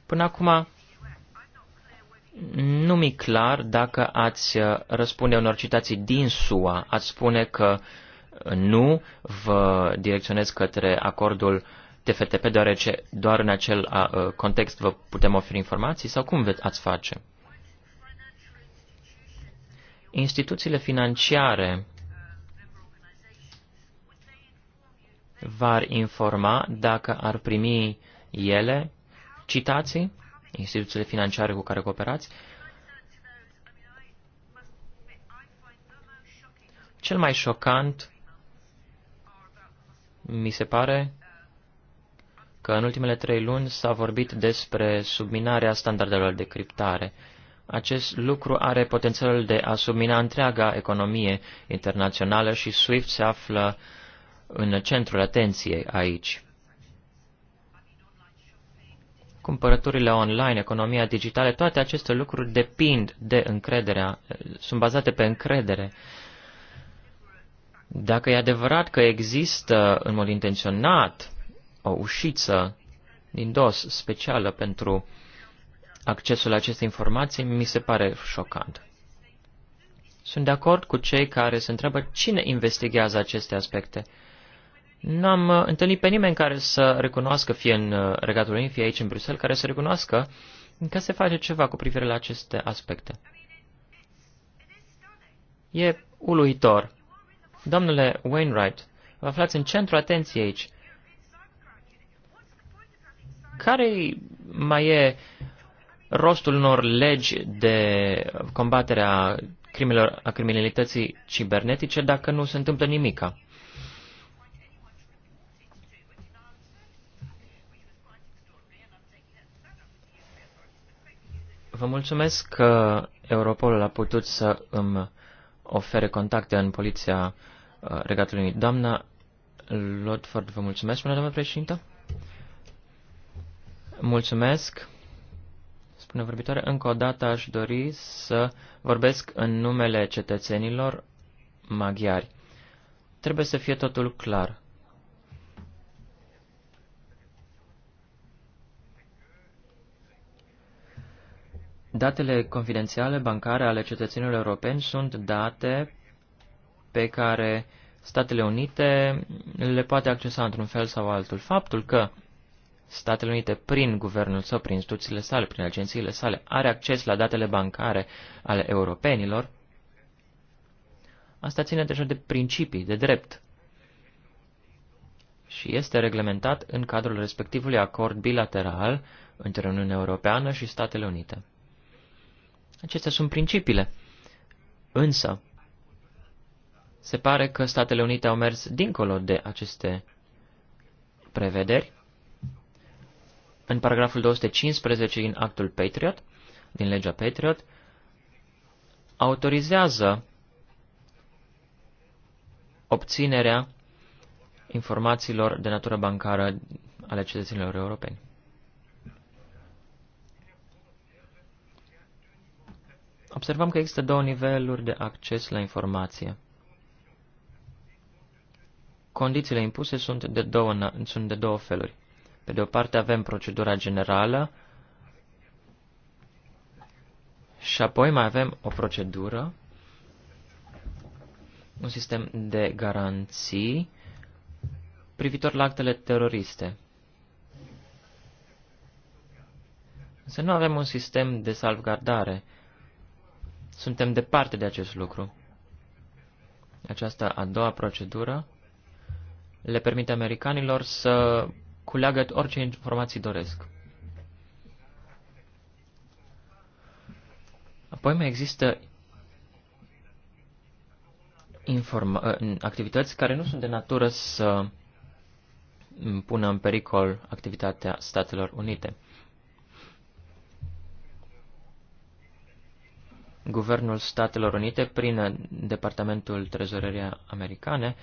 Până acum, nu mi clar dacă ați uh, răspunde unor citații din SUA. Ați spune că uh, nu vă direcționez către acordul uh, TFTP, deoarece doar în acel context vă putem oferi informații, sau cum ați face? Instituțiile financiare v-ar informa dacă ar primi ele citații, instituțiile financiare cu care cooperați. Cel mai șocant mi se pare că în ultimele trei luni s-a vorbit despre subminarea standardelor de criptare. Acest lucru are potențialul de a submina întreaga economie internațională și SWIFT se află în centrul atenției aici. Cumpărăturile online, economia digitală, toate aceste lucruri depind de încredere. sunt bazate pe încredere. Dacă e adevărat că există în mod intenționat o ușiță din DOS specială pentru accesul la aceste informații, mi se pare șocant. Sunt de acord cu cei care se întreabă cine investigează aceste aspecte. Nu am uh, întâlnit pe nimeni care să recunoască, fie în uh, Regatul Unit, fie aici în Bruxelles, care să recunoască că se face ceva cu privire la aceste aspecte. E uluitor. Domnule Wainwright, vă aflați în centrul atenției aici care mai e rostul unor legi de combatere a, crimelor, a criminalității cibernetice dacă nu se întâmplă nimica? Vă mulțumesc că Europolul a putut să îmi ofere contacte în poliția uh, Regatului Unit. Doamna Lodford, vă mulțumesc, până președintă. Mulțumesc, spune vorbitoare. Încă o dată aș dori să vorbesc în numele cetățenilor maghiari. Trebuie să fie totul clar. Datele confidențiale bancare ale cetățenilor europeni sunt date pe care Statele Unite le poate accesa într-un fel sau altul. Faptul că Statele Unite, prin guvernul său, prin instituțiile sale, prin agențiile sale, are acces la datele bancare ale europenilor, asta ține deja de principii, de drept. Și este reglementat în cadrul respectivului acord bilateral între Uniunea Europeană și Statele Unite. Acestea sunt principiile. Însă, se pare că Statele Unite au mers dincolo de aceste prevederi în paragraful 215 din actul Patriot, din legea Patriot, autorizează obținerea informațiilor de natură bancară ale cetățenilor europeni. Observăm că există două niveluri de acces la informație. Condițiile impuse sunt de două, sunt de două feluri. Pe de o parte avem procedura generală și apoi mai avem o procedură, un sistem de garanții privitor la actele teroriste. Să nu avem un sistem de salvgardare. Suntem departe de acest lucru. Aceasta a doua procedură le permite americanilor să culeagă orice informații doresc. Apoi mai există ă, activități care nu sunt de natură să pună în pericol activitatea Statelor Unite. Guvernul Statelor Unite, prin Departamentul Trezorerii Americane,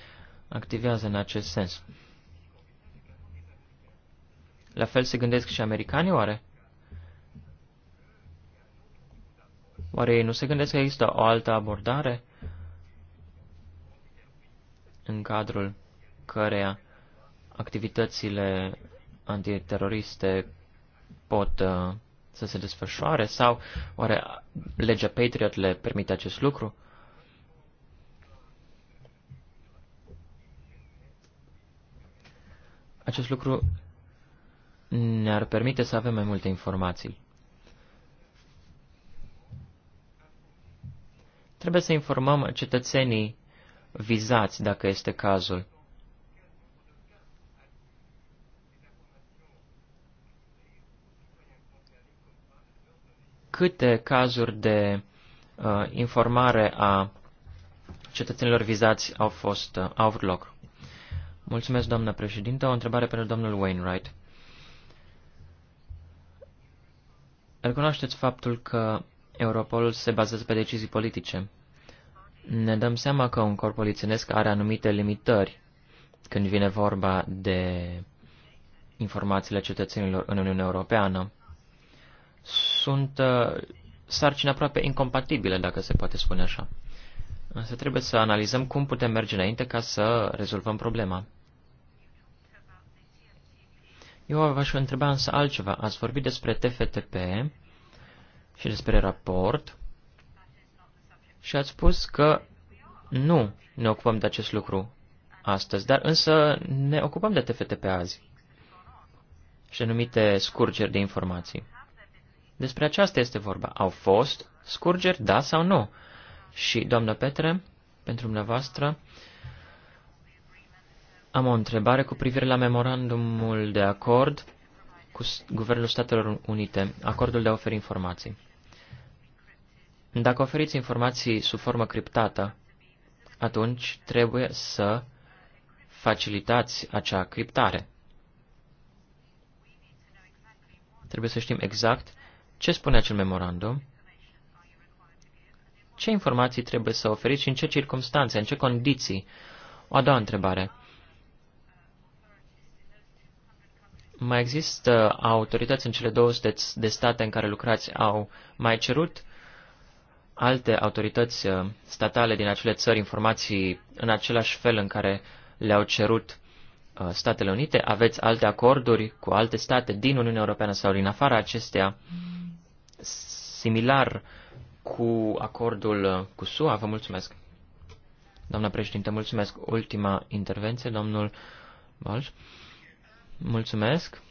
activează în acest sens. La fel se gândesc și americanii, oare? Oare ei nu se gândesc că există o altă abordare în cadrul căreia activitățile antiteroriste pot uh, să se desfășoare sau oare legea Patriot le permite acest lucru? Acest lucru ne-ar permite să avem mai multe informații. Trebuie să informăm cetățenii vizați, dacă este cazul. Câte cazuri de uh, informare a cetățenilor vizați au fost uh, au avut loc? Mulțumesc, doamnă președintă. O întrebare pentru domnul Wainwright. Recunoașteți faptul că Europol se bazează pe decizii politice. Ne dăm seama că un corp polițienesc are anumite limitări când vine vorba de informațiile cetățenilor în Uniunea Europeană. Sunt uh, sarcini aproape incompatibile, dacă se poate spune așa. Însă trebuie să analizăm cum putem merge înainte ca să rezolvăm problema. Eu v-aș întreba însă altceva. Ați vorbit despre TFTP și despre raport și ați spus că nu ne ocupăm de acest lucru astăzi, dar însă ne ocupăm de TFTP azi și anumite scurgeri de informații. Despre aceasta este vorba. Au fost scurgeri, da sau nu? Și, doamnă Petre, pentru dumneavoastră, am o întrebare cu privire la memorandumul de acord cu Guvernul Statelor Unite, acordul de a oferi informații. Dacă oferiți informații sub formă criptată, atunci trebuie să facilitați acea criptare. Trebuie să știm exact ce spune acel memorandum, ce informații trebuie să oferiți și în ce circunstanțe, în ce condiții. O a doua întrebare. Mai există autorități în cele 200 de state în care lucrați? Au mai cerut alte autorități uh, statale din acele țări informații în același fel în care le-au cerut uh, Statele Unite? Aveți alte acorduri cu alte state din Uniunea Europeană sau din afara acestea similar cu acordul uh, cu SUA? Vă mulțumesc. Doamna președinte, mulțumesc. Ultima intervenție, domnul Balș. Mulțumesc.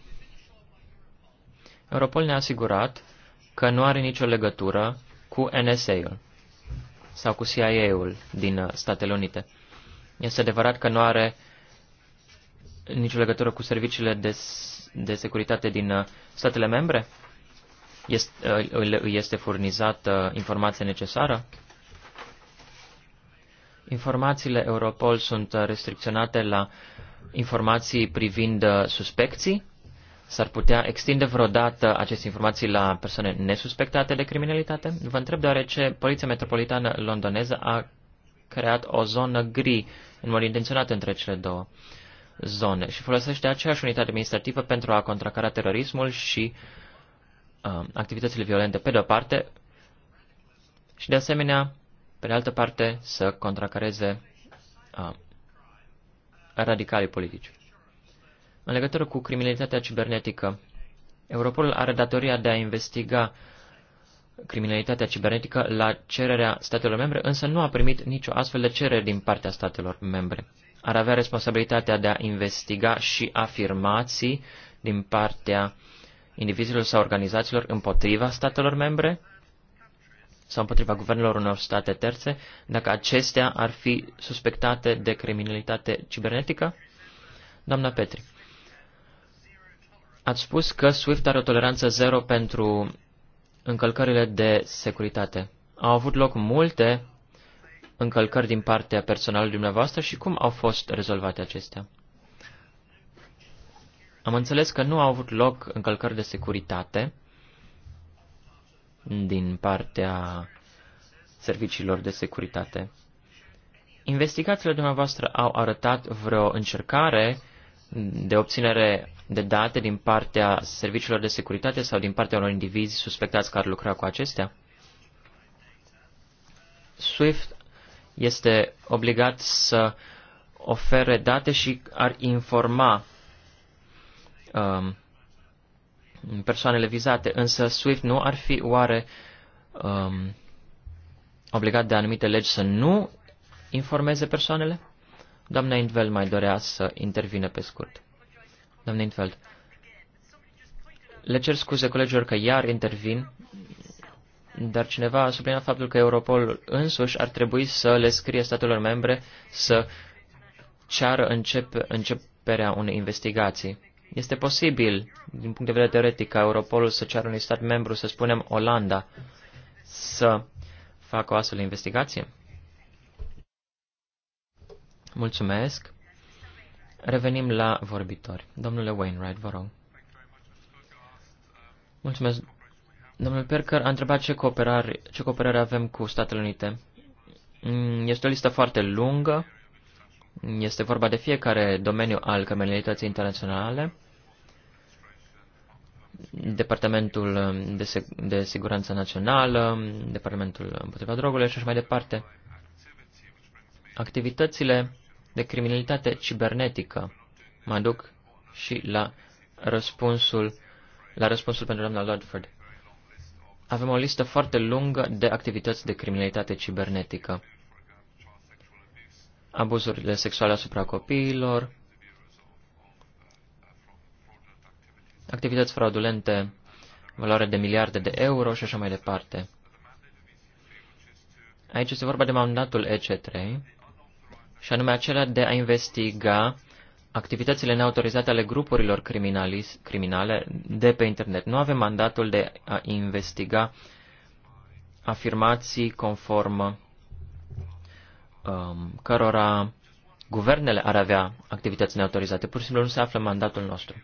Europol ne-a asigurat că nu are nicio legătură cu NSA-ul sau cu CIA-ul din uh, Statele Unite. Este adevărat că nu are nicio legătură cu serviciile de, de securitate din uh, statele membre? Este, uh, îi este furnizată informația necesară? Informațiile Europol sunt restricționate la informații privind uh, suspecții. S-ar putea extinde vreodată aceste informații la persoane nesuspectate de criminalitate? Vă întreb deoarece Poliția Metropolitană Londoneză a creat o zonă gri în mod intenționat între cele două zone și folosește aceeași unitate administrativă pentru a contracara terorismul și uh, activitățile violente pe de-o parte și de asemenea, pe de altă parte, să contracareze uh, radicalii politici. În legătură cu criminalitatea cibernetică, Europol are datoria de a investiga criminalitatea cibernetică la cererea statelor membre, însă nu a primit nicio astfel de cerere din partea statelor membre. Ar avea responsabilitatea de a investiga și afirmații din partea indivizilor sau organizațiilor împotriva statelor membre sau împotriva guvernelor unor state terțe, dacă acestea ar fi suspectate de criminalitate cibernetică? Doamna Petri, ați spus că SWIFT are o toleranță zero pentru încălcările de securitate. Au avut loc multe încălcări din partea personalului dumneavoastră și cum au fost rezolvate acestea? Am înțeles că nu au avut loc încălcări de securitate, din partea serviciilor de securitate. Investigațiile dumneavoastră au arătat vreo încercare de obținere de date din partea serviciilor de securitate sau din partea unor indivizi suspectați că ar lucra cu acestea? SWIFT este obligat să ofere date și ar informa um, persoanele vizate, însă SWIFT nu ar fi oare um, obligat de anumite legi să nu informeze persoanele? Doamna Intveld mai dorea să intervine pe scurt. Doamna Intveld, le cer scuze colegilor că iar intervin, dar cineva a subliniat faptul că Europol însuși ar trebui să le scrie statelor membre să ceară începe, începerea unei investigații. Este posibil, din punct de vedere teoretic, ca Europolul să ceară unui stat membru, să spunem Olanda, să facă o astfel de investigație? Mulțumesc. Revenim la vorbitori. Domnule Wainwright, vă rog. Mulțumesc. Domnul Perker a întrebat ce cooperare, ce cooperare avem cu Statele Unite. Mm, este o listă foarte lungă. Este vorba de fiecare domeniu al criminalității internaționale. Departamentul de, Se de Siguranță Națională, Departamentul împotriva drogurilor și așa mai departe. Activitățile de criminalitate cibernetică mă duc și la răspunsul, la răspunsul pentru doamna Ludford. Avem o listă foarte lungă de activități de criminalitate cibernetică. Abuzurile sexuale asupra copiilor, activități fraudulente, valoare de miliarde de euro și așa mai departe. Aici este vorba de mandatul EC3, și anume acela de a investiga activitățile neautorizate ale grupurilor criminale de pe internet. Nu avem mandatul de a investiga afirmații conform um, cărora guvernele ar avea activități neautorizate. Pur și simplu nu se află mandatul nostru.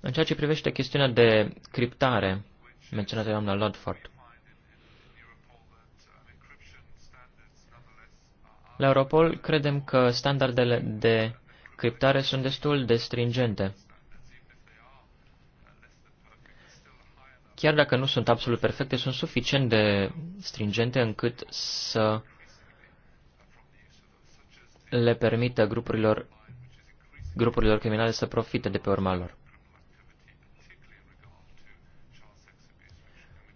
În ceea ce privește chestiunea de criptare menționată de doamna Ludford, la Europol credem că standardele de criptare sunt destul de stringente. Chiar dacă nu sunt absolut perfecte, sunt suficient de stringente încât să le permită grupurilor, grupurilor criminale să profite de pe urma lor.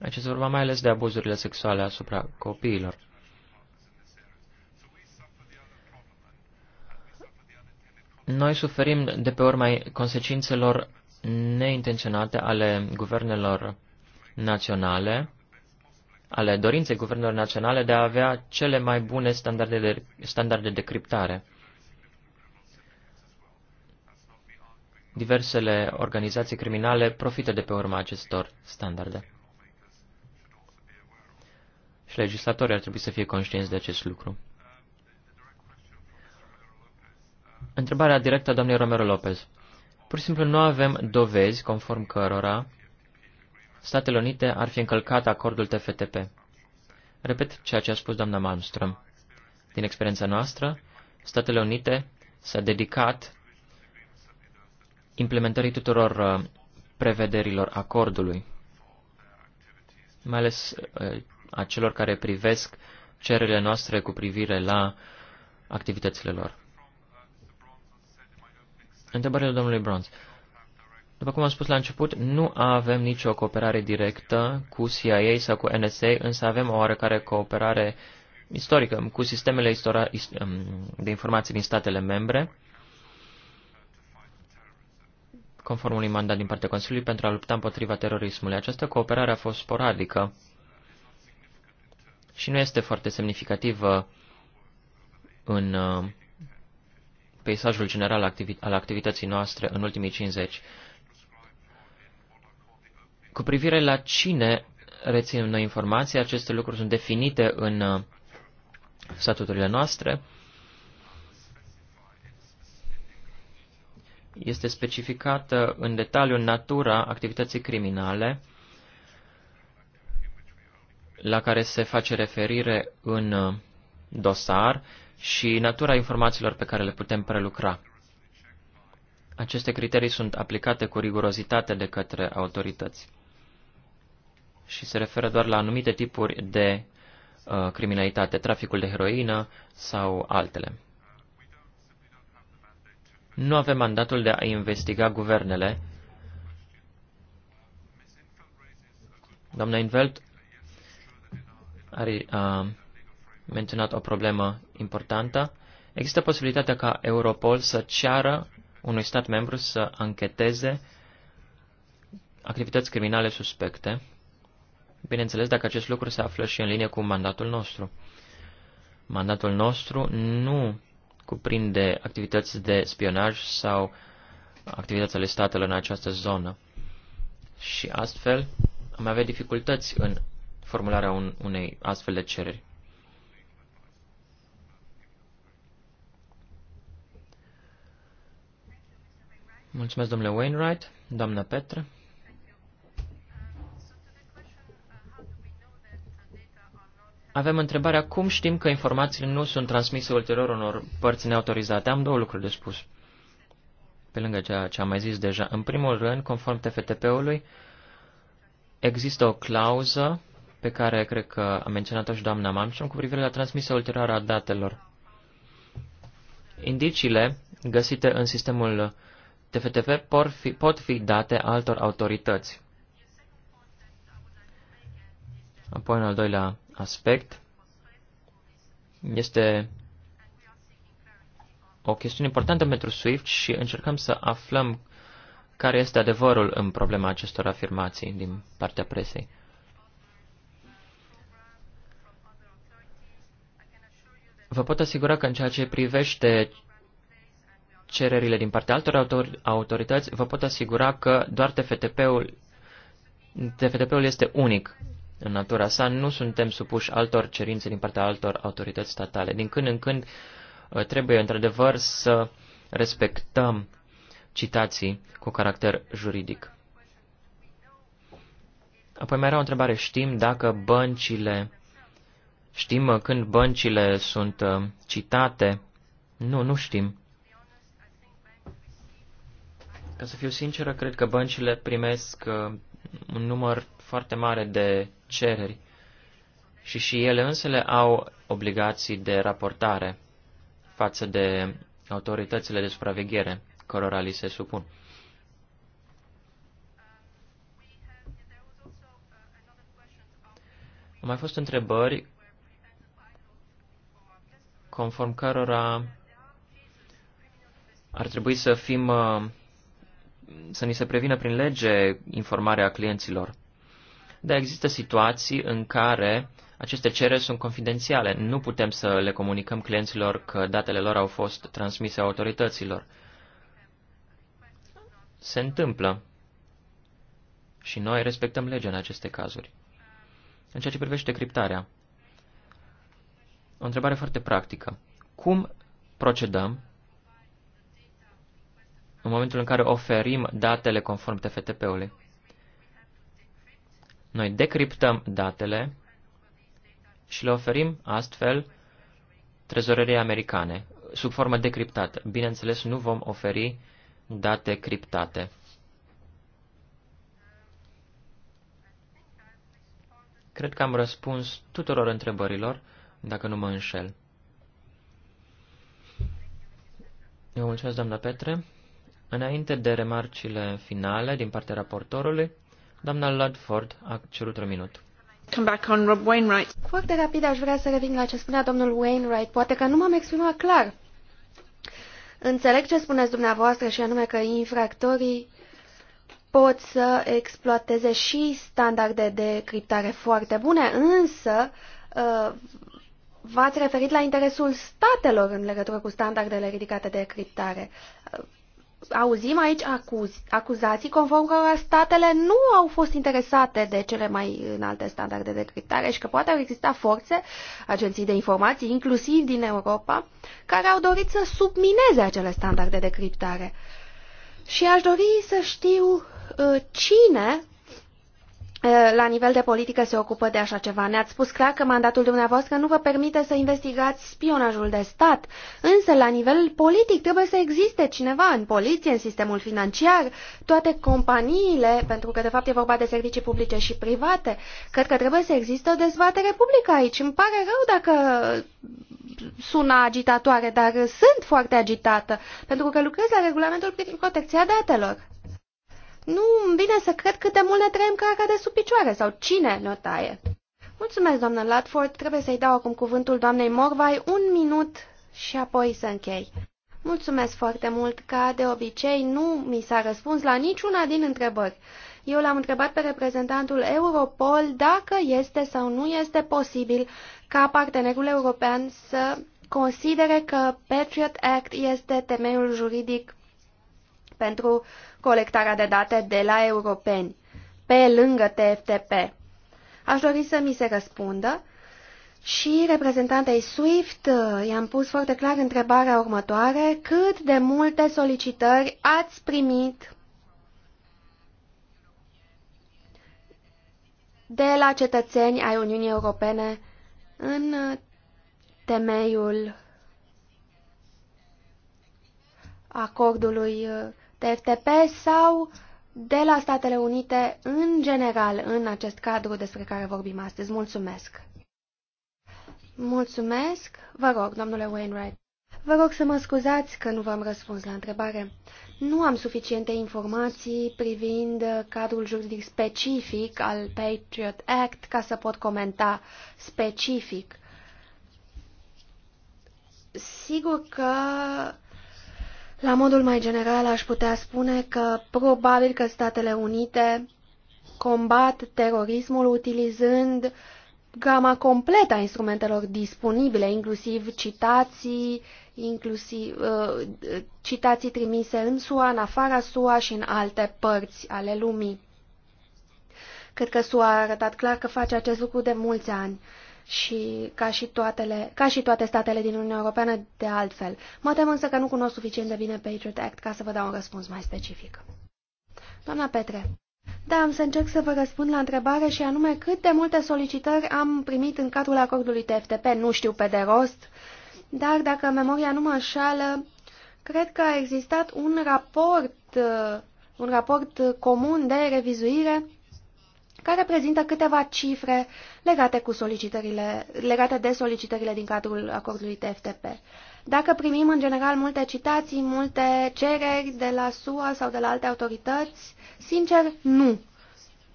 Aici se vorba mai ales de abuzurile sexuale asupra copiilor. Noi suferim de pe urma consecințelor neintenționate ale guvernelor naționale, ale dorinței guvernelor naționale de a avea cele mai bune standarde de, standarde de criptare. Diversele organizații criminale profită de pe urma acestor standarde. Și legislatorii ar trebui să fie conștienți de acest lucru. Întrebarea directă a doamnei Romero Lopez. Pur și simplu nu avem dovezi conform cărora Statele Unite ar fi încălcat acordul TFTP. Repet ceea ce a spus doamna Malmström. Din experiența noastră, Statele Unite s-a dedicat implementării tuturor uh, prevederilor acordului, mai ales uh, a celor care privesc cererile noastre cu privire la activitățile lor. Întrebările domnului Bronze. După cum am spus la început, nu avem nicio cooperare directă cu CIA sau cu NSA, însă avem o oarecare cooperare istorică cu sistemele um, de informații din statele membre, conform unui mandat din partea Consiliului pentru a lupta împotriva terorismului. Această cooperare a fost sporadică și nu este foarte semnificativă uh, în uh, peisajul general al activității noastre în ultimii 50. Cu privire la cine reținem noi informații, aceste lucruri sunt definite în uh, statuturile noastre. Este specificată în detaliu natura activității criminale, la care se face referire în uh, dosar și natura informațiilor pe care le putem prelucra. Aceste criterii sunt aplicate cu rigurozitate de către autorități și se referă doar la anumite tipuri de uh, criminalitate, traficul de heroină sau altele. Nu avem mandatul de a investiga guvernele. Doamna Invelt a menționat o problemă importantă. Există posibilitatea ca Europol să ceară unui stat membru să ancheteze activități criminale suspecte, bineînțeles dacă acest lucru se află și în linie cu mandatul nostru. Mandatul nostru nu cuprinde activități de spionaj sau activități ale statelor în această zonă. Și astfel am avea dificultăți în formularea un, unei astfel de cereri. Mulțumesc, domnule Wainwright, doamna Petre. Avem întrebarea cum știm că informațiile nu sunt transmise ulterior unor părți neautorizate. Am două lucruri de spus. Pe lângă ceea ce am mai zis deja, în primul rând, conform TFTP-ului, există o clauză pe care cred că a menționat-o și doamna Mamșon cu privire la transmisia ulterioară a datelor. Indiciile găsite în sistemul TFTP pot fi, pot fi date altor autorități. Apoi, în al doilea aspect, este o chestiune importantă pentru SWIFT și încercăm să aflăm care este adevărul în problema acestor afirmații din partea presei. Vă pot asigura că în ceea ce privește cererile din partea altor autor autorități, vă pot asigura că doar TFTP-ul tftp este unic în natura sa, nu suntem supuși altor cerințe din partea altor autorități statale. Din când în când uh, trebuie într-adevăr să respectăm citații cu caracter juridic. Apoi mai era o întrebare. Știm dacă băncile Știm uh, când băncile sunt uh, citate? Nu, nu știm. Ca să fiu sinceră, cred că băncile primesc uh, un număr foarte mare de cereri și și ele însele au obligații de raportare față de autoritățile de supraveghere cărora li se supun. Au mai fost întrebări conform cărora ar trebui să fim, uh, să ni se prevină prin lege informarea clienților. Dar există situații în care aceste cereri sunt confidențiale. Nu putem să le comunicăm clienților că datele lor au fost transmise autorităților. Se întâmplă. Și noi respectăm legea în aceste cazuri. În ceea ce privește criptarea, o întrebare foarte practică. Cum procedăm în momentul în care oferim datele conform TFTP-ului? Noi decriptăm datele și le oferim astfel trezorerii americane, sub formă decriptată. Bineînțeles, nu vom oferi date criptate. Cred că am răspuns tuturor întrebărilor dacă nu mă înșel. Eu mulțumesc, doamna Petre. Înainte de remarcile finale din partea raportorului, doamna Ludford a cerut un minut. Come back on Rob Wainwright. Foarte rapid aș vrea să revin la ce spunea domnul Wainwright. Poate că nu m-am exprimat clar. Înțeleg ce spuneți dumneavoastră și anume că infractorii pot să exploateze și standarde de criptare foarte bune, însă uh, V-ați referit la interesul statelor în legătură cu standardele ridicate de criptare. Auzim aici acuz, acuzații conform că statele nu au fost interesate de cele mai înalte standarde de criptare și că poate au existat forțe, agenții de informații, inclusiv din Europa, care au dorit să submineze acele standarde de criptare. Și aș dori să știu uh, cine Eh, la nivel de politică se ocupă de așa ceva. Ne-ați spus clar că mandatul dumneavoastră nu vă permite să investigați spionajul de stat, însă la nivel politic trebuie să existe cineva în poliție, în sistemul financiar, toate companiile, pentru că de fapt e vorba de servicii publice și private, cred că trebuie să existe o dezbatere publică aici. Îmi pare rău dacă sună agitatoare, dar sunt foarte agitată, pentru că lucrez la regulamentul privind protecția datelor. Nu îmi vine să cred cât de mult ne trăim craca de sub picioare sau cine ne taie. Mulțumesc, doamnă Latford. Trebuie să-i dau acum cuvântul doamnei Morvai un minut și apoi să închei. Mulțumesc foarte mult, ca de obicei nu mi s-a răspuns la niciuna din întrebări. Eu l-am întrebat pe reprezentantul Europol dacă este sau nu este posibil ca partenerul european să considere că Patriot Act este temeiul juridic pentru colectarea de date de la europeni, pe lângă TFTP. Aș dori să mi se răspundă și reprezentantei SWIFT uh, i-am pus foarte clar întrebarea următoare, cât de multe solicitări ați primit de la cetățeni ai Uniunii Europene în uh, temeiul acordului uh, TFTP sau de la Statele Unite în general în acest cadru despre care vorbim astăzi. Mulțumesc! Mulțumesc! Vă rog, domnule Wainwright. Vă rog să mă scuzați că nu v-am răspuns la întrebare. Nu am suficiente informații privind cadrul juridic specific al Patriot Act ca să pot comenta specific. Sigur că la modul mai general aș putea spune că probabil că Statele Unite combat terorismul utilizând gama completă a instrumentelor disponibile, inclusiv citații, inclusiv uh, citații trimise în SUA, în afara SUA și în alte părți ale lumii. Cred că SUA a arătat clar că face acest lucru de mulți ani și ca și, toatele, ca și toate statele din Uniunea Europeană de altfel. Mă tem însă că nu cunosc suficient de bine Patriot Act ca să vă dau un răspuns mai specific. Doamna Petre, da, am să încerc să vă răspund la întrebare și anume cât de multe solicitări am primit în cadrul acordului TFTP, nu știu pe de rost, dar dacă memoria nu mă înșală, cred că a existat un raport, un raport comun de revizuire care prezintă câteva cifre legate, cu solicitările, legate de solicitările din cadrul acordului TFTP. Dacă primim în general multe citații, multe cereri de la SUA sau de la alte autorități, sincer, nu.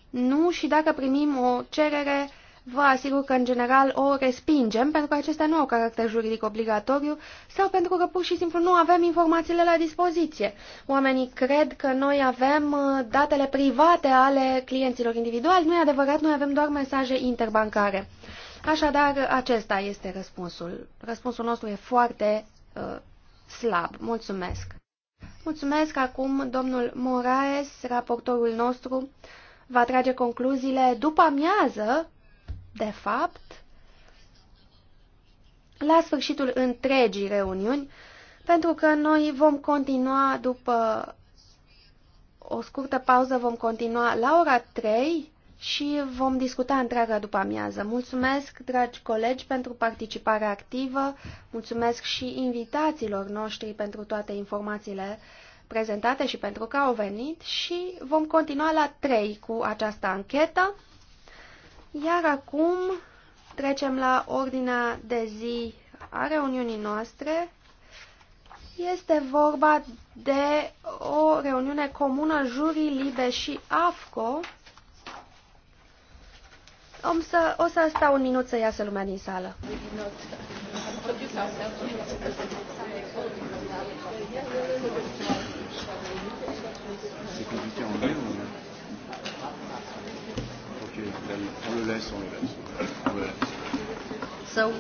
Nu și dacă primim o cerere Vă asigur că, în general, o respingem pentru că acestea nu au caracter juridic obligatoriu sau pentru că pur și simplu nu avem informațiile la dispoziție. Oamenii cred că noi avem uh, datele private ale clienților individuali. Nu e adevărat, noi avem doar mesaje interbancare. Așadar, acesta este răspunsul. Răspunsul nostru e foarte uh, slab. Mulțumesc. Mulțumesc acum domnul Moraes, raportorul nostru, va trage concluziile după amiază de fapt, la sfârșitul întregii reuniuni, pentru că noi vom continua după o scurtă pauză, vom continua la ora 3 și vom discuta întreaga după amiază. Mulțumesc, dragi colegi, pentru participare activă, mulțumesc și invitațiilor noștri pentru toate informațiile prezentate și pentru că au venit și vom continua la 3 cu această anchetă. Iar acum trecem la ordinea de zi a reuniunii noastre. Este vorba de o reuniune comună jurii libe și AFCO. O să, o să stau un minut să iasă lumea din sală. we will. So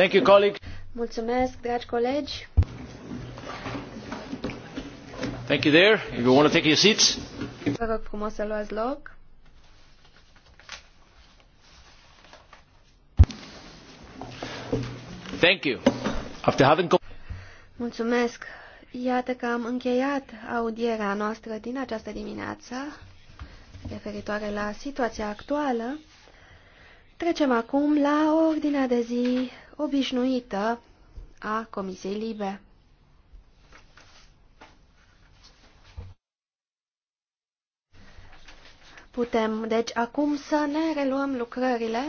Thank you, colleague. Mulțumesc, dragi colegi. Thank you there. If you want to take your seats. Vă rog frumos să luați loc. Thank you. After having... Mulțumesc. Iată că am încheiat audierea noastră din această dimineață referitoare la situația actuală Trecem acum la ordinea de zi obișnuită a Comisiei Libe. Putem, deci, acum să ne reluăm lucrările.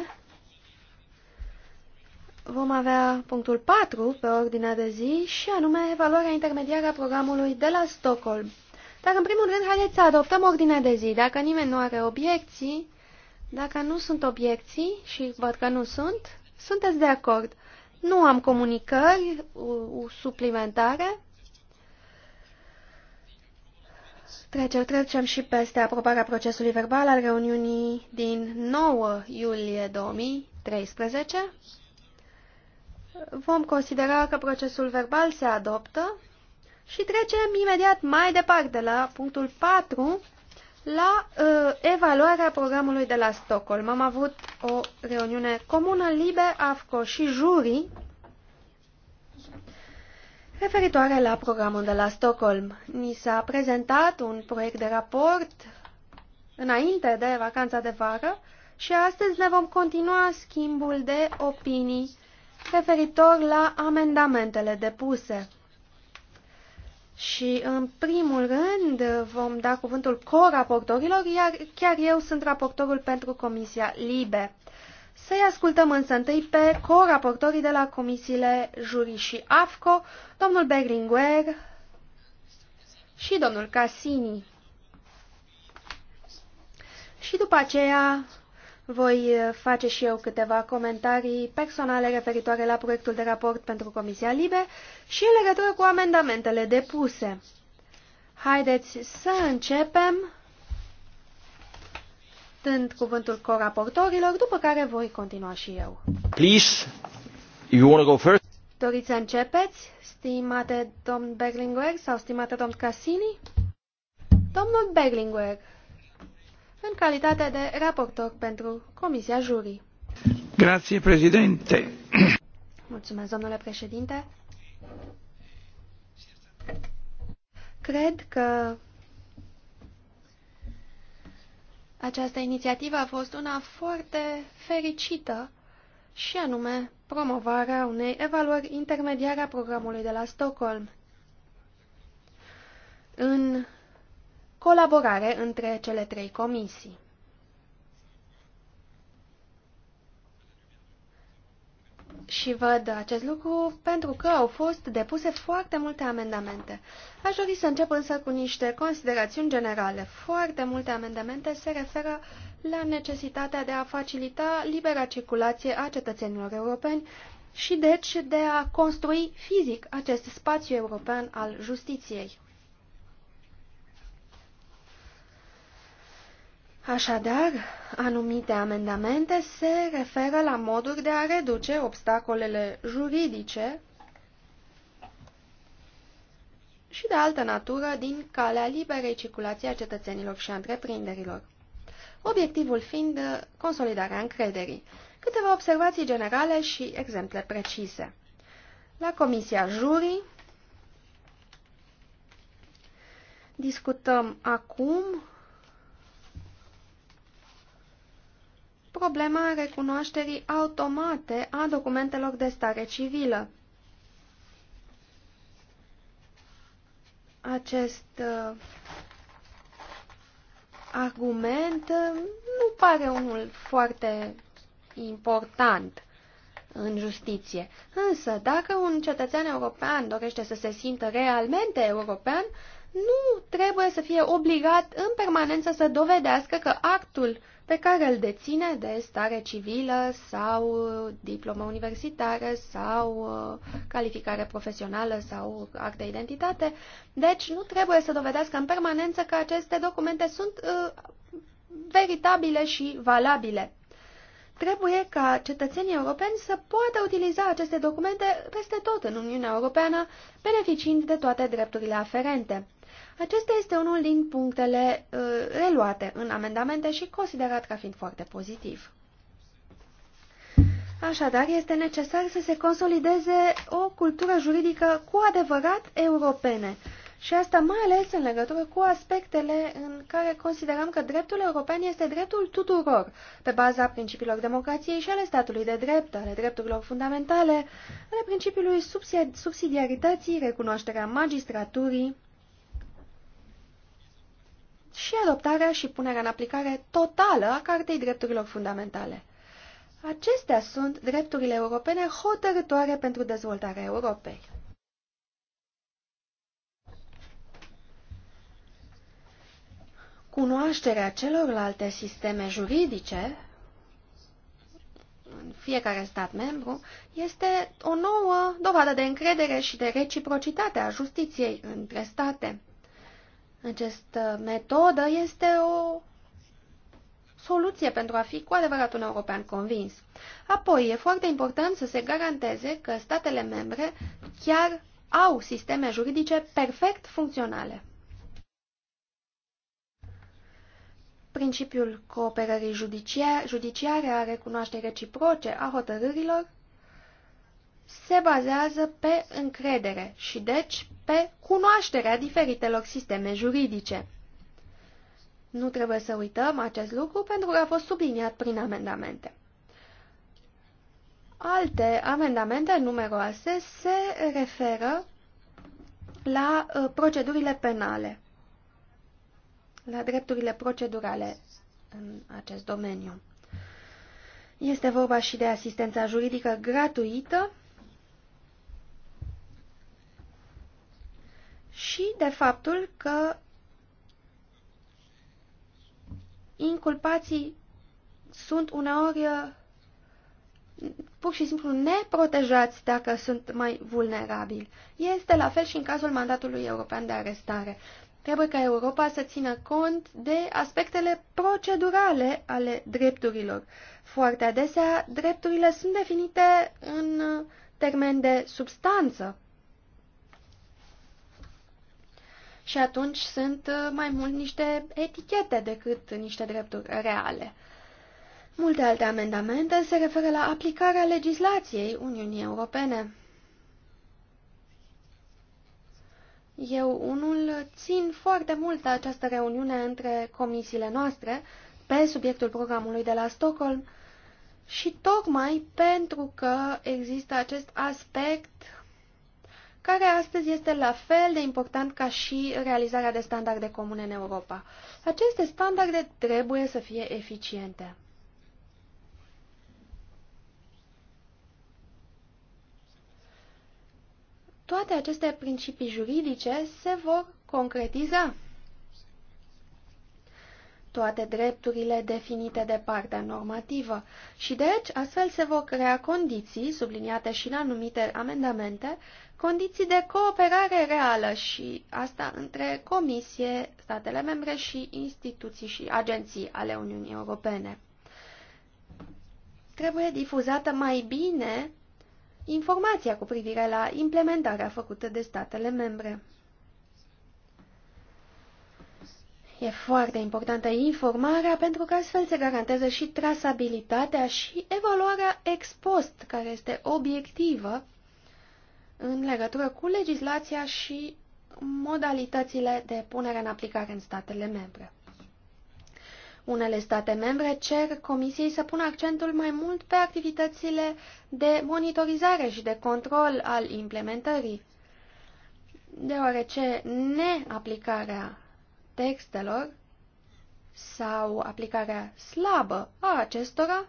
Vom avea punctul 4 pe ordinea de zi și anume evaluarea intermediară a programului de la Stockholm. Dar, în primul rând, haideți să adoptăm ordinea de zi. Dacă nimeni nu are obiecții, dacă nu sunt obiecții, și văd că nu sunt, sunteți de acord. Nu am comunicări suplimentare. Trecem, trecem și peste aprobarea procesului verbal al reuniunii din 9 iulie 2013. Vom considera că procesul verbal se adoptă și trecem imediat mai departe la punctul 4, la uh, evaluarea programului de la Stockholm am avut o reuniune comună, liber AFCO și jurii referitoare la programul de la Stockholm. Ni s-a prezentat un proiect de raport înainte de vacanța de vară și astăzi ne vom continua schimbul de opinii referitor la amendamentele depuse. Și în primul rând vom da cuvântul co-raportorilor, iar chiar eu sunt raportorul pentru Comisia LIBE. Să-i ascultăm însă întâi pe co-raportorii de la comisiile Juri și AFCO, domnul Berlinguer și domnul Cassini. Și după aceea voi uh, face și eu câteva comentarii personale referitoare la proiectul de raport pentru Comisia Libe și în legătură cu amendamentele depuse. Haideți să începem dând cuvântul coraportorilor, după care voi continua și eu. Please, you want to go first? Doriți să începeți, stimate domn Berlinguer sau stimate domn Cassini? Domnul Berlinguer, în calitate de raportor pentru Comisia Jurii. Grazie, președinte. Mulțumesc, domnule președinte. Cred că această inițiativă a fost una foarte fericită și anume promovarea unei evaluări intermediare a programului de la Stockholm. În colaborare între cele trei comisii. Și văd acest lucru pentru că au fost depuse foarte multe amendamente. Aș dori să încep însă cu niște considerațiuni generale. Foarte multe amendamente se referă la necesitatea de a facilita libera circulație a cetățenilor europeni și deci de a construi fizic acest spațiu european al justiției. Așadar, anumite amendamente se referă la moduri de a reduce obstacolele juridice și de altă natură din calea liberei circulației a cetățenilor și a întreprinderilor, obiectivul fiind consolidarea încrederii, câteva observații generale și exemple precise. La Comisia Jurii discutăm acum problema recunoașterii automate a documentelor de stare civilă. Acest uh, argument uh, nu pare unul foarte important în justiție. Însă, dacă un cetățean european dorește să se simtă realmente european, nu trebuie să fie obligat în permanență să dovedească că actul pe care îl deține de stare civilă sau diplomă universitară sau uh, calificare profesională sau act de identitate. Deci nu trebuie să dovedească în permanență că aceste documente sunt uh, veritabile și valabile. Trebuie ca cetățenii europeni să poată utiliza aceste documente peste tot în Uniunea Europeană, beneficiind de toate drepturile aferente. Acesta este unul din punctele uh, reluate în amendamente și considerat ca fiind foarte pozitiv. Așadar, este necesar să se consolideze o cultură juridică cu adevărat europene, și asta mai ales în legătură cu aspectele în care considerăm că dreptul european este dreptul tuturor, pe baza principiilor democrației și ale statului de drept, ale drepturilor fundamentale, ale principiului subsidiarității, recunoașterea magistraturii și adoptarea și punerea în aplicare totală a Cartei Drepturilor Fundamentale. Acestea sunt drepturile europene hotărătoare pentru dezvoltarea Europei. cunoașterea celorlalte sisteme juridice în fiecare stat membru este o nouă dovadă de încredere și de reciprocitate a justiției între state. Această metodă este o soluție pentru a fi cu adevărat un european convins. Apoi, e foarte important să se garanteze că statele membre chiar au sisteme juridice perfect funcționale. principiul cooperării judiciare a recunoașterii reciproce a hotărârilor se bazează pe încredere și deci pe cunoașterea diferitelor sisteme juridice. Nu trebuie să uităm acest lucru pentru că a fost subliniat prin amendamente. Alte amendamente numeroase se referă la uh, procedurile penale la drepturile procedurale în acest domeniu. Este vorba și de asistența juridică gratuită și de faptul că inculpații sunt uneori uh, pur și simplu neprotejați dacă sunt mai vulnerabili. Este la fel și în cazul mandatului european de arestare. Trebuie ca Europa să țină cont de aspectele procedurale ale drepturilor. Foarte adesea, drepturile sunt definite în termen de substanță. Și atunci sunt mai mult niște etichete decât niște drepturi reale. Multe alte amendamente se referă la aplicarea legislației Uniunii Europene. Eu unul țin foarte mult această reuniune între comisiile noastre pe subiectul programului de la Stockholm și tocmai pentru că există acest aspect care astăzi este la fel de important ca și realizarea de standarde comune în Europa. Aceste standarde trebuie să fie eficiente. toate aceste principii juridice se vor concretiza. Toate drepturile definite de partea normativă și deci astfel se vor crea condiții, subliniate și în anumite amendamente, condiții de cooperare reală și asta între Comisie, statele membre și instituții și agenții ale Uniunii Europene. Trebuie difuzată mai bine informația cu privire la implementarea făcută de statele membre. E foarte importantă informarea pentru că astfel se garantează și trasabilitatea și evaluarea ex post, care este obiectivă în legătură cu legislația și modalitățile de punere în aplicare în statele membre. Unele state membre cer Comisiei să pună accentul mai mult pe activitățile de monitorizare și de control al implementării, deoarece neaplicarea textelor sau aplicarea slabă a acestora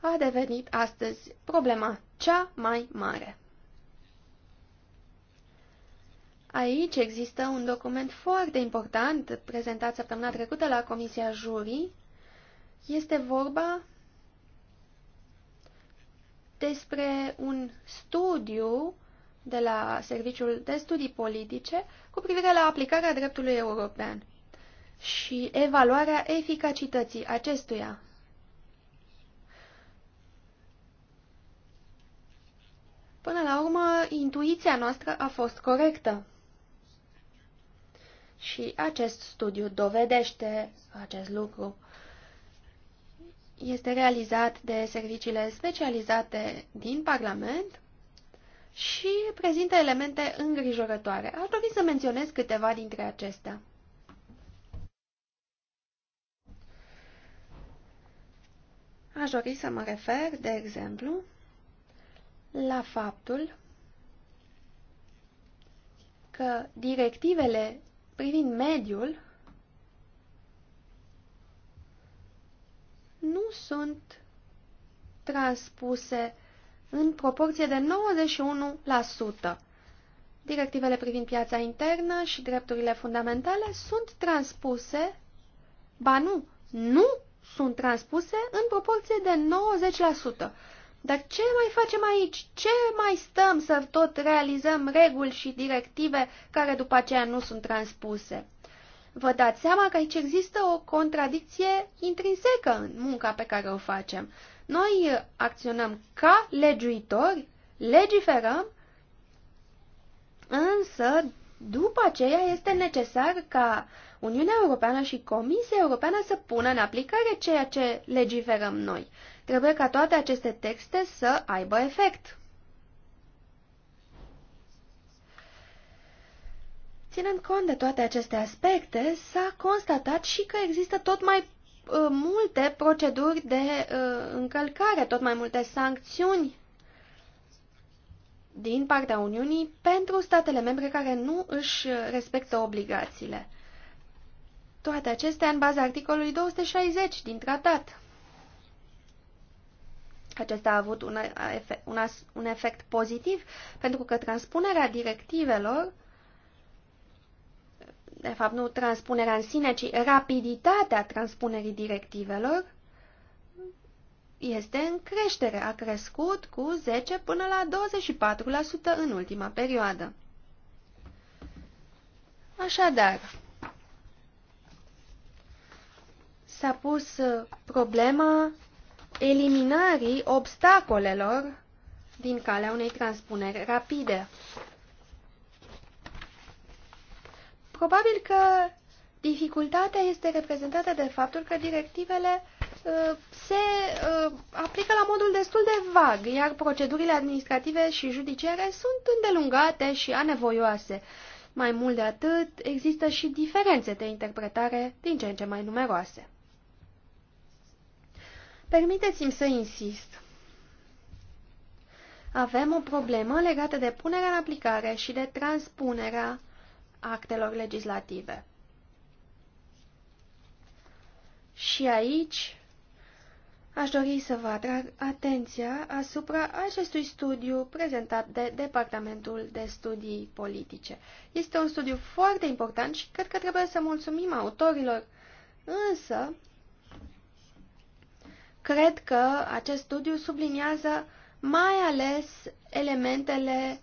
a devenit astăzi problema cea mai mare. Aici există un document foarte important prezentat săptămâna trecută la Comisia Jurii. Este vorba despre un studiu de la Serviciul de Studii Politice cu privire la aplicarea dreptului european și evaluarea eficacității acestuia. Până la urmă, intuiția noastră a fost corectă. Și acest studiu dovedește acest lucru. Este realizat de serviciile specializate din Parlament și prezintă elemente îngrijorătoare. Aș dori să menționez câteva dintre acestea. Aș dori să mă refer, de exemplu, la faptul că directivele privind mediul, nu sunt transpuse în proporție de 91%. Directivele privind piața internă și drepturile fundamentale sunt transpuse, ba nu, nu sunt transpuse în proporție de 90%. Dar ce mai facem aici? Ce mai stăm să tot realizăm reguli și directive care după aceea nu sunt transpuse? Vă dați seama că aici există o contradicție intrinsecă în munca pe care o facem. Noi acționăm ca legiuitori, legiferăm, însă după aceea este necesar ca Uniunea Europeană și Comisia Europeană să pună în aplicare ceea ce legiferăm noi. Trebuie ca toate aceste texte să aibă efect. Ținând cont de toate aceste aspecte, s-a constatat și că există tot mai uh, multe proceduri de uh, încălcare, tot mai multe sancțiuni din partea Uniunii pentru statele membre care nu își respectă obligațiile. Toate acestea în baza articolului 260 din tratat. Acesta a avut un, un, un efect pozitiv pentru că transpunerea directivelor, de fapt nu transpunerea în sine, ci rapiditatea transpunerii directivelor, este în creștere, a crescut cu 10 până la 24% în ultima perioadă. Așadar, s-a pus uh, problema eliminării obstacolelor din calea unei transpuneri rapide. Probabil că dificultatea este reprezentată de faptul că directivele uh, se uh, aplică la modul destul de vag, iar procedurile administrative și judiciare sunt îndelungate și anevoioase. Mai mult de atât, există și diferențe de interpretare din ce în ce mai numeroase. Permiteți-mi să insist. Avem o problemă legată de punerea în aplicare și de transpunerea actelor legislative. Și aici aș dori să vă atrag atenția asupra acestui studiu prezentat de Departamentul de Studii Politice. Este un studiu foarte important și cred că trebuie să mulțumim autorilor, însă Cred că acest studiu subliniază mai ales elementele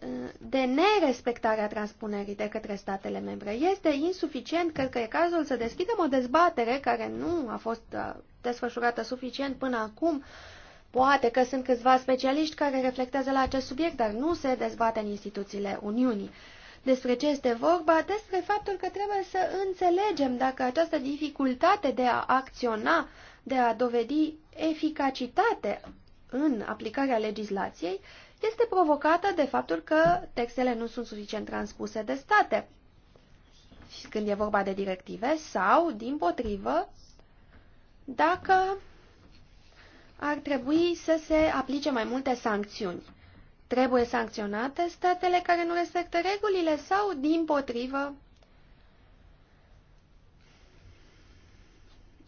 uh, de nerespectare a transpunerii de către statele membre. Este insuficient, cred că e cazul să deschidem o dezbatere care nu a fost uh, desfășurată suficient până acum. Poate că sunt câțiva specialiști care reflectează la acest subiect, dar nu se dezbate în instituțiile Uniunii. Despre ce este vorba? Despre faptul că trebuie să înțelegem dacă această dificultate de a acționa de a dovedi eficacitate în aplicarea legislației este provocată de faptul că textele nu sunt suficient transpuse de state când e vorba de directive sau, din potrivă, dacă ar trebui să se aplice mai multe sancțiuni. Trebuie sancționate statele care nu respectă regulile sau, din potrivă,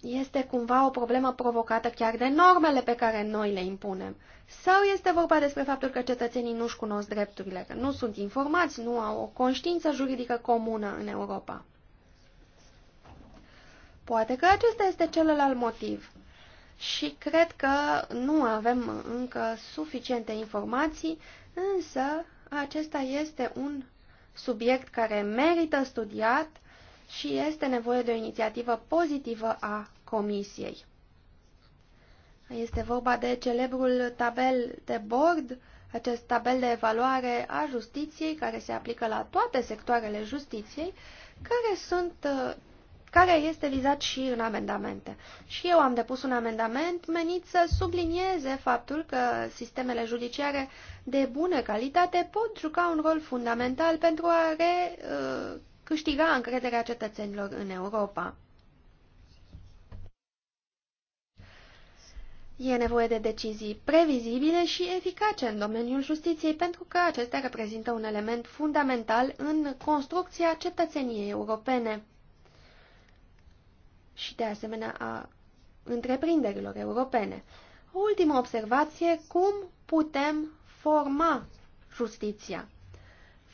este cumva o problemă provocată chiar de normele pe care noi le impunem? Sau este vorba despre faptul că cetățenii nu-și cunosc drepturile, că nu sunt informați, nu au o conștiință juridică comună în Europa? Poate că acesta este celălalt motiv. Și cred că nu avem încă suficiente informații, însă acesta este un subiect care merită studiat și este nevoie de o inițiativă pozitivă a Comisiei. Este vorba de celebrul tabel de bord, acest tabel de evaluare a justiției care se aplică la toate sectoarele justiției, care, sunt, care este vizat și în amendamente. Și eu am depus un amendament menit să sublinieze faptul că sistemele judiciare de bună calitate pot juca un rol fundamental pentru a re, uh, câștiga încrederea cetățenilor în Europa. E nevoie de decizii previzibile și eficace în domeniul justiției, pentru că acestea reprezintă un element fundamental în construcția cetățeniei europene și, de asemenea, a întreprinderilor europene. O ultimă observație, cum putem forma justiția?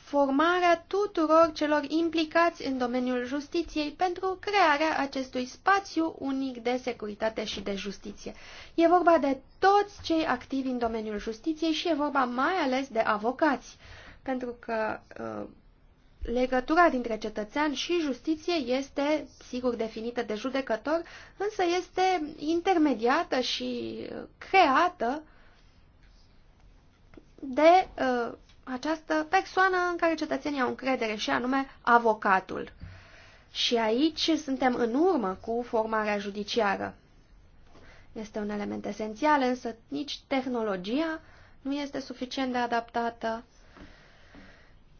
formarea tuturor celor implicați în domeniul justiției pentru crearea acestui spațiu unic de securitate și de justiție. E vorba de toți cei activi în domeniul justiției și e vorba mai ales de avocați, pentru că uh, legătura dintre cetățean și justiție este, sigur, definită de judecător, însă este intermediată și uh, creată de uh, această persoană în care cetățenii au încredere și anume avocatul. Și aici suntem în urmă cu formarea judiciară. Este un element esențial, însă nici tehnologia nu este suficient de adaptată.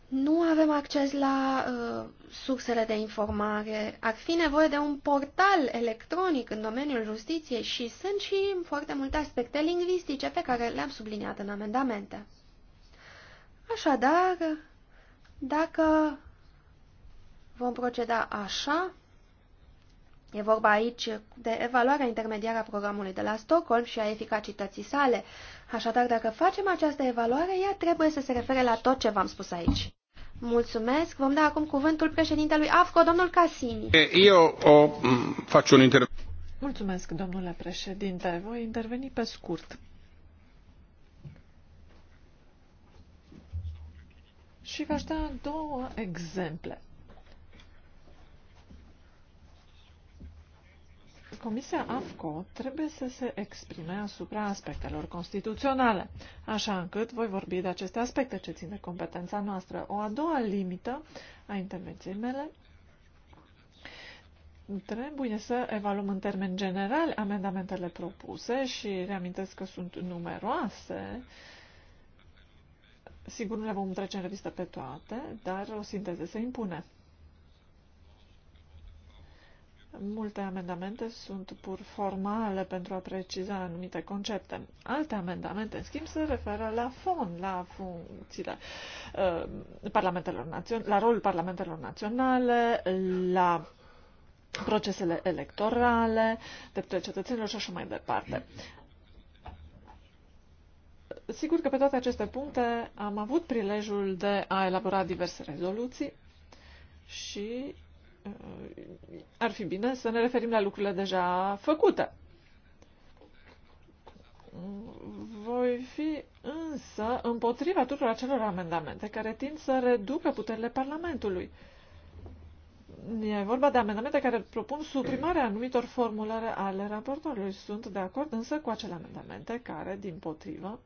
Nu avem acces la uh, sursele de informare. Ar fi nevoie de un portal electronic în domeniul justiției și sunt și foarte multe aspecte lingvistice pe care le-am subliniat în amendamente. Așadar, dacă vom proceda așa, e vorba aici de evaluarea intermediară a programului de la Stockholm și a eficacității sale. Așadar, dacă facem această evaluare, ea trebuie să se refere la tot ce v-am spus aici. Mulțumesc. Vom da acum cuvântul președintelui AFCO, domnul Casini. Eu o fac un intervenție. Mulțumesc, domnule președinte. Voi interveni pe scurt. și vă aștept da două exemple. Comisia AFCO trebuie să se exprime asupra aspectelor constituționale, așa încât voi vorbi de aceste aspecte ce țin de competența noastră. O a doua limită a intervenției mele trebuie să evaluăm în termen general amendamentele propuse și reamintesc că sunt numeroase uh, Sigur, nu le vom trece în revistă pe toate, dar o sinteză se impune. Multe amendamente sunt pur formale pentru a preciza anumite concepte. Alte amendamente, în schimb, se referă la fond, la funcțiile uh, parlamentelor naționale, la rolul parlamentelor naționale, la procesele electorale, drepturile cetățenilor și așa mai departe. Sigur că pe toate aceste puncte am avut prilejul de a elabora diverse rezoluții și uh, ar fi bine să ne referim la lucrurile deja făcute. Voi fi însă împotriva tuturor acelor amendamente care tind să reducă puterile Parlamentului. E vorba de amendamente care propun suprimarea anumitor formulări ale raportorului. Sunt de acord însă cu acele amendamente care, din potrivă,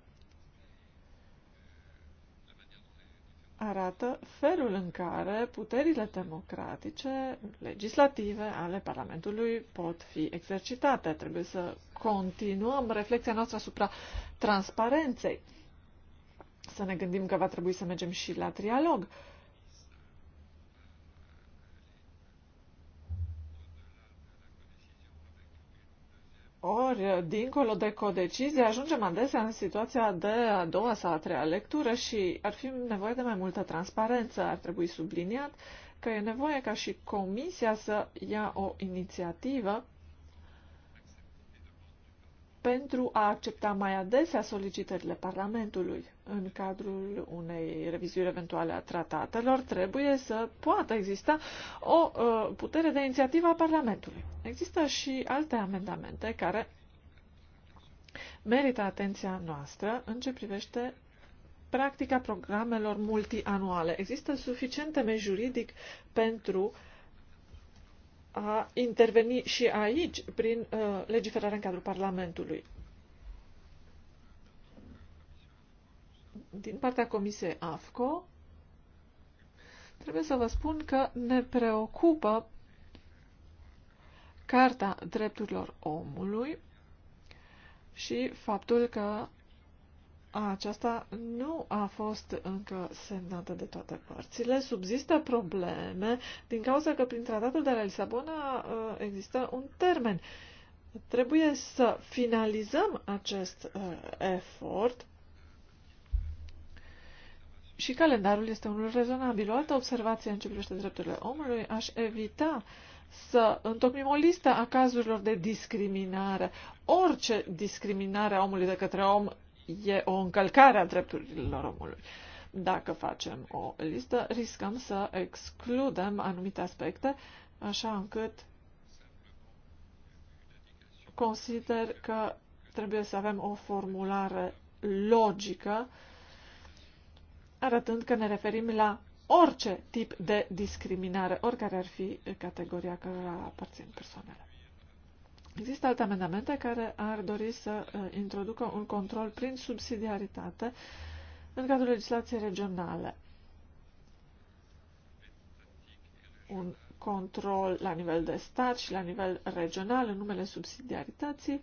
arată felul în care puterile democratice, legislative ale Parlamentului pot fi exercitate. Trebuie să continuăm reflexia noastră asupra transparenței. Să ne gândim că va trebui să mergem și la trialog. Uh, Ori, dincolo de codecizie, ajungem adesea în situația de a doua sau a treia lectură și ar fi nevoie de mai multă transparență. Ar trebui subliniat că e nevoie ca și Comisia să ia o inițiativă pentru a accepta mai adesea solicitările Parlamentului în cadrul unei revizuiri eventuale a tratatelor, trebuie să poată exista o uh, putere de inițiativă a Parlamentului. Există și alte amendamente care merită atenția noastră în ce privește practica programelor multianuale. Există suficient temei juridic pentru uh, a interveni și aici prin uh, legiferarea în cadrul Parlamentului. Din partea Comisiei AFCO, trebuie să vă spun că ne preocupă Carta Drepturilor Omului și faptul că aceasta nu a fost încă semnată de toate părțile. Subzistă probleme din cauza că prin tratatul de la Lisabona uh, există un termen. Trebuie să finalizăm acest uh, efort și calendarul este unul rezonabil. O altă observație în ce privește drepturile omului, aș evita să întocmim o listă a cazurilor de discriminare. Orice discriminare a omului de către om e o încălcare a drepturilor omului. Dacă facem o listă, riscăm să excludem anumite aspecte, așa încât consider că trebuie să avem o formulare logică, arătând că ne referim la orice tip de discriminare, oricare ar fi categoria care aparțin persoanele. Există alte amendamente care ar dori să uh, introducă un control prin subsidiaritate în cadrul legislației regionale. Un control la nivel de stat și la nivel regional în numele subsidiarității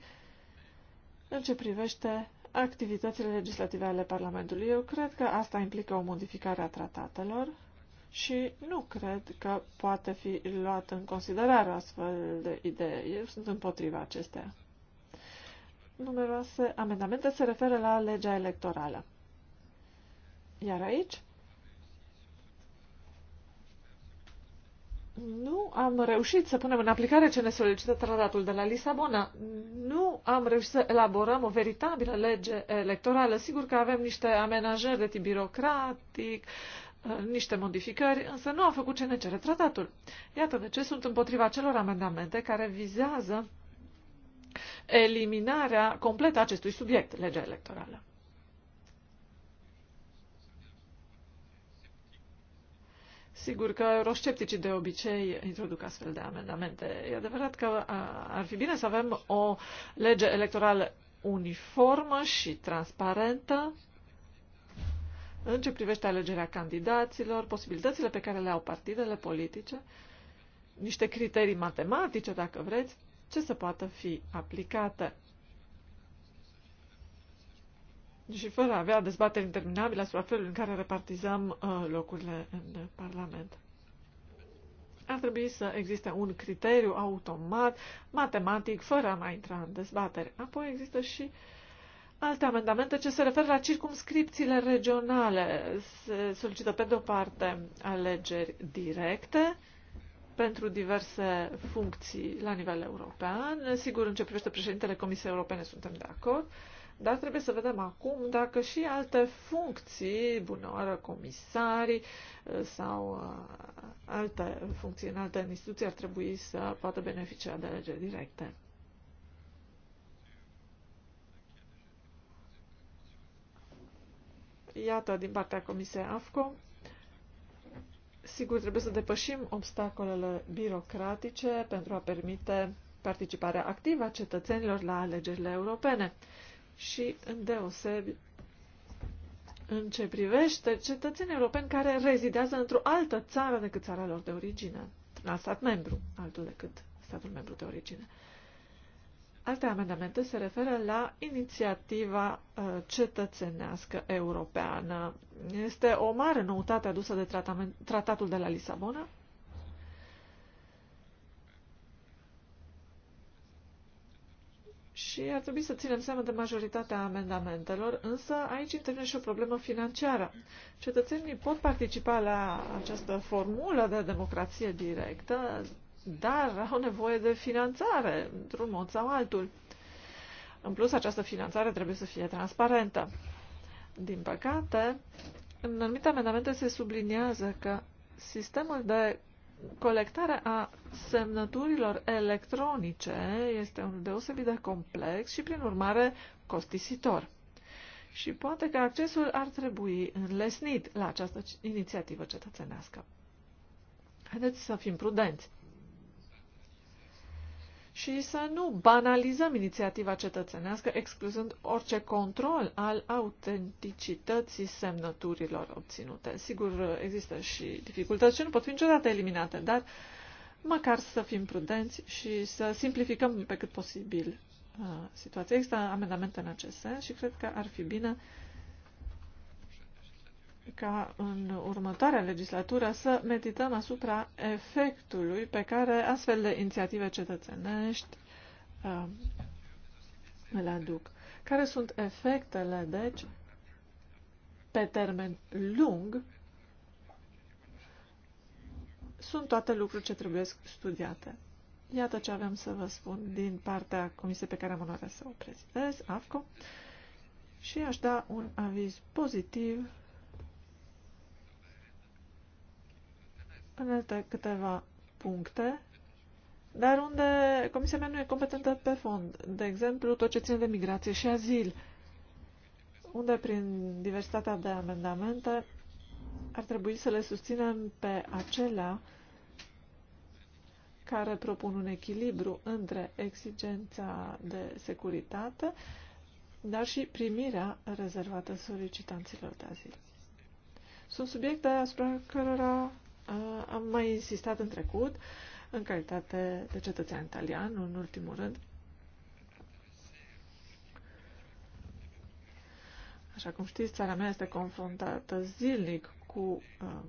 în ce privește activitățile legislative ale Parlamentului. Eu cred că asta implică o modificare a tratatelor și nu cred că poate fi luată în considerare astfel de idee. Eu sunt împotriva acestea. Numeroase amendamente se referă la legea electorală. Iar aici nu am reușit să punem în aplicare ce ne solicită tratatul de la Lisabona. Nu am reușit să elaborăm o veritabilă lege electorală. Sigur că avem niște amenajări de tip birocratic, uh, Uh, niște modificări, însă nu a făcut ce ne cere tratatul. Iată de ce sunt împotriva celor amendamente care vizează eliminarea completă a acestui subiect, legea electorală. Sigur că euroscepticii de obicei introduc astfel de amendamente. E adevărat că uh, ar fi bine să avem o lege electorală uniformă și transparentă, în ce privește alegerea candidaților, posibilitățile pe care le au partidele politice, niște criterii matematice, dacă vreți, ce să poată fi aplicate. Și fără a avea dezbateri interminabile asupra felului în care repartizăm uh, locurile în Parlament. Ar trebui să existe un criteriu automat, matematic, fără a mai intra în dezbatere. Apoi există și uh, alte amendamente ce se referă la circumscripțiile regionale. Se solicită, pe de-o parte, alegeri directe pentru diverse funcții la nivel european. Sigur, în ce privește președintele Comisiei Europene, suntem de acord, dar trebuie să vedem acum dacă și alte funcții, bunăoară, comisari eh, sau eh, alte funcții în alte instituții ar trebui să poată beneficia de alegeri directe. iată, din partea Comisiei AFCO, sigur, trebuie să depășim obstacolele birocratice pentru a permite participarea activă a cetățenilor la alegerile europene și, îndeosebi, în ce privește cetățenii europeni care rezidează într-o altă țară decât țara lor de origine, un alt stat membru, altul decât statul membru de origine. Alte amendamente se referă la inițiativa uh, cetățenească europeană. Este o mare noutate adusă de tratatul de la Lisabona, și ar trebui să ținem seama de majoritatea amendamentelor, însă aici intervine și o problemă financiară. Cetățenii pot participa la această formulă de democrație directă, dar au nevoie de finanțare, într-un mod sau altul. În plus, această finanțare trebuie să fie transparentă. Din păcate, în anumite amendamente se subliniază că sistemul de colectare a semnăturilor electronice este unul deosebit de complex și, prin urmare, costisitor. Și poate că accesul ar trebui înlesnit la această inițiativă cetățenească. Haideți să fim prudenți și să nu banalizăm inițiativa cetățenească excluzând orice control al autenticității semnăturilor obținute. Sigur, există și dificultăți și nu pot fi niciodată eliminate, dar măcar să fim prudenți și să simplificăm pe cât posibil uh, situația. Există amendamente în acest sens și cred că ar fi bine uh, ca în următoarea legislatură să medităm asupra efectului pe care astfel de inițiative cetățenești uh, îl aduc. Care sunt efectele, deci, pe termen lung, sunt toate lucruri ce trebuie studiate. Iată ce avem să vă spun din partea comisiei pe care am onoarea să o prezidez, AFCO, și aș da un aviz pozitiv în alte câteva puncte, dar unde Comisia mea nu e competentă pe fond. De exemplu, tot ce ține de migrație și azil, unde prin diversitatea de amendamente ar trebui să le susținem pe acelea care propun un echilibru între exigența de securitate, dar și primirea rezervată solicitanților de azil. Sunt subiecte asupra cărora am mai insistat în trecut, în calitate de cetățean italian, în ultimul rând, Așa cum știți, țara mea este confruntată zilnic cu uh,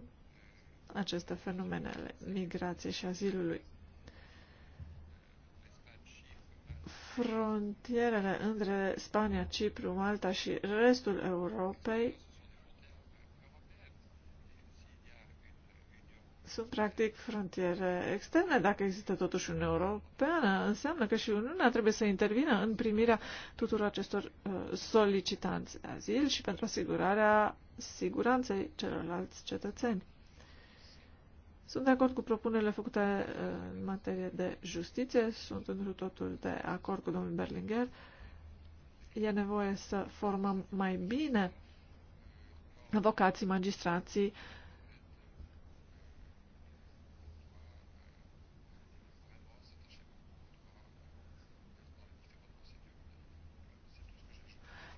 aceste fenomene ale migrației și azilului. Frontierele între Spania, Cipru, Malta și restul Europei sunt practic frontiere externe. Dacă există totuși Uniunea Europeană, înseamnă că și Uniunea trebuie să intervină în primirea tuturor acestor uh, solicitanți de azil și pentru asigurarea siguranței celorlalți cetățeni. Sunt de acord cu propunerile făcute uh, în materie de justiție, sunt întru totul de acord cu domnul Berlinger. E nevoie să formăm mai bine avocații, magistrații, uh,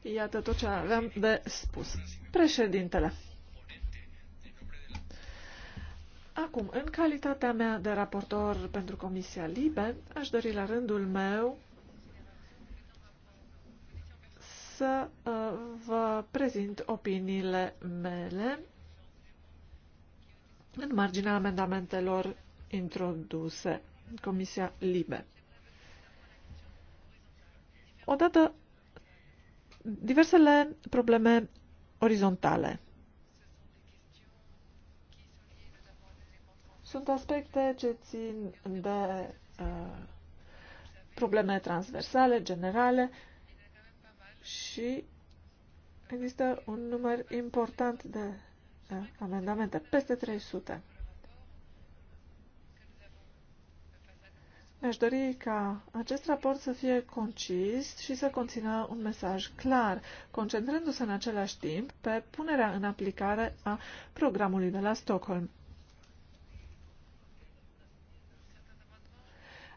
Iată tot ce aveam de spus. Președintele. Acum, în calitatea mea de raportor pentru Comisia Libe, aș dori la rândul meu să uh, vă prezint opiniile mele în marginea amendamentelor introduse în Comisia Libe. Odată diversele probleme orizontale. Sunt aspecte ce țin de uh, probleme transversale, generale și există un număr important de uh, amendamente, peste 300. Mi-aș dori ca acest raport să fie concis și să conțină un mesaj clar, concentrându-se în același timp pe punerea în aplicare a programului de la Stockholm.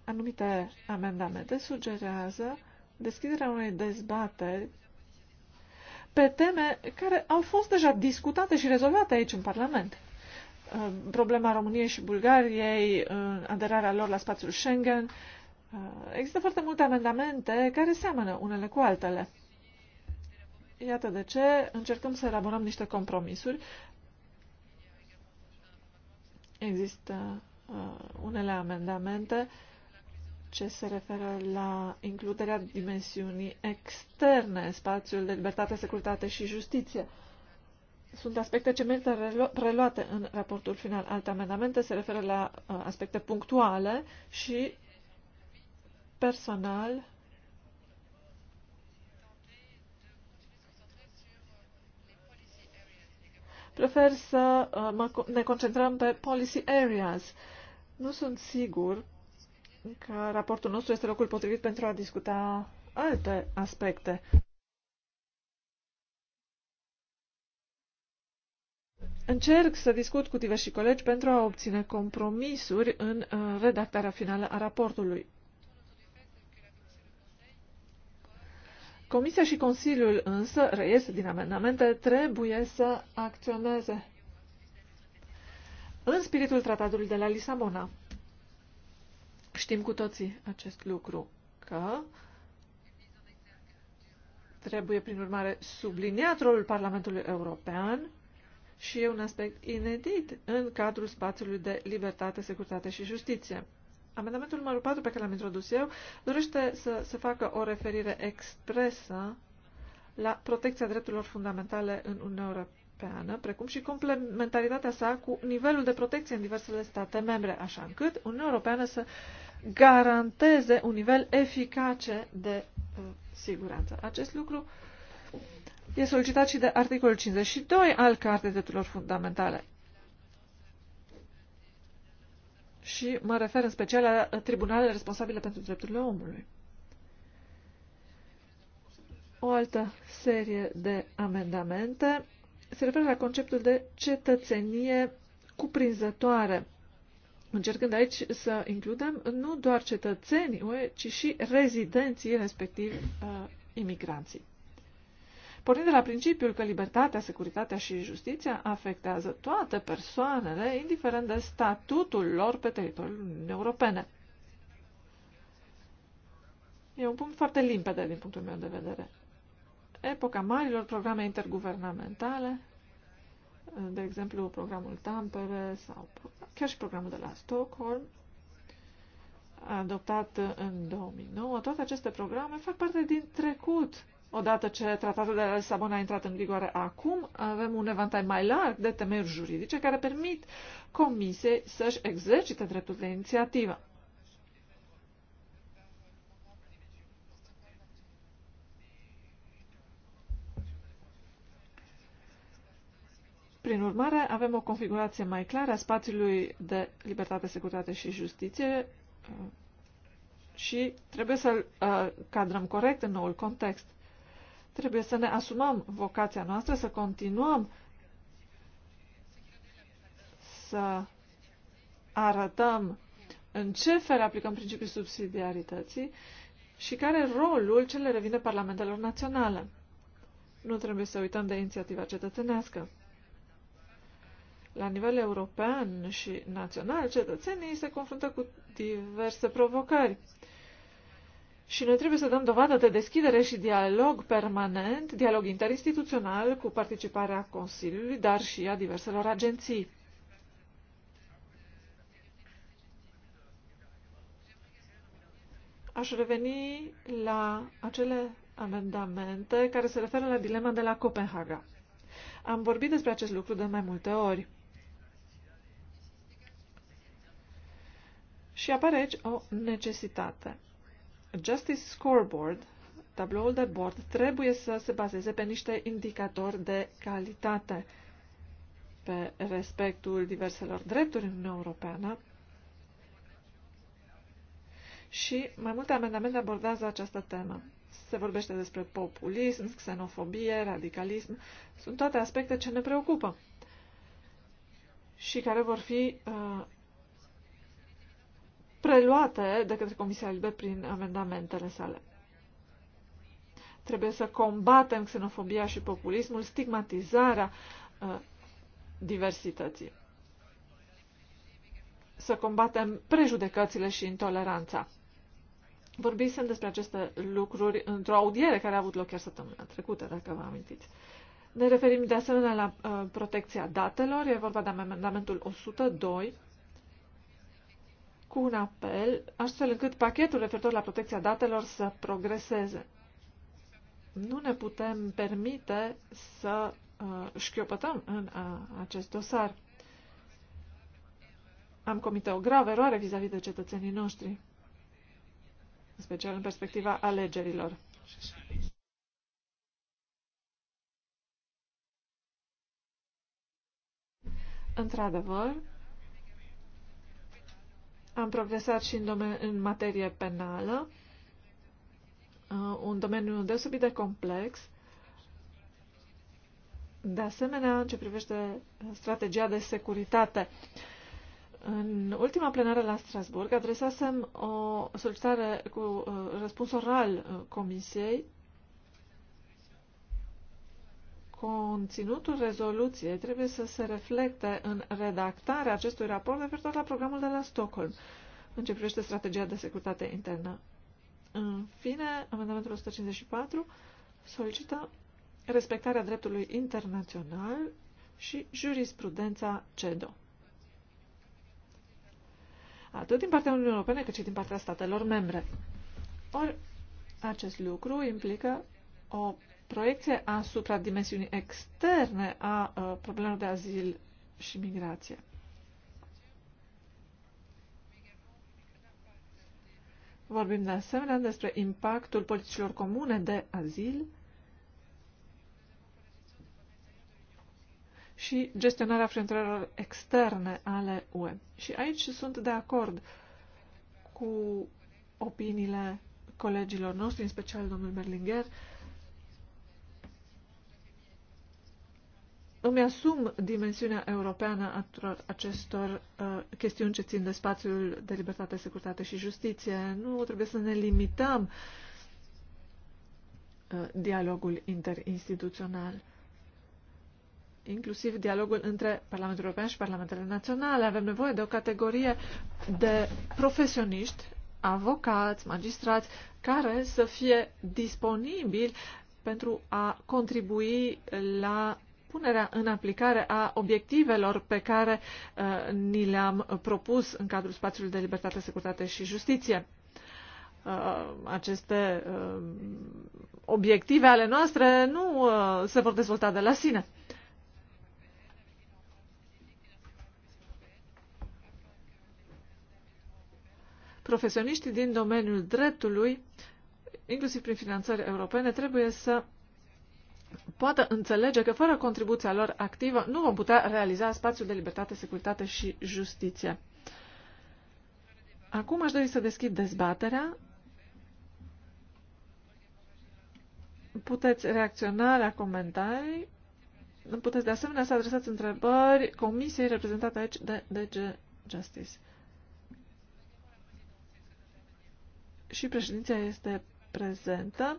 Anumite amendamente sugerează deschiderea unei dezbateri pe teme care au fost deja discutate și rezolvate aici în Parlament. Uh, problema României și Bulgariei, uh, aderarea lor la spațiul Schengen. Uh, există foarte multe amendamente care seamănă unele cu altele. Iată de ce încercăm să elaborăm niște compromisuri. Există unele amendamente ce se referă la includerea dimensiunii externe, spațiul de libertate, securitate și justiție. Uh, sunt aspecte ce merită reluate în raportul final. Alte amendamente se referă la uh, aspecte punctuale și personal prefer să uh, ne concentrăm pe policy areas. Nu sunt sigur că raportul nostru este locul potrivit pentru a discuta alte aspecte. Încerc să discut cu diversi colegi pentru a obține compromisuri în uh, redactarea finală a raportului. Comisia și Consiliul însă, reiese din amendamente, trebuie să acționeze în spiritul tratatului de la Lisabona. Știm cu toții acest lucru, că trebuie, prin urmare, subliniat rolul Parlamentului European și e un aspect inedit în cadrul spațiului de libertate, securitate și justiție. Amendamentul numărul 4 pe care l-am introdus eu dorește să se facă o referire expresă la protecția drepturilor fundamentale în Uniunea Europeană, precum și complementaritatea sa cu nivelul de protecție în diversele state membre, așa încât Uniunea Europeană să garanteze un nivel eficace de uh, siguranță. Acest lucru uh, E solicitat și de articolul 52 al Cartei Drepturilor Fundamentale. Și mă refer în special la tribunalele responsabile pentru drepturile omului. O altă serie de amendamente se referă la conceptul de cetățenie cuprinzătoare, încercând aici să includem nu doar cetățenii UE, ci și rezidenții, respectiv uh, imigranții pornind de la principiul că libertatea, securitatea și justiția afectează toate persoanele, indiferent de statutul lor pe teritoriul Uniunii Europene. E un punct foarte limpede din punctul meu de vedere. Epoca marilor programe interguvernamentale, de exemplu programul Tampere sau chiar și programul de la Stockholm, adoptat în 2009, toate aceste programe fac parte din trecut Odată ce tratatul de la Lisabona a intrat în vigoare acum, avem un evantai mai larg de temeiuri juridice care permit Comisiei să-și exercite dreptul de inițiativă. Prin urmare, avem o configurație mai clară a spațiului de libertate, securitate și justiție uh, și trebuie să-l uh, cadrăm corect în noul context. Trebuie să ne asumăm vocația noastră, să continuăm să arătăm în ce fel aplicăm principiul subsidiarității și care rolul ce le revine parlamentelor naționale. Nu trebuie să uităm de inițiativa cetățenească. La nivel european și național, cetățenii se confruntă cu diverse provocări și noi trebuie să dăm dovadă de deschidere și dialog permanent, dialog interinstituțional cu participarea Consiliului, dar și a diverselor agenții. Aș reveni la acele amendamente care se referă la dilema de la Copenhaga. Am vorbit despre acest lucru de mai multe ori. Și apare aici o necesitate. Justice Scoreboard, tabloul de bord, trebuie să se bazeze pe niște indicatori de calitate, pe respectul diverselor drepturi în Uniunea Europeană și mai multe amendamente abordează această temă. Se vorbește despre populism, xenofobie, radicalism. Sunt toate aspecte ce ne preocupă și care vor fi uh, preluate de către Comisia Libe prin amendamentele sale. Trebuie să combatem xenofobia și populismul, stigmatizarea uh, diversității. Să combatem prejudecățile și intoleranța. Vorbisem despre aceste lucruri într-o audiere care a avut loc chiar săptămâna trecută, dacă vă amintiți. Ne referim de asemenea la uh, protecția datelor, e vorba de amendamentul 102 cu un apel, astfel încât pachetul referitor la protecția datelor să progreseze. Nu ne putem permite să uh, șchiopătăm în uh, acest dosar. Am comite o gravă eroare vis-a-vis -vis de cetățenii noștri, în special în perspectiva alegerilor. Într-adevăr, am progresat și în, în materie penală, uh, un domeniu deosebit de complex. De asemenea, în ce privește strategia de securitate, în ultima plenară la Strasburg adresasem o solicitare cu uh, răspuns oral uh, Comisiei Conținutul rezoluției trebuie să se reflecte în redactarea acestui raport referitor la programul de la Stockholm, în ce privește strategia de securitate internă. În fine, amendamentul 154 solicită respectarea dreptului internațional și jurisprudența CEDO. Atât din partea Uniunii Europene cât și din partea statelor membre. Ori acest lucru implică o proiecție asupra dimensiunii externe a problemelor de azil și migrație. Vorbim de asemenea despre impactul politicilor comune de azil și gestionarea frontierelor externe ale UE. Și aici sunt de acord cu opiniile colegilor noștri, în special domnul Berlinger, uh, îmi asum dimensiunea europeană a acestor uh, chestiuni ce țin de spațiul de libertate, securitate și justiție. Nu trebuie să ne limităm uh, dialogul interinstituțional, inclusiv dialogul între Parlamentul European și Parlamentele Naționale. Avem nevoie de o categorie de profesioniști, avocați, magistrați, care să fie disponibili pentru a contribui la punerea în aplicare a obiectivelor pe care uh, ni le-am propus în cadrul spațiului de libertate, securitate și justiție. Uh, aceste uh, obiective ale noastre nu se vor dezvolta de la sine. Profesioniștii din domeniul dreptului, inclusiv prin finanțări europene, trebuie să poată înțelege că fără contribuția lor activă nu vom putea realiza spațiul de libertate, securitate și justiție. Acum aș dori să deschid dezbaterea. Puteți reacționa la comentarii. Puteți de asemenea să adresați întrebări comisiei reprezentate aici de DG Justice. Și președinția este prezentă.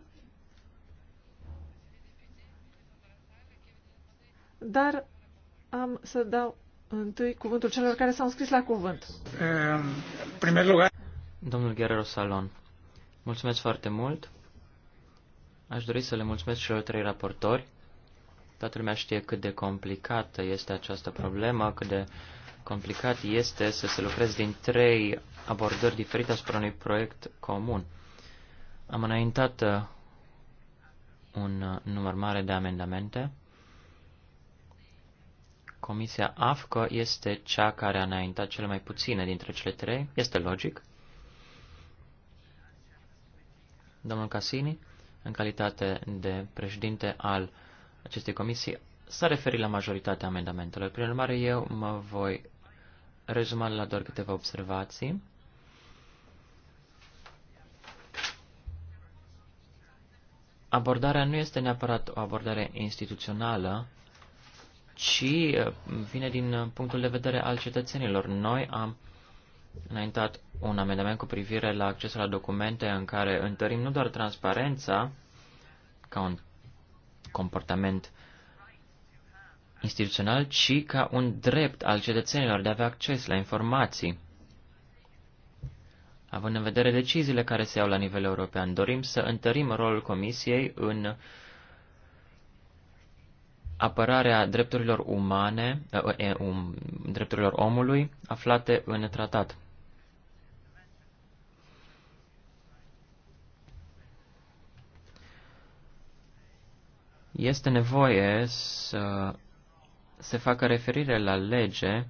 Dar am să dau întâi cuvântul celor care s-au înscris la cuvânt. primul lugar... Domnul Guerrero Salon, mulțumesc foarte mult. Aș dori să le mulțumesc celor trei raportori. Toată lumea știe cât de complicată este această problemă, cât de complicat este să se lucreze din trei abordări diferite asupra unui proiect comun. Am înaintat uh, un uh, număr mare de amendamente. Comisia AFCO este cea care a înaintat cele mai puține dintre cele trei. Este logic. Domnul Casini, în calitate de președinte al acestei comisii, s-a referit la majoritatea amendamentelor. Prin urmare, eu mă voi rezuma la doar câteva observații. Abordarea nu este neapărat o abordare instituțională, ci eh, vine din eh, punctul de vedere al cetățenilor. Noi am înaintat un amendament cu privire la accesul la documente în care întărim nu doar transparența ca un comportament instituțional, ci ca un drept al cetățenilor de a avea acces la informații. Având în vedere deciziile care se iau la nivel european, dorim să întărim rolul Comisiei în uh, apărarea drepturilor umane, uh, um, drepturilor omului aflate în tratat. Este nevoie să se facă referire la lege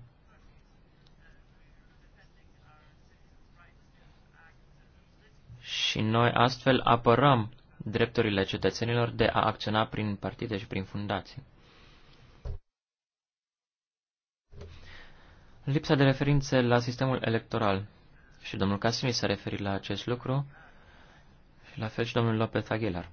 și noi astfel apărăm drepturile cetățenilor de a acționa prin partide și prin fundații. Lipsa de referințe la sistemul electoral. Și domnul Casimi s-a referit la acest lucru și la fel și domnul Lopez Aguilar.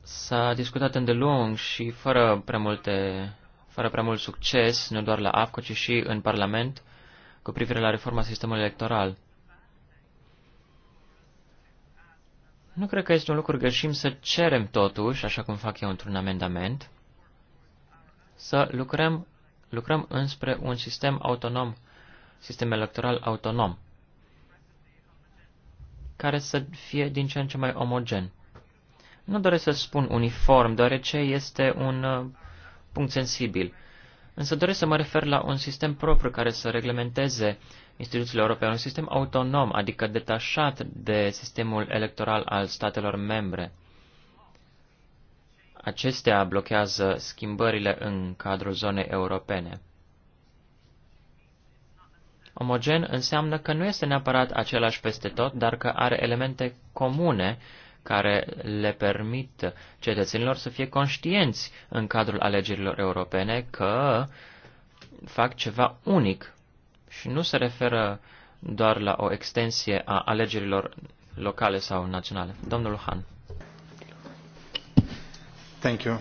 S-a discutat îndelung și fără prea, multe, fără prea mult succes, nu doar la AFCO, ci și în Parlament, cu privire la reforma sistemului electoral. Nu cred că este un lucru greșit să cerem totuși, așa cum fac eu într-un amendament, să lucrăm, lucrăm înspre un sistem autonom, sistem electoral autonom, care să fie din ce în ce mai omogen. Nu doresc să spun uniform, deoarece este un uh, punct sensibil, însă doresc să mă refer la un sistem propriu care să reglementeze instituțiile europene, un sistem autonom, adică detașat de sistemul electoral al statelor membre. Acestea blochează schimbările în cadrul zonei europene. Omogen înseamnă că nu este neapărat același peste tot, dar că are elemente comune care le permit cetățenilor să fie conștienți în cadrul alegerilor europene că fac ceva unic și nu se referă doar la o extensie a alegerilor locale sau naționale. Domnul Han. Thank you.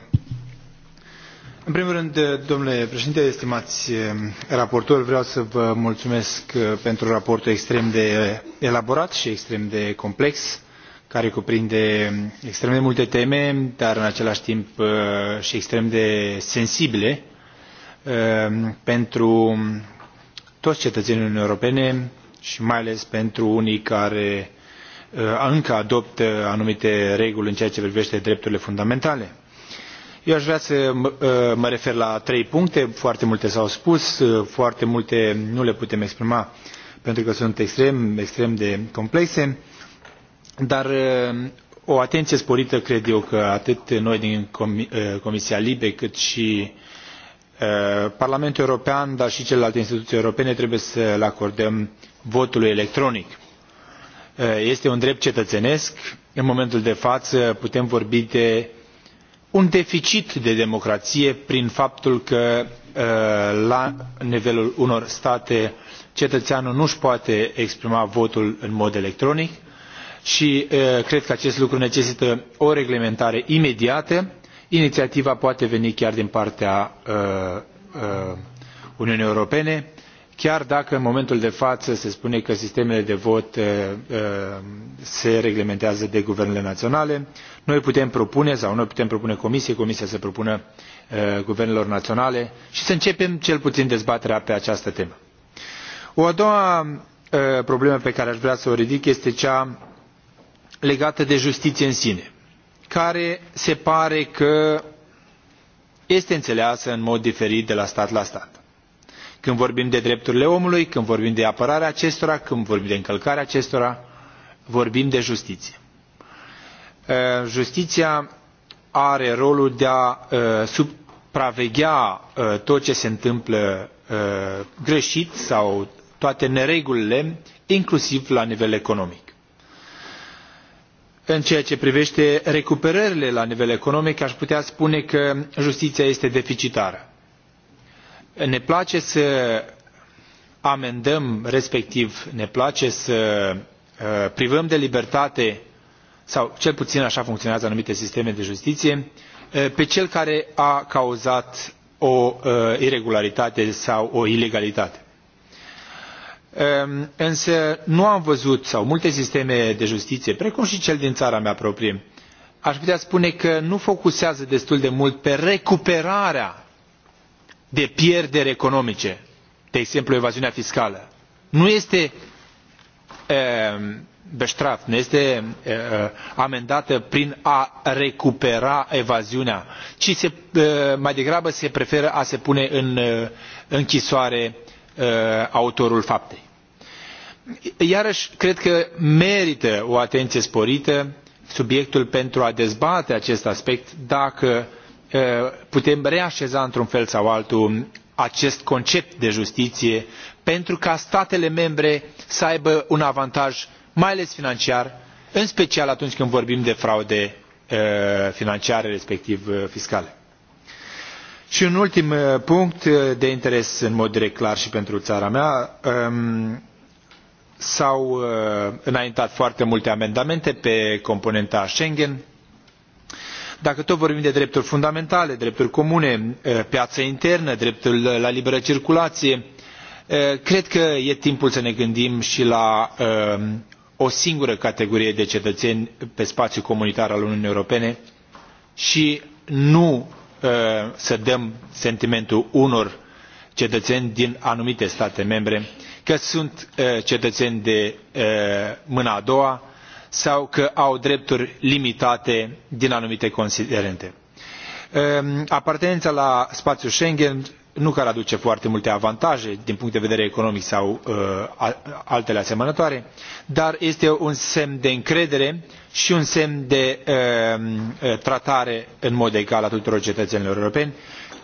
În primul rând, domnule președinte, estimați eh, raportori, vreau să vă mulțumesc eh, pentru raportul extrem de eh, elaborat și extrem de complex, care cuprinde mm, extrem de multe teme, dar în același timp și extrem de sensibile pentru toți cetățenii Uniunii Europene și mai ales pentru unii care uh, încă adoptă anumite reguli în ceea ce privește drepturile fundamentale. Eu aș vrea să mă uh, refer la trei puncte, foarte multe s-au spus, uh, foarte multe nu le putem exprima pentru că sunt extrem, extrem de complexe, dar o atenție sporită cred eu că atât noi din Comisia Libe cât și Eh, parlamentul european dar și celelalte instituții europene trebuie să le acordăm votul electronic. Eh, este un drept cetățenesc în momentul de față putem vorbi de un deficit de democrație prin faptul că eh, la nivelul unor state cetățeanul nu își poate exprima votul în mod electronic și cred că acest lucru necesită o reglementare imediată inițiativa poate veni chiar din partea uh, uh, uniunii europene chiar dacă în momentul de față se spune că sistemele de vot uh, se reglementează de guvernele naționale noi putem propune sau noi putem propune comisiei comisia să propună guvernelor naționale și să începem cel puțin dezbaterea pe această temă. o a doua problemă pe care aș vrea să o ridic este cea legată de justiție în sine care se pare că este înțeleasă în mod diferit de la stat la stat. Când vorbim de drepturile omului, când vorbim de apărarea acestora, când vorbim de încălcarea acestora, vorbim de justiție. Uh, justiția are rolul de a uh, supraveghea uh, tot ce se întâmplă greșit sau toate neregulile, inclusiv la nivel economic în ceea ce privește recuperările la nivel economic aș putea spune că justiția este deficitară. Ne place să amendăm, respectiv ne place să uh, privăm de libertate, sau cel puțin așa funcționează anumite sisteme de justiție, uh, pe cel care a cauzat o uh, irregularitate sau o ilegalitate Ehm, însă nu am văzut sau multe sisteme de justiție, precum și cel din țara mea proprie, aș putea spune că nu focusează destul de mult pe recuperarea de pierderi economice, de exemplu evaziunea fiscală. Nu este ehm, beștraft, nu este amendată prin a recupera evaziunea, ci se, mai degrabă se preferă a se pune în închisoare uh, Uh, autorul faptei. Iarăși, cred că merită o atenție sporită subiectul pentru a dezbate acest aspect dacă uh, putem reașeza într-un fel sau altul acest concept de justiție pentru ca statele membre să aibă un avantaj, mai ales financiar, în special atunci când vorbim de fraude uh, financiare, respectiv fiscale. Și un ultim uh, punct uh, de interes în mod direct clar și pentru țara mea. Um, s-au uh, înaintat foarte multe amendamente pe componenta Schengen. Dacă tot vorbim de drepturi fundamentale, drepturi comune, piață internă, dreptul la liberă circulație, cred că e timpul să ne gândim și la um, o singură categorie de cetățeni pe spațiul comunitar al Uniunii Europene și nu Uh, să dăm sentimentul unor cetățeni din anumite state membre că sunt uh, cetățeni de uh, mâna a doua sau că au drepturi limitate din anumite considerente. Um, apartenența la spațiul Schengen nu că ar aduce foarte multe avantaje din punct de vedere economic sau uh, altele asemănătoare, dar este un semn de încredere și un semn de um, uh, tratare în mod egal a tuturor cetățenilor europeni,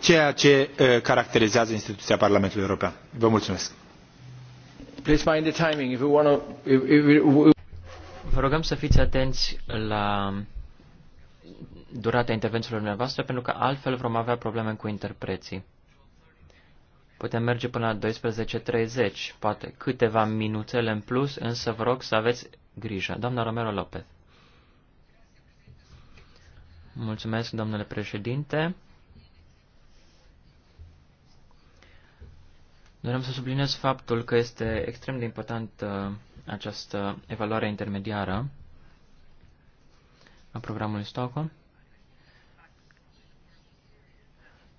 ceea ce uh, caracterizează instituția Parlamentului European. Vă mulțumesc. Vă rugăm să fiți atenți la durata intervențiilor dumneavoastră, pentru că altfel vom avea probleme cu interpreții. Putem merge până la 12.30, poate câteva minuțele în plus, însă vă rog să aveți grijă. Doamna Romero Lopez. Mulțumesc, domnule președinte. Doream să subliniez faptul că este extrem de importantă uh, această evaluare intermediară a programului Stockholm.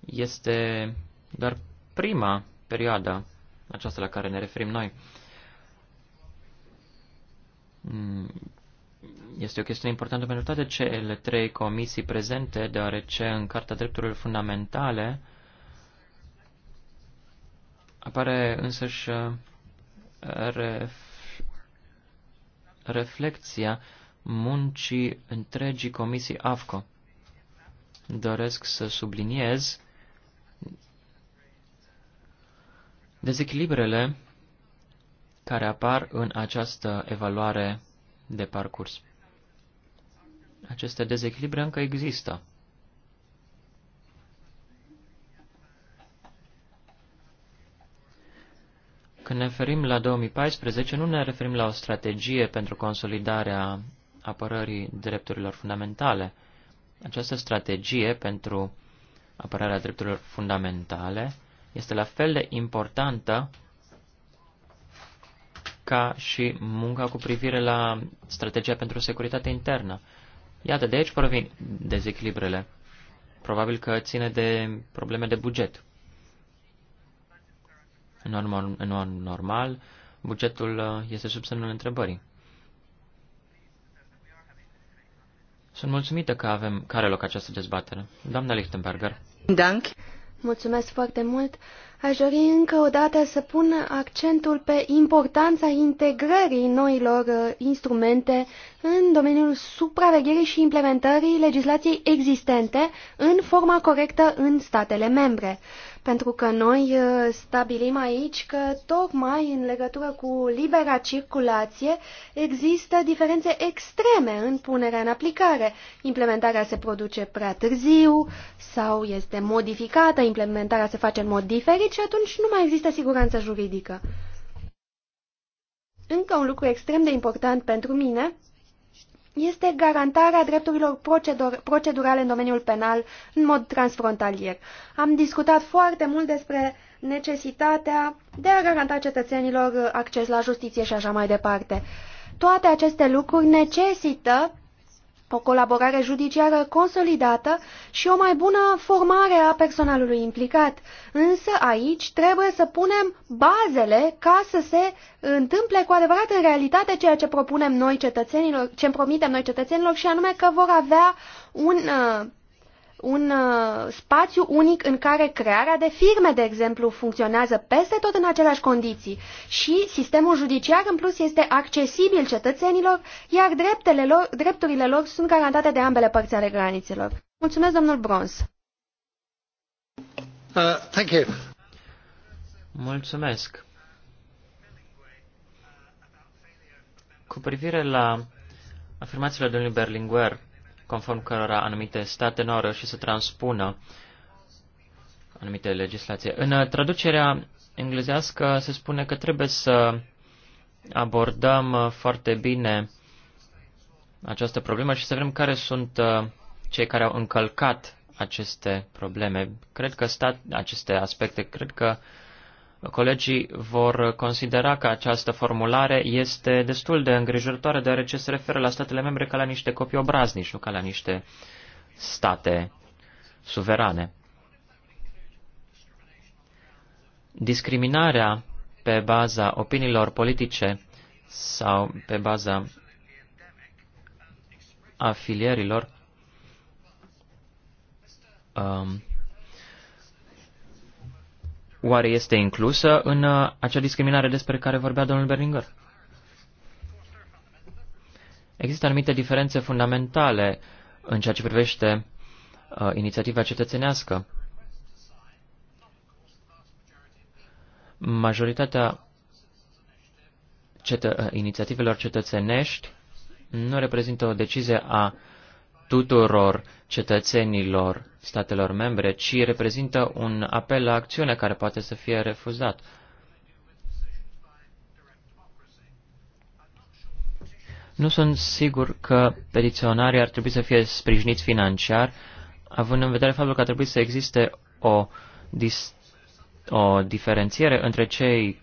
Este doar prima perioadă, aceasta la care ne referim noi. Mm, este o chestiune importantă pentru toate cele trei comisii prezente, deoarece în Carta Drepturilor Fundamentale apare însăși uh, ref, reflexia muncii întregii comisii AFCO. Doresc să subliniez Dezechilibrele care apar în această evaluare de parcurs. Aceste dezechilibre încă există. Când ne referim la 2014, nu ne referim la o strategie pentru consolidarea apărării drepturilor fundamentale. Această strategie pentru apărarea drepturilor fundamentale este la fel de importantă ca și munca cu privire la strategia pentru securitate internă. Iată, de aici provin dezechilibrele. Probabil că ține de probleme de buget. În mod, în mod normal, bugetul uh, este sub semnul întrebării. Sunt mulțumită că avem care loc această dezbatere. Doamna Lichtenberger. Dank. Mulțumesc foarte mult. Aș dori încă o dată să pun accentul pe importanța integrării noilor uh, instrumente în domeniul supravegherii și implementării legislației existente în forma corectă în statele membre pentru că noi uh, stabilim aici că tocmai în legătură cu libera circulație există diferențe extreme în punerea în aplicare. Implementarea se produce prea târziu sau este modificată, implementarea se face în mod diferit și atunci nu mai există siguranță juridică. Încă un lucru extrem de important pentru mine este garantarea drepturilor procedur procedurale în domeniul penal în mod transfrontalier. Am discutat foarte mult despre necesitatea de a garanta cetățenilor acces la justiție și așa mai departe. Toate aceste lucruri necesită o colaborare judiciară consolidată și o mai bună formare a personalului implicat. Însă aici trebuie să punem bazele ca să se întâmple cu adevărat în realitate ceea ce propunem noi cetățenilor, ce promitem noi cetățenilor și anume că vor avea un uh, un uh, spațiu unic în care crearea de firme, de exemplu, funcționează peste tot în aceleași condiții și sistemul judiciar, în plus, este accesibil cetățenilor, iar dreptele lor, drepturile lor sunt garantate de ambele părți ale granițelor. Mulțumesc, domnul Brons. Uh, thank you. Mulțumesc. Cu privire la afirmațiile domnului Berlinguer, conform cărora anumite state nu au reușit să transpună anumite legislații. În uh, traducerea englezească se spune că trebuie să abordăm uh, foarte bine această problemă și să vedem care sunt uh, cei care au încălcat aceste probleme. Cred că stat, aceste aspecte, cred că uh, Colegii vor considera că această formulare este destul de îngrijorătoare, deoarece se referă la statele membre ca la niște copii obraznici, nu ca la niște state suverane. Discriminarea pe baza opiniilor politice sau pe baza afilierilor um, oare este inclusă în uh, acea discriminare despre care vorbea domnul Berlinger? Există anumite diferențe fundamentale în ceea ce privește uh, inițiativa cetățenească. Majoritatea cetă- uh, inițiativelor cetățenești nu reprezintă o decizie a tuturor cetățenilor statelor membre, ci reprezintă un apel la acțiune care poate să fie refuzat. Nu sunt sigur că petiționarii ar trebui să fie sprijiniți financiar, având în vedere faptul că ar trebui să existe o, dis- o diferențiere între cei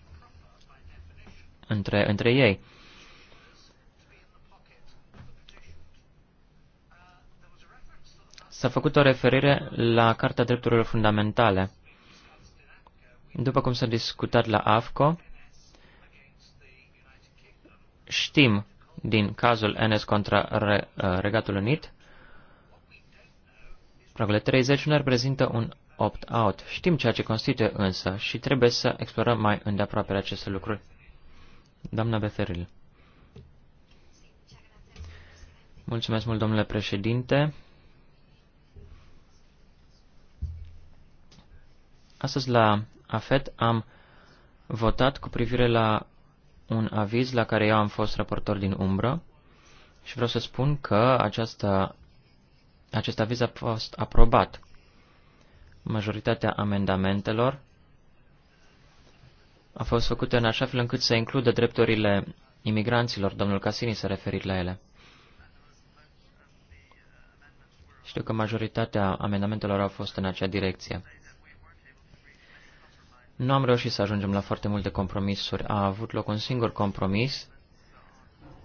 între, între ei. S-a făcut o referire la Carta Drepturilor Fundamentale. După cum s-a discutat la AFCO, știm din cazul NS contra uh, Regatul Unit, regulă 30 nu reprezintă un opt-out. Știm ceea ce constituie însă și trebuie să explorăm mai îndeaproape aceste lucruri. Doamna Beferil. Mulțumesc mult, domnule președinte. Astăzi la AFET am votat cu privire la un aviz la care eu am fost raportor din umbră și vreau să spun că această, acest aviz a fost aprobat. Majoritatea amendamentelor a fost făcute în așa fel încât să includă drepturile imigranților. Domnul Casini s-a referit la ele. Știu că majoritatea amendamentelor au fost în acea direcție. Nu am reușit să ajungem la foarte multe compromisuri. A avut loc un singur compromis.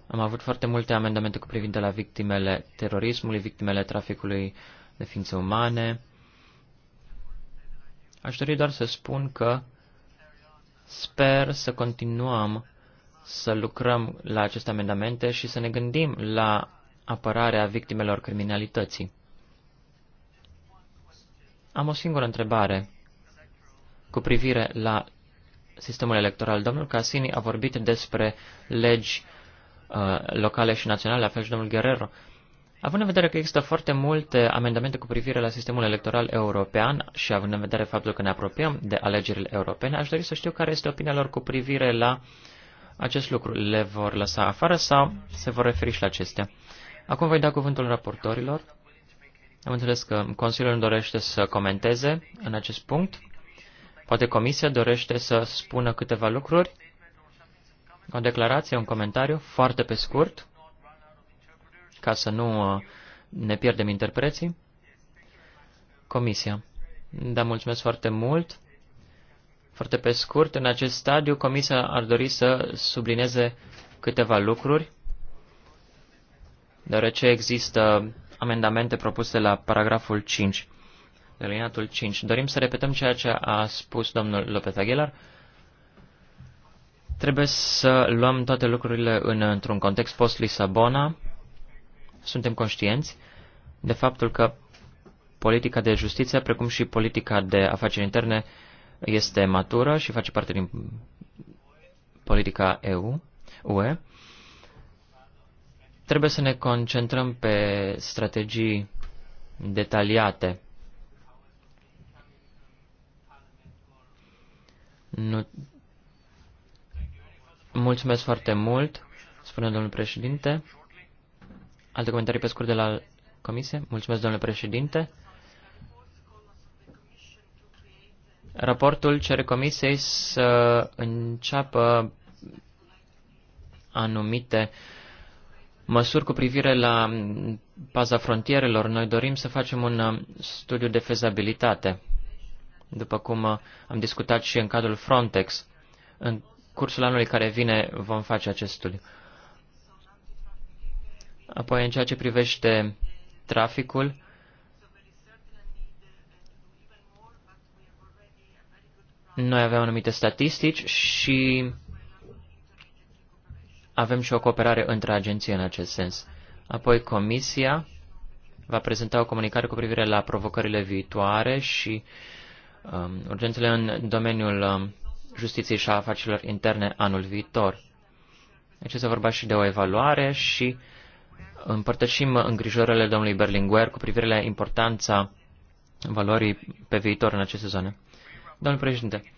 Am avut foarte multe amendamente cu privire la victimele terorismului, victimele traficului de ființe umane. Aș dori doar să spun că sper să continuăm să lucrăm la aceste amendamente și să ne gândim la apărarea victimelor criminalității. Am o singură întrebare. Cu privire la sistemul electoral, domnul Casini a vorbit despre legi uh, locale și naționale, la fel și domnul Guerrero. Având în vedere că există foarte multe amendamente cu privire la sistemul electoral european și având în vedere faptul că ne apropiem de alegerile europene, aș dori să știu care este opinia lor cu privire la acest lucru. Le vor lăsa afară sau se vor referi și la acestea? Acum voi da cuvântul raportorilor. Am înțeles că Consiliul nu dorește să comenteze în acest punct. Poate comisia dorește să spună câteva lucruri? O declarație, un comentariu, foarte pe scurt, ca să nu uh, ne pierdem interpreții. Comisia. Da, mulțumesc foarte mult. Foarte pe scurt, în acest stadiu, Comisia ar dori să sublineze câteva lucruri, deoarece există amendamente propuse la paragraful 5 alineatul 5. Dorim să repetăm ceea ce a spus domnul Lopez Aguilar. Trebuie să luăm toate lucrurile în, într-un context post-Lisabona. Suntem conștienți de faptul că politica de justiție, precum și politica de afaceri interne, este matură și face parte din politica EU, UE. Trebuie să ne concentrăm pe strategii detaliate Nu... Mulțumesc foarte mult, spune domnul președinte. Alte comentarii pe scurt de la comisie? Mulțumesc, domnule președinte. Raportul cere comisiei să înceapă anumite măsuri cu privire la paza frontierelor. Noi dorim să facem un studiu de fezabilitate după cum uh, am discutat și în cadrul Frontex. În cursul anului care vine vom face acest studiu. Apoi, în ceea ce privește traficul, noi avem anumite statistici și avem și o cooperare între agenții în acest sens. Apoi, Comisia va prezenta o comunicare cu privire la provocările viitoare și uh, Um, urgențele în domeniul um, justiției și a afacerilor interne anul viitor. Deci se vorba și de o evaluare și împărtășim îngrijorările domnului Berlinguer cu privire la importanța valorii pe viitor în aceste zone. Domnul președinte,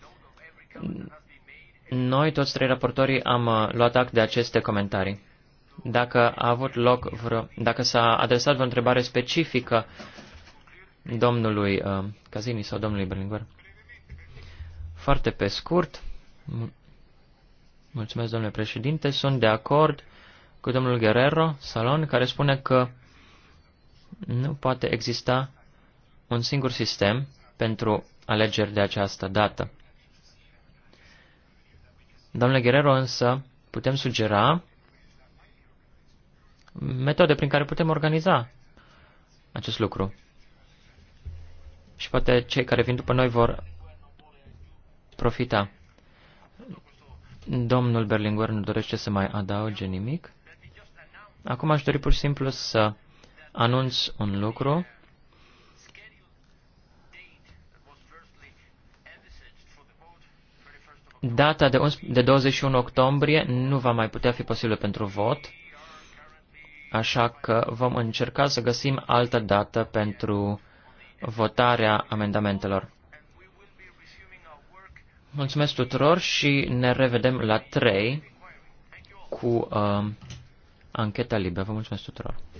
noi toți trei raportorii am uh, luat act de aceste comentarii. Dacă a avut loc vreo, dacă s-a adresat vreo întrebare specifică uh, domnului uh, Cazini sau domnului Berlinguer. Foarte pe scurt, mulțumesc domnule președinte, sunt de acord cu domnul Guerrero Salon, care spune că nu poate exista un singur sistem pentru alegeri de această dată. Domnule Guerrero, însă, putem sugera metode prin care putem organiza acest lucru și poate cei care vin după noi vor profita. Domnul Berlinguer nu dorește să mai adauge nimic. Acum aș dori pur și simplu să anunț un lucru. Data de, 21 octombrie nu va mai putea fi posibilă pentru vot, așa că vom încerca să găsim altă dată pentru votarea amendamentelor. Mulțumesc tuturor și ne revedem la 3 cu uh, ancheta liberă. Vă mulțumesc tuturor!